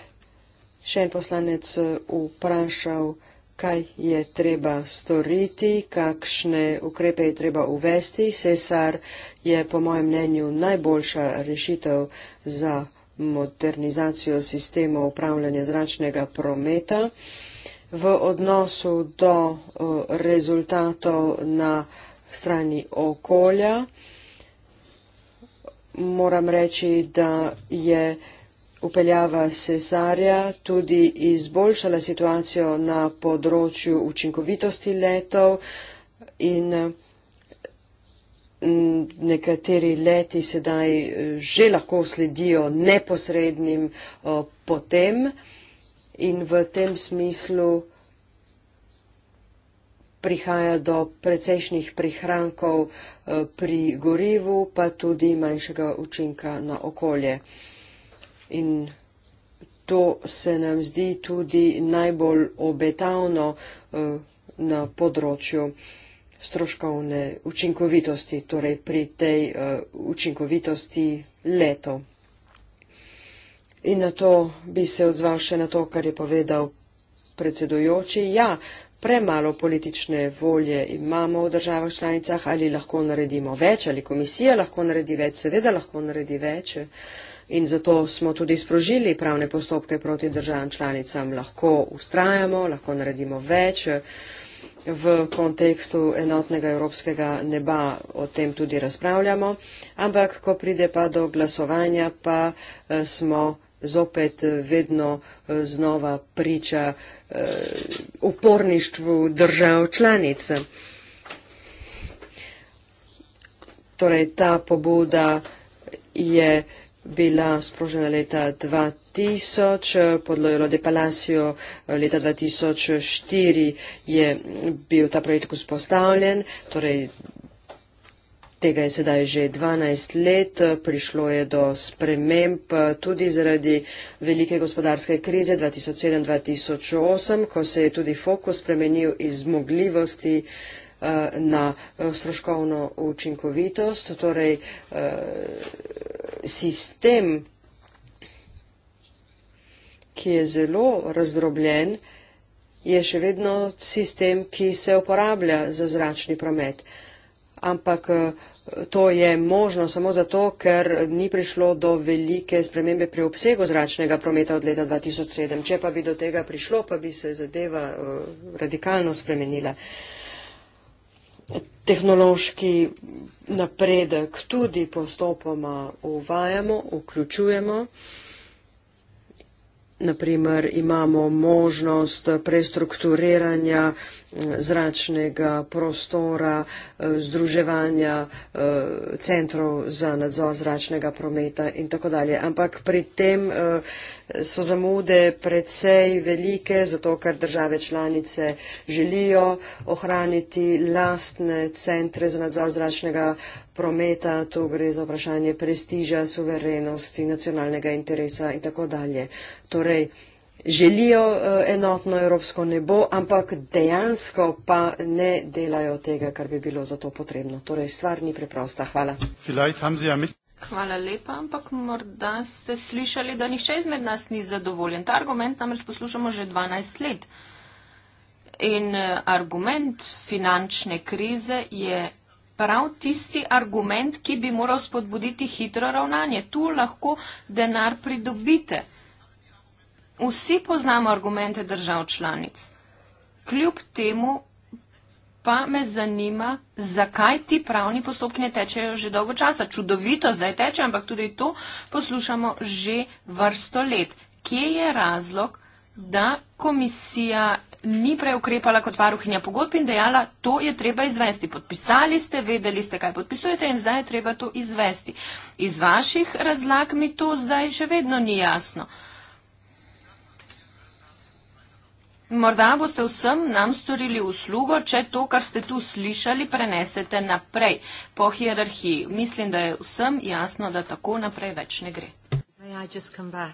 še en poslanec eh, vprašal, kaj je treba storiti, kakšne ukrepe je treba uvesti. Cesar je po mojem mnenju najboljša rešitev za modernizacijo sistema upravljanja zračnega prometa. V odnosu do eh, rezultatov na strani okolja moram reči, da je upeljava cesarja tudi izboljšala situacijo na področju učinkovitosti letov in mm, nekateri leti sedaj eh, že lahko sledijo neposrednim eh, potem in v tem smislu prihaja do precejšnjih prihrankov eh, pri gorivu, pa tudi manjšega učinka na okolje in to se nam zdi tudi najbolj obetavno eh, na področju stroškovne učinkovitosti, torej pri tej eh, učinkovitosti leto. In na to bi se odzval še na to, kar je povedal predsedujoči. Ja, premalo politične volje imamo v državah članicah, ali lahko naredimo več, ali komisija lahko naredi več, seveda lahko naredi več. Uh, in zato smo tudi sprožili pravne postopke proti državam članicam. Lahko ustrajamo, lahko naredimo več eh, v kontekstu enotnega evropskega neba o tem tudi razpravljamo, ampak ko pride pa do glasovanja, pa eh, smo zopet eh, vedno znova priča uporništvu držav članic. Torej, ta pobuda je bila sprožena leta 2000, pod Lojolo de Palacio eh, leta 2004 je bil ta projekt vzpostavljen, torej tega je sedaj že 12 let, prišlo je do sprememb eh, tudi zaradi velike gospodarske krize 2007-2008, ko se je tudi fokus spremenil iz zmogljivosti uh, Eh, na eh, stroškovno učinkovitost, torej eh, sistem, ki je zelo razdrobljen, je še vedno sistem, ki se uporablja za zračni promet. Ampak to je možno samo zato, ker ni prišlo do velike spremembe pri obsegu zračnega prometa od leta 2007. Če pa bi do tega prišlo, pa bi se zadeva radikalno spremenila. Uh, tehnološki napredek tudi postopoma uvajamo, vključujemo. Naprimer, imamo možnost prestrukturiranja zračnega prostora, eh, združevanja eh, centrov za nadzor zračnega prometa in tako dalje. Ampak pri tem eh, so zamude predvsej velike, zato ker države članice želijo ohraniti lastne centre za nadzor zračnega prometa, tu gre za vprašanje prestiža, suverenosti, nacionalnega interesa in tako dalje. Torej, želijo eh, enotno evropsko nebo, ampak dejansko pa ne delajo tega, kar bi bilo za to potrebno. Torej, stvar ni preprosta. Hvala. Ja Hvala lepa, ampak morda ste slišali, da nihče izmed nas ni zadovoljen. Ta argument namreč poslušamo že 12 let. In eh, argument finančne krize je prav tisti argument, ki bi moral spodbuditi hitro ravnanje. Tu lahko denar pridobite vsi poznamo argumente držav članic. Kljub temu pa me zanima, zakaj ti pravni postopki ne tečejo že dolgo časa. Čudovito zdaj teče, ampak tudi to poslušamo že vrsto let. Kje je razlog, da komisija ni prej ukrepala kot varuhinja pogodb in dejala, to je treba izvesti. Podpisali ste, vedeli ste, kaj podpisujete in zdaj je treba to izvesti. Iz vaših razlag mi to zdaj še vedno ni jasno. Morda boste vsem nam storili uslugo, če to, kar ste tu slišali, prenesete naprej po hierarhiji. Mislim, da je vsem jasno, da tako naprej več ne gre. Uh,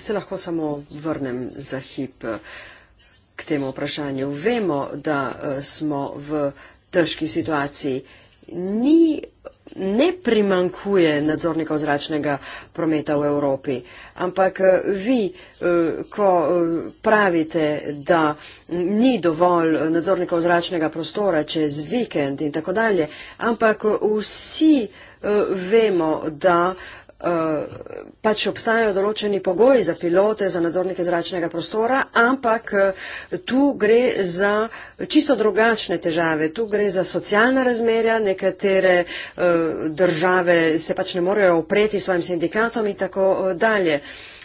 Se lahko samo vrnem za hip eh, k temu vprašanju. Vemo, da eh, smo v težki situaciji. Ni ne primankuje nadzornikov zračnega prometa v Evropi. Ampak eh, vi, eh, ko eh, pravite, da ni dovolj nadzornikov zračnega prostora čez vikend in tako dalje, ampak vsi vemo, da pač obstajajo določeni pogoji za pilote, za nadzornike zračnega prostora, ampak eh, tu gre za čisto drugačne težave. Tu gre za socialna razmerja, nekatere eh, države se pač ne morejo opreti svojim sindikatom in tako eh, dalje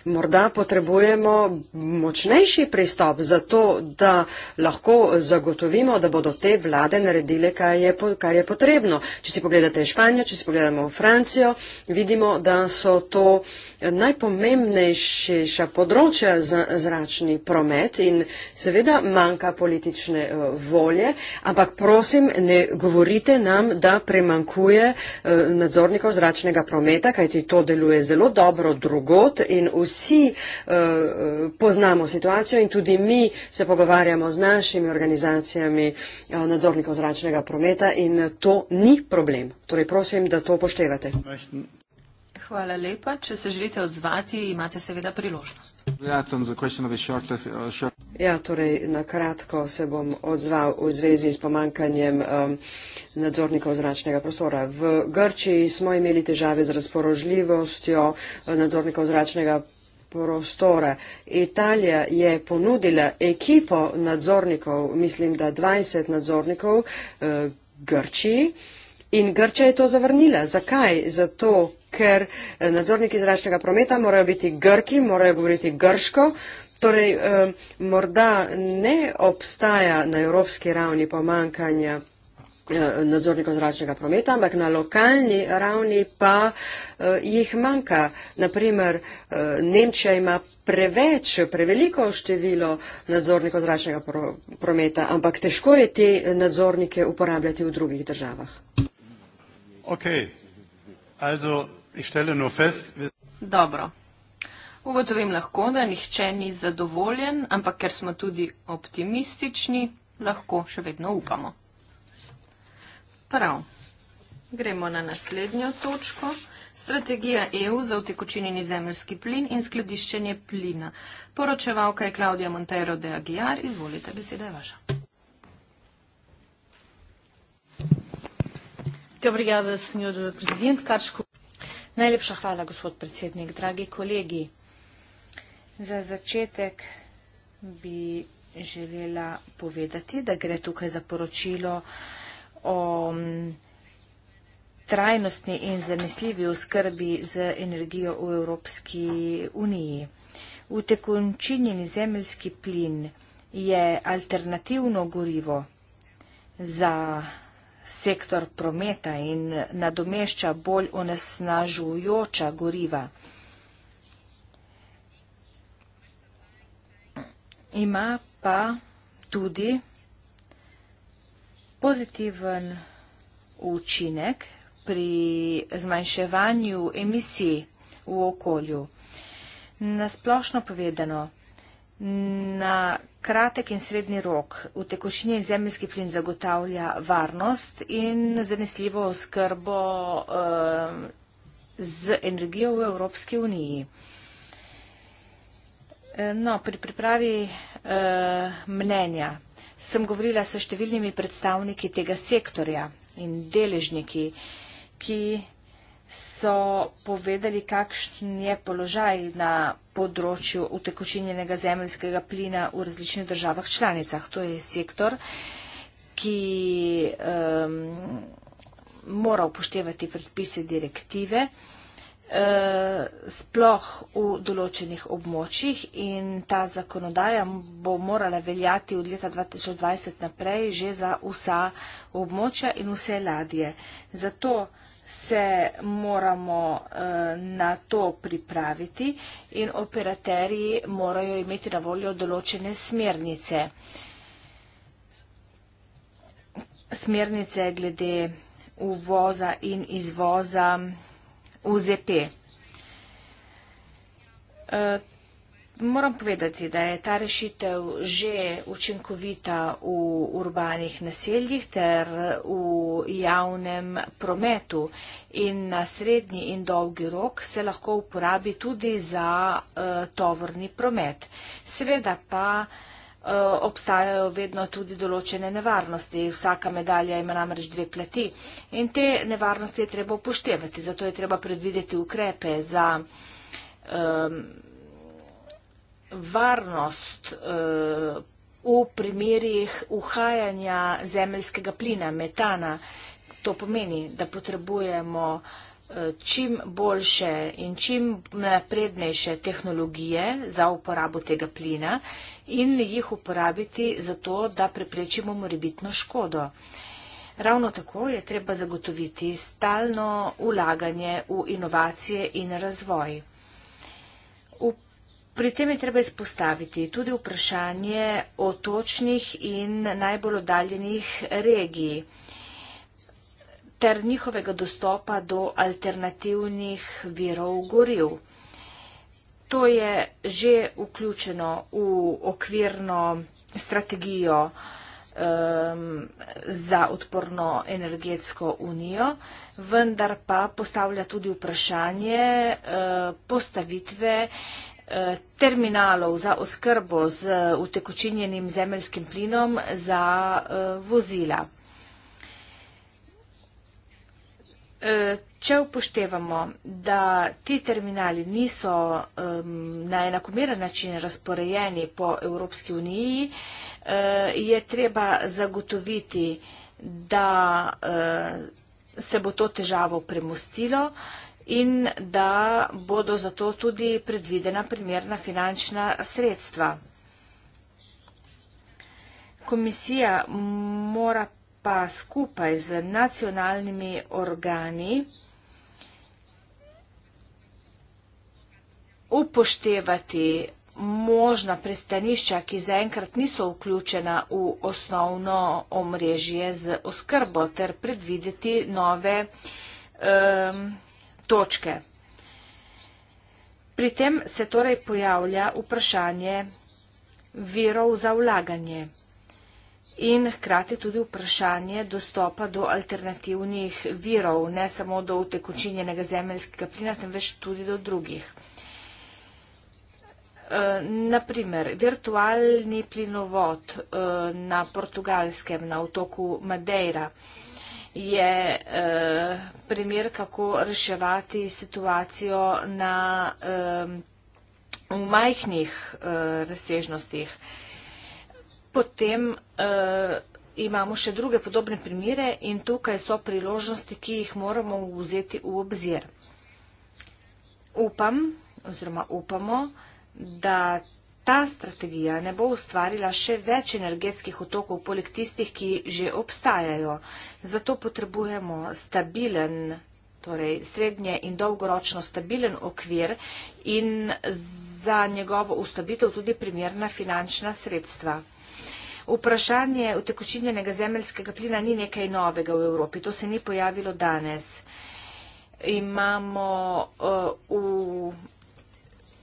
morda potrebujemo močnejši pristop za to, da lahko zagotovimo, da bodo te vlade naredile, kar je, kar je potrebno. Če si pogledate Španijo, če si pogledamo Francijo, vidimo, da so to najpomembnejša področja za zračni promet in seveda manjka politične eh, volje, ampak prosim, ne govorite nam, da premankuje eh, nadzornikov zračnega prometa, kajti to deluje zelo dobro drugot in vsi vsi eh, eh, poznamo situacijo in tudi mi se pogovarjamo z našimi organizacijami eh, nadzornikov zračnega prometa in to ni problem. Torej prosim, da to upoštevate. Hvala lepa. Če se želite odzvati, imate seveda priložnost. Ja, uh, ja torej na kratko se bom odzval v zvezi s pomankanjem um, nadzornikov zračnega prostora. V Grčiji smo imeli težave z razporožljivostjo eh, nadzornikov zračnega prostora prostora. Italija je ponudila ekipo nadzornikov, mislim, da 20 nadzornikov eh, Grčiji in Grčija je to zavrnila. Zakaj? Zato, ker eh, nadzorniki zračnega prometa morajo biti Grki, morajo govoriti grško. Torej, eh, morda ne obstaja na evropski ravni pomankanja Eh, nadzornikov zračnega prometa, ampak na lokalni ravni pa eh, jih manjka. Naprimer, eh, Nemčija ima preveč, preveliko število nadzornikov zračnega prometa, ampak težko je te nadzornike uporabljati v drugih državah. Okay. Also, fest... Dobro. Ugotovim lahko, da nihče ni zadovoljen, ampak ker smo tudi optimistični, lahko še vedno upamo. Prav. Gremo na naslednjo točko. Strategija EU za utekočinjeni zemljski plin in skladiščenje plina. Poročevalka je Klaudija Montero de Aguiar. Izvolite, beseda je vaša. Najlepša hvala, gospod predsednik. Dragi kolegi, za začetek bi želela povedati, da gre tukaj za poročilo vsega, o mm, trajnostni in zanesljivi oskrbi z energijo v Evropski uniji. V tekončinjeni zemljski plin je alternativno gorivo za sektor prometa in nadomešča bolj onesnažujoča goriva. Ima pa tudi pozitiven učinek pri zmanjševanju emisij v okolju. Nasplošno povedano, na kratek in srednji rok v tekošini in zemljski plin zagotavlja varnost in zanesljivo skrbo eh, z energijo v Evropski uniji. Eh, no, pri pripravi eh, mnenja sem govorila s številnimi predstavniki tega sektorja in deležniki, ki so povedali, kakšen je položaj na področju utekočinjenega zemljskega plina v različnih državah članicah. To je sektor, ki um, mora upoštevati predpise direktive. Eh, sploh v določenih območjih in ta zakonodaja bo morala veljati od leta 2020 naprej že za vsa območja in vse ladje. Zato se moramo eh, na to pripraviti in operaterji morajo imeti na voljo določene smernice. Smernice glede uvoza in izvoza smernice v ZP. Eh, moram povedati, da je ta rešitev že učinkovita v urbanih naseljih ter v javnem prometu in na srednji in dolgi rok se lahko uporabi tudi za eh, tovorni promet. Sveda pa Eh, obstajajo vedno tudi določene nevarnosti. Vsaka medalja ima namreč dve plati in te nevarnosti je treba upoštevati. Zato je treba predvideti ukrepe za um, varnost uh, v primerjih uhajanja zemeljskega plina, metana. To pomeni, da potrebujemo uh, čim boljše in čim naprednejše tehnologije za uporabo tega plina in jih uporabiti za to, da preprečimo morebitno škodo. Ravno tako je treba zagotoviti stalno ulaganje v inovacije in razvoj. V, pri tem je treba izpostaviti tudi vprašanje o točnih in najbolj oddaljenih regijih ter njihovega dostopa do alternativnih virov goriv. To je že vključeno v okvirno strategijo za odporno energetsko unijo, vendar pa postavlja tudi vprašanje eh, postavitve eh, terminalov za oskrbo z utekočinjenim zemeljskim plinom za eh, vozila. Eh, če upoštevamo, da ti terminali niso um, na enakomeren način razporejeni po Evropski uniji, uh, je treba zagotoviti, da uh, se bo to težavo premustilo in da bodo zato tudi predvidena primerna finančna sredstva. Komisija mora pa skupaj z nacionalnimi organi upoštevati možna pristanišča, ki zaenkrat niso vključena v osnovno omrežje z oskrbo, ter predvideti nove um, točke. Pri tem se torej pojavlja vprašanje virov za vlaganje in hkrati tudi vprašanje dostopa do alternativnih virov, ne samo do utekočinjenega zemeljskega plina, temveč tudi do drugih. E, Naprimer, virtualni plinovod e, na portugalskem, na otoku Madeira, je e, primer, kako reševati situacijo v majhnih razsežnostih potem uh, imamo še druge podobne primere in tukaj so priložnosti, ki jih moramo vzeti v obzir. Upam oziroma upamo, da ta strategija ne bo ustvarila še več energetskih otokov poleg tistih, ki že obstajajo. Zato potrebujemo stabilen, torej srednje in dolgoročno stabilen okvir in za njegovo ustabitev tudi primerna finančna sredstva. Vprašanje utekočinjenega zemeljskega plina ni nekaj novega v Evropi, to se ni pojavilo danes. Imamo uh, v,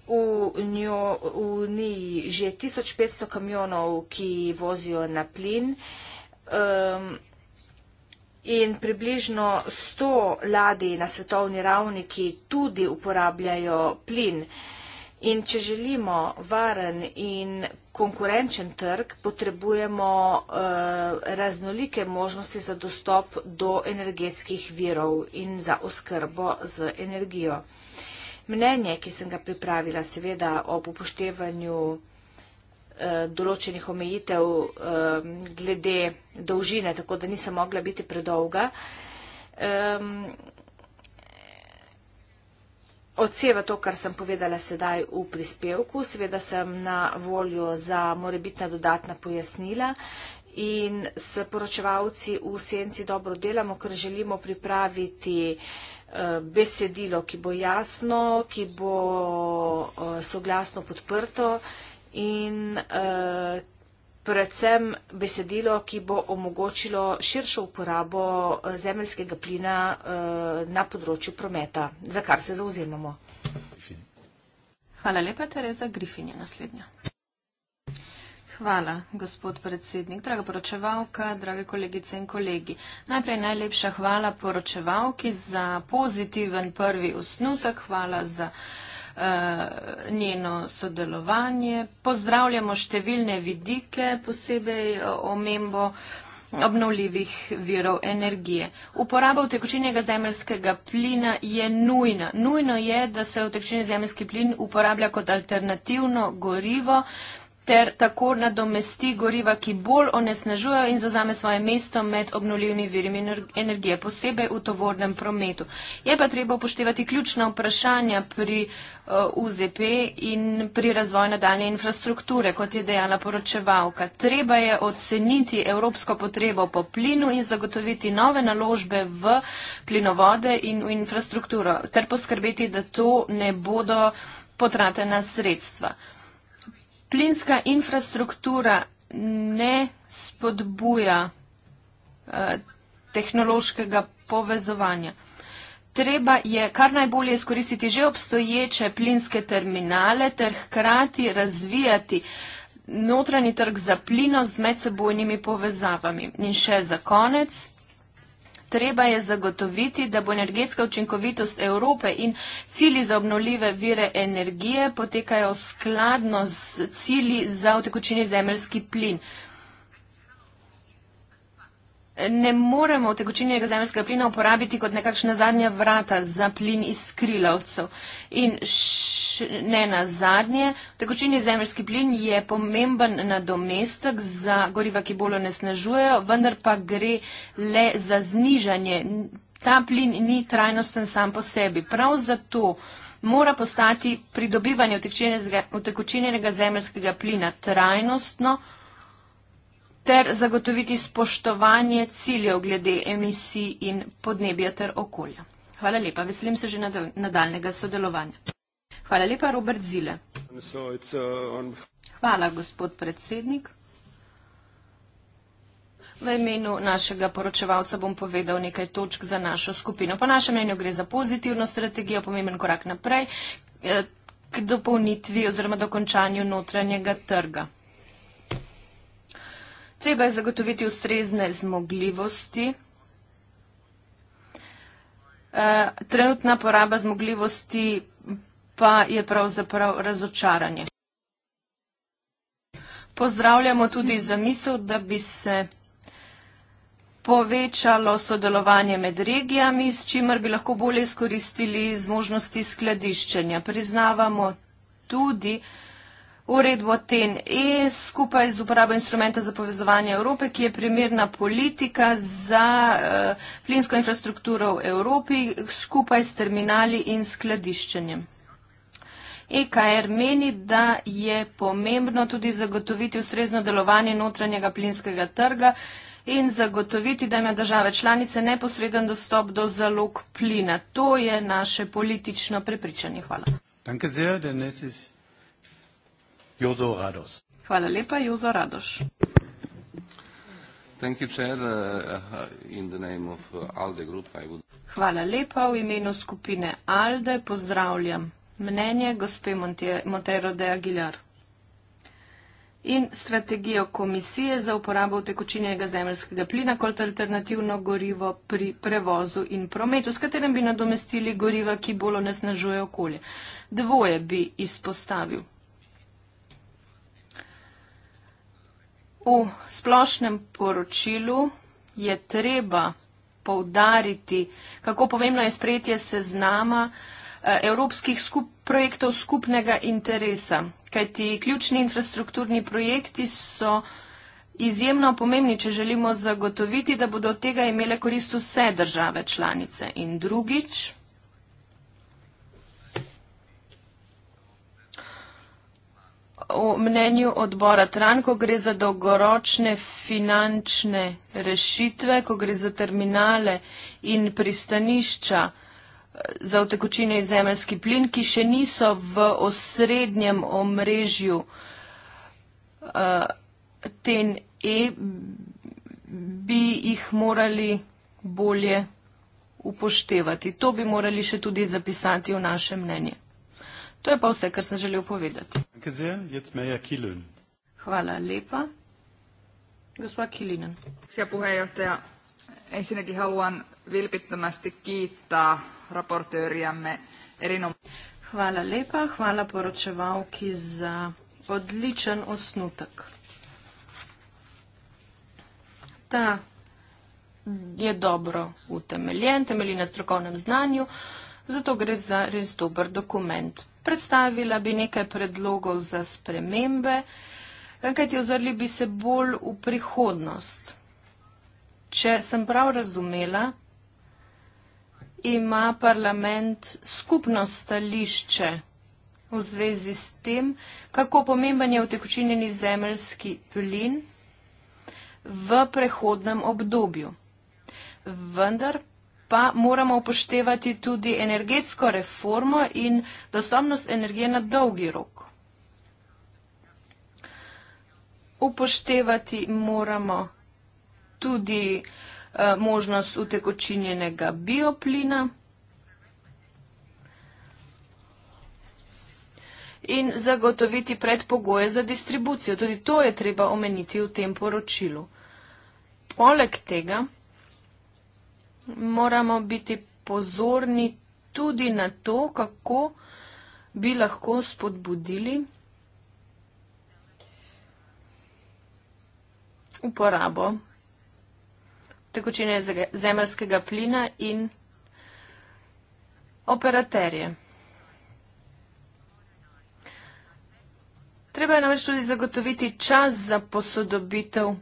v, njo, v Uniji že 1500 kamionov, ki vozijo na plin. Um, In približno 100 ladij na svetovni ravni, ki tudi uporabljajo plin. In če želimo varen in konkurenčen trg, potrebujemo eh, raznolike možnosti za dostop do energetskih virov in za oskrbo z energijo. Mnenje, ki sem ga pripravila seveda ob upoštevanju eh, določenih omejitev eh, glede dolžine, tako da nisem mogla biti predolga, ehm, odseva to, kar sem povedala sedaj v prispevku. Seveda sem na voljo za morebitna dodatna pojasnila in s poročevalci v senci dobro delamo, ker želimo pripraviti eh, besedilo, ki bo jasno, ki bo eh, soglasno podprto in eh, predvsem besedilo, ki bo omogočilo širšo uporabo eh, zemeljskega plina eh, na področju prometa, za kar se zauzemamo. Hvala lepa, Tereza Grifin je naslednja. Hvala, gospod predsednik, draga poročevalka, drage kolegice in kolegi. Najprej najlepša hvala poročevalki za pozitiven prvi osnutek. Hvala za. Eh, njeno sodelovanje. Pozdravljamo številne vidike, posebej eh, omembo obnovljivih virov energije. Uporaba vtekočinjega zemljskega plina je nujna. Nujno je, da se vtekočinjeg zemljski plin uporablja kot alternativno gorivo ter tako nadomesti goriva, ki bolj onesnažujejo in zazame svoje mesto med obnoljivni virimi energije, posebej v tovornem prometu. Je pa treba upoštevati ključna vprašanja pri eh, UZP in pri razvoju nadaljne infrastrukture, kot je dejala poročevalka. Treba je oceniti evropsko potrebo po plinu in zagotoviti nove naložbe v plinovode in v infrastrukturo, ter poskrbeti, da to ne bodo potratena sredstva plinska infrastruktura ne spodbuja eh, tehnološkega povezovanja. Treba je kar najbolje izkoristiti že obstoječe plinske terminale ter hkrati razvijati notranji trg za plino z medsebojnimi povezavami. In še za konec. Treba je zagotoviti, da bo energetska učinkovitost Evrope in cilji za obnovljive vire energije potekajo skladno z cilji za utekočini zemljski plin ne moremo tekočinjega zemljskega plina uporabiti kot nekakšna zadnja vrata za plin iz skrilovcev. In š, ne na zadnje, tekočinji zemljski plin je pomemben nadomestek za goriva, ki bolj onesnažujejo, vendar pa gre le za znižanje. Ta plin ni trajnosten sam po sebi. Prav zato mora postati pridobivanje utekočinjenega zemljskega plina trajnostno ter zagotoviti spoštovanje ciljev glede emisij in podnebja ter okolja. Hvala lepa, veselim se že nadaljnega sodelovanja. Hvala lepa, Robert Zile. Hvala, gospod predsednik. V imenu našega poročevalca bom povedal nekaj točk za našo skupino. Po našem mnenju gre za pozitivno strategijo, pomemben korak naprej eh, k dopolnitvi oziroma dokončanju notranjega trga. Treba je zagotoviti ustrezne zmogljivosti. Eh, trenutna poraba zmogljivosti pa je pravzaprav razočaranje. Pozdravljamo tudi zamisel, da bi se povečalo sodelovanje med regijami, s čimer bi lahko bolje skoristili zmožnosti skladiščenja. Priznavamo tudi, da bi se povečalo sodelovanje med regijami, s čimer bi lahko bolje skoristili zmožnosti skladiščenja uredbo TNE skupaj z uporabo instrumenta za povezovanje Evrope, ki je primerna politika za uh, plinsko infrastrukturo v Evropi skupaj s terminali in skladiščenjem. EKR meni, da je pomembno tudi zagotoviti ustrezno delovanje notranjega plinskega trga in zagotoviti, da ima države članice neposreden dostop do zalog plina. To je naše politično prepričanje. Hvala. Danke sehr, Jozo Radoš. Hvala lepa, Jozo Radoš. Thank you, Chair, uh, uh in the name of uh, ALDE Group, I would... Hvala lepa v imenu skupine ALDE. Pozdravljam mnenje gospe Montero de Aguilar in strategijo komisije za uporabo tekočinjenega zemljskega plina kot alternativno gorivo pri prevozu in prometu, s katerim bi nadomestili goriva, ki bolj onesnažuje okolje. Dvoje bi izpostavil. V splošnem poročilu je treba povdariti, kako pomembno je sprejetje seznama eh, evropskih skup projektov skupnega interesa, kajti ključni infrastrukturni projekti so izjemno pomembni, če želimo zagotoviti, da bodo od tega imele korist vse države članice. In drugič, v mnenju odbora Tran, ko gre za dolgoročne finančne rešitve, ko gre za terminale in pristanišča eh, za vtekočine in zemljski plin, ki še niso v osrednjem omrežju uh, eh, TNE, bi jih morali bolje upoštevati. To bi morali še tudi zapisati v naše mnenje. To je pa vse, kar sem želel povedati. Danke sehr. Jetzt Meja Kilin. Hvala lepa. Gospa Kilinen. Sia puheenjohtaja, ensinnäkin haluan vilpittömästi kiittää raportööriämme erinomaisesti. Hvala lepa, hvala poročevalki za odličen osnutek. Ta je dobro utemeljen, temelji na strokovnem znanju. Uh, zato gre za res dober dokument. Predstavila bi nekaj predlogov za spremembe, kajti ozrli bi se bolj v prihodnost. Če sem prav razumela, ima parlament skupno stališče v zvezi s tem, kako pomemben je utekočinjeni zemeljski plin v prehodnem obdobju. Vendar pa moramo upoštevati tudi energetsko reformo in dostopnost energije na dolgi rok. Upoštevati moramo tudi eh, možnost utekočinjenega bioplina. in zagotoviti predpogoje za distribucijo. Tudi to je treba omeniti v tem poročilu. Poleg tega moramo biti pozorni tudi na to, kako bi lahko spodbudili uporabo tekočine zemljskega plina in operaterje. Treba je namreč tudi zagotoviti čas za posodobitev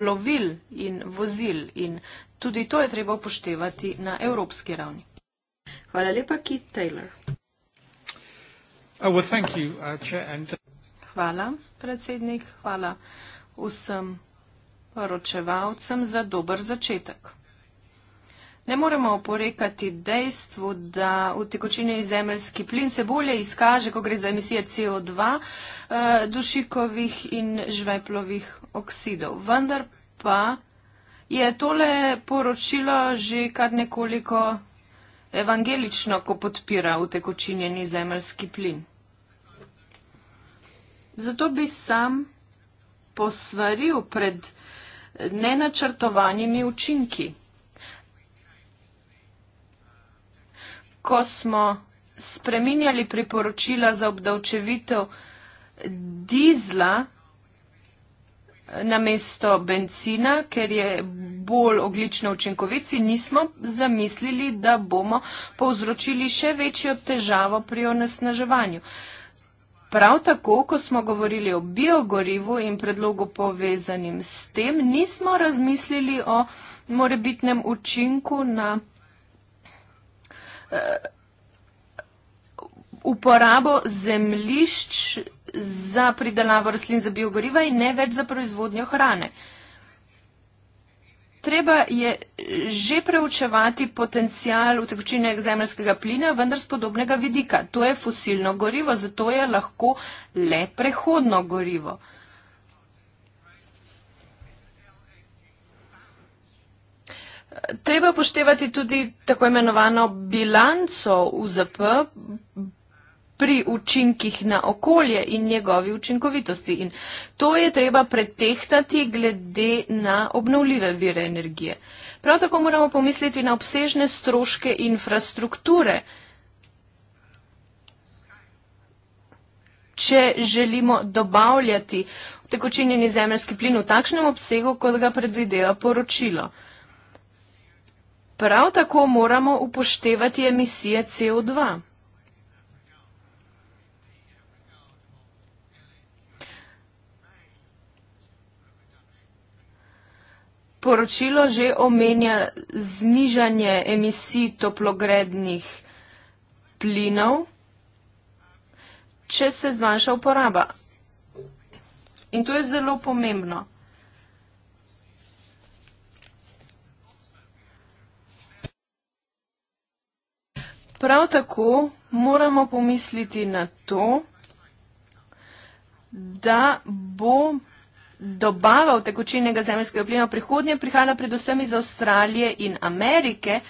lovil in vozil in Tudi to je treba upoštevati na evropski ravni. Hvala lepa, Keith Taylor. Oh, well, you, uh, and... Hvala, predsednik. Hvala vsem poročevalcem za dober začetek. Ne moremo oporekati dejstvu, da v tekočini zemeljski plin se bolje izkaže, ko gre za emisije CO2, uh, dušikovih in žveplovih oksidov. Vendar pa je tole poročilo že kar nekoliko evangelično, ko podpira utekočinjeni zemljski plin. Zato bi sam posvaril pred nenačrtovanimi učinki. Ko smo spreminjali priporočila za obdavčevitev dizla, namesto benzina, ker je bolj oglično učinkovici, nismo zamislili, da bomo povzročili še večjo težavo pri onesnaževanju. Prav tako, ko smo govorili o biogorivu in predlogu povezanim s tem, nismo razmislili o morebitnem učinku na uh, uporabo zemlišč za pridelavo rastlin za biogoriva in ne več za proizvodnjo hrane. Treba je že preučevati potencial utekočine zemljskega plina, vendar z podobnega vidika. To je fosilno gorivo, zato je lahko le prehodno gorivo. Treba poštevati tudi tako imenovano bilanco UZP, pri učinkih na okolje in njegovi učinkovitosti. In to je treba pretehtati glede na obnovljive vire energije. Prav tako moramo pomisliti na obsežne stroške infrastrukture, če želimo dobavljati tekočinjeni zemljski plin v takšnem obsegu, kot ga predvideva poročilo. Prav tako moramo upoštevati emisije CO2. poročilo že omenja znižanje emisij toplogrednih plinov, če se zmanjša uporaba. In to je zelo pomembno. Prav tako moramo pomisliti na to, da bo dobava utekočinjenega zemljskega plina v prihodnje prihajala predvsem iz Avstralije in Amerike,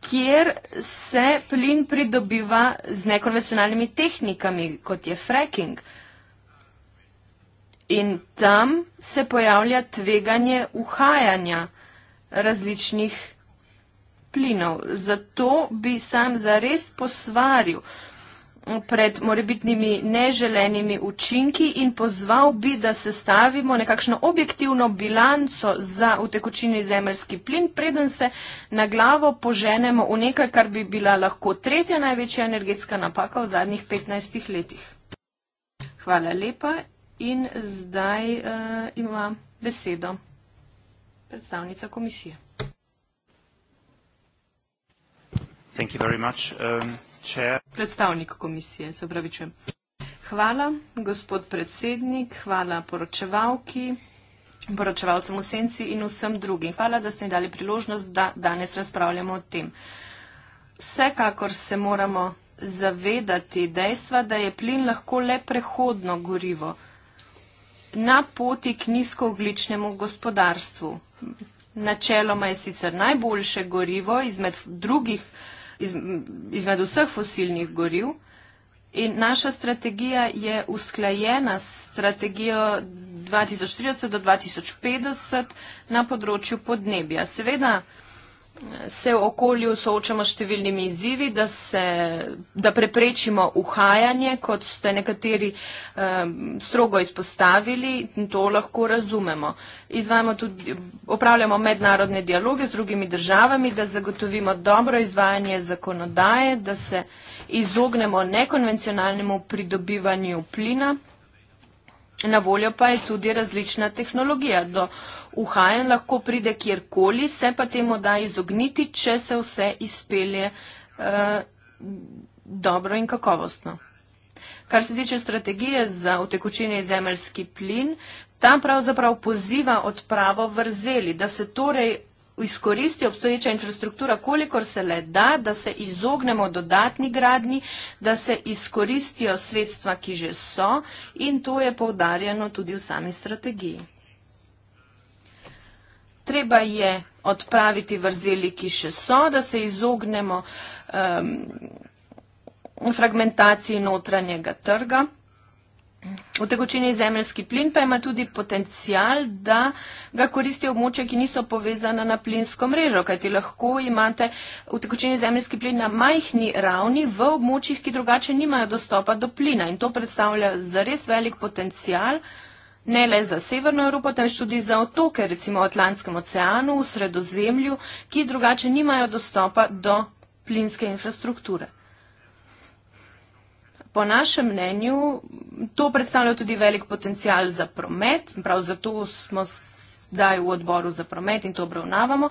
kjer se plin pridobiva z nekonvencionalnimi tehnikami, kot je fracking. In tam se pojavlja tveganje uhajanja različnih plinov. Zato bi sam zares posvaril, pred morebitnimi neželenimi učinki in pozval bi, da se stavimo nekakšno objektivno bilanco za utekočinjeni zemljski plin, preden se na glavo poženemo v nekaj, kar bi bila lahko tretja največja energetska napaka v zadnjih 15 letih. Hvala lepa in zdaj uh, ima besedo predstavnica komisije. Thank you very much. Um... Če. Predstavnik komisije, se pravi, če. Hvala, gospod predsednik, hvala poročevalki, poročevalcem v senci in vsem drugim. Hvala, da ste mi dali priložnost, da danes razpravljamo o tem. Vsekakor se moramo zavedati dejstva, da je plin lahko le prehodno gorivo na poti k nizkoogličnemu gospodarstvu. Načeloma je sicer najboljše gorivo izmed drugih gospodarstv iz, izmed vseh fosilnih goriv. In naša strategija je usklajena s strategijo 2030 do 2050 na področju podnebja. Seveda, se v okolju soočamo s številnimi izzivi, da, se, da preprečimo uhajanje, kot ste nekateri um, strogo izpostavili, to lahko razumemo. Izvajamo tudi, opravljamo mednarodne dialoge z drugimi državami, da zagotovimo dobro izvajanje zakonodaje, da se izognemo nekonvencionalnemu pridobivanju plina. Na voljo pa je tudi različna tehnologija. Do Uhajen lahko pride kjerkoli, se pa temu da izogniti, če se vse izpelje eh, dobro in kakovostno. Kar se tiče strategije za utekočine in zemeljski plin, ta pravzaprav poziva odpravo vrzeli, da se torej izkoristi obstoječa infrastruktura, kolikor se le da, da se izognemo dodatni gradni, da se izkoristijo sredstva, ki že so in to je povdarjeno tudi v sami strategiji treba je odpraviti vrzeli, ki še so, da se izognemo um, fragmentaciji notranjega trga. V tekočini zemljski plin pa ima tudi potencial, da ga koristijo območja, ki niso povezana na plinsko mrežo, kajti lahko imate v tekočini zemljski plin na majhni ravni v območjih, ki drugače nimajo dostopa do plina in to predstavlja zares velik potencial. Uh, ne le za Severno Evropo, temveč tudi za otoke, recimo v Atlantskem oceanu, v sredozemlju, ki drugače nimajo dostopa do plinske infrastrukture. Po našem mnenju to predstavlja tudi velik potencial za promet, prav zato smo zdaj v odboru za promet in to obravnavamo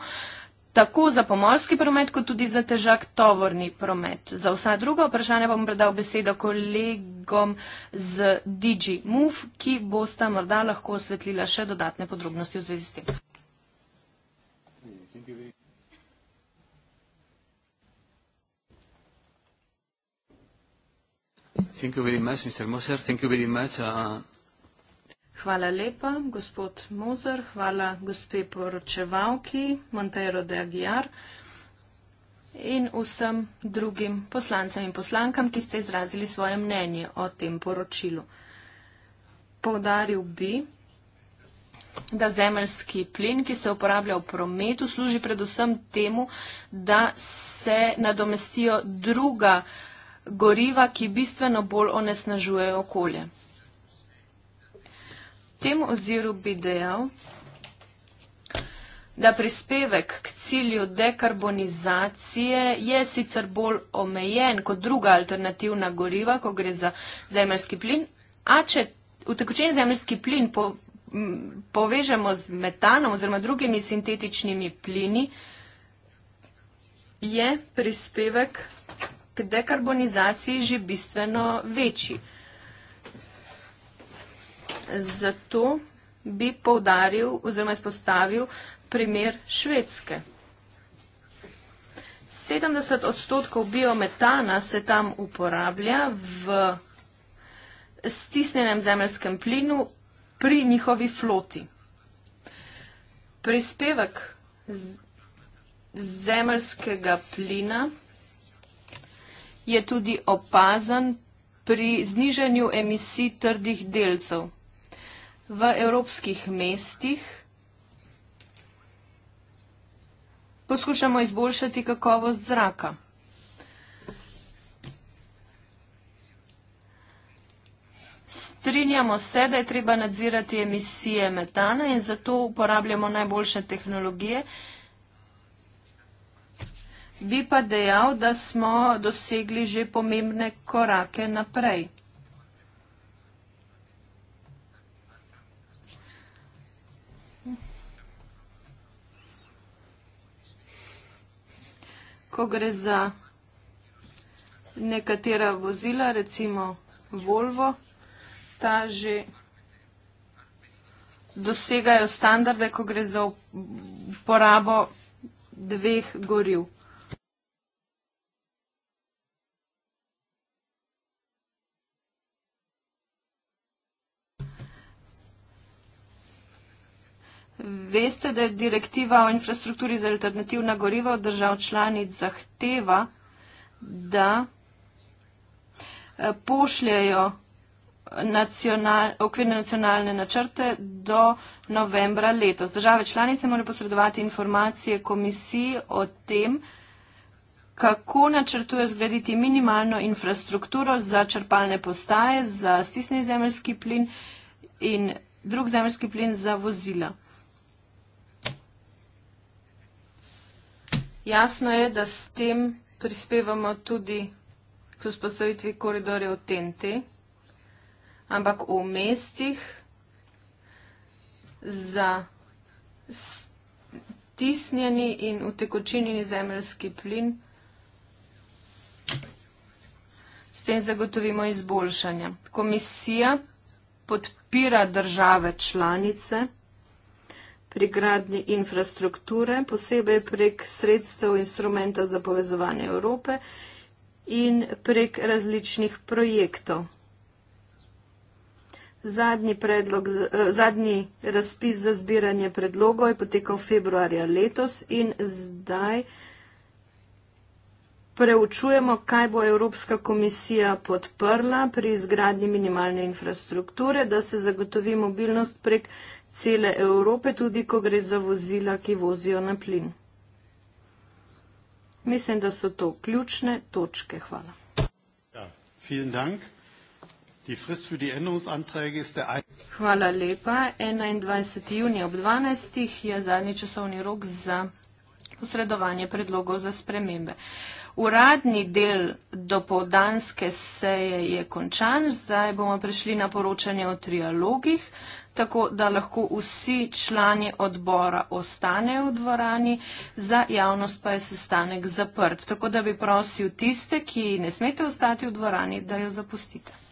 tako za pomorski promet, kot tudi za težak tovorni promet. Za vsa druga vprašanja bom predal besedo kolegom z DigiMove, ki bosta morda lahko osvetlila še dodatne podrobnosti v zvezi s tem. Thank you very much, Mr. Moser. Thank you very much, uh, Hvala lepa, gospod Mozer, hvala gospe poročevalki Montero de Aguiar in vsem drugim poslancem in poslankam, ki ste izrazili svoje mnenje o tem poročilu. Povdaril bi, da zemeljski plin, ki se uporablja v prometu, služi predvsem temu, da se nadomestijo druga goriva, ki bistveno bolj onesnažujejo okolje tem oziru bi dejal, da prispevek k cilju dekarbonizacije je sicer bolj omejen kot druga alternativna goriva, ko gre za zemljski plin, a če utekočen zemljski plin po, m, povežemo z metanom oziroma drugimi sintetičnimi plini, je prispevek k dekarbonizaciji že bistveno večji. Zato bi povdaril oziroma izpostavil primer Švedske. 70 odstotkov biometana se tam uporablja v stisnenem zemljskem plinu pri njihovi floti. Prispevek zemljskega plina je tudi opazen pri znižanju emisij trdih delcev v evropskih mestih. Poskušamo izboljšati kakovost zraka. Strinjamo se, da je treba nadzirati emisije metana in zato uporabljamo najboljše tehnologije. Bi pa dejal, da smo dosegli že pomembne korake naprej. ko gre za nekatera vozila, recimo Volvo, ta že dosegajo standarde, ko gre za uporabo dveh goriv. Veste, da je direktiva o infrastrukturi za alternativna goriva od držav članic zahteva, da eh, pošljajo nacional, okvirne nacionalne načrte do novembra letos. Države članice morajo posredovati informacije komisiji o tem, kako načrtuje zgraditi minimalno infrastrukturo za črpalne postaje, za stisni zemljski plin in drug zemljski plin za vozila. Jasno je, da s tem prispevamo tudi k vzpostavitvi koridorjev TNT, ampak v mestih za stisnjeni in utekočinjeni zemljski plin s tem zagotovimo izboljšanje. Komisija podpira države članice, pri gradnji infrastrukture, posebej prek sredstev instrumenta za povezovanje Evrope in prek različnih projektov. Zadnji, predlog, eh, zadnji razpis za zbiranje predlogov je potekal februarja letos in zdaj preučujemo, kaj bo Evropska komisija podprla pri izgradnji minimalne infrastrukture, da se zagotovi mobilnost prek cele Evrope, tudi ko gre za vozila, ki vozijo na plin. Mislim, da so to ključne točke. Hvala. Ja, Hvala lepa. 21. junija ob 12. je zadnji časovni rok za posredovanje predlogov za spremembe. Uradni del dopodanske seje je končan, zdaj bomo prišli na poročanje o trialogih tako da lahko vsi člani odbora ostanejo v dvorani, za javnost pa je sestanek zaprt. Tako da bi prosil tiste, ki ne smete ostati v dvorani, da jo zapustite.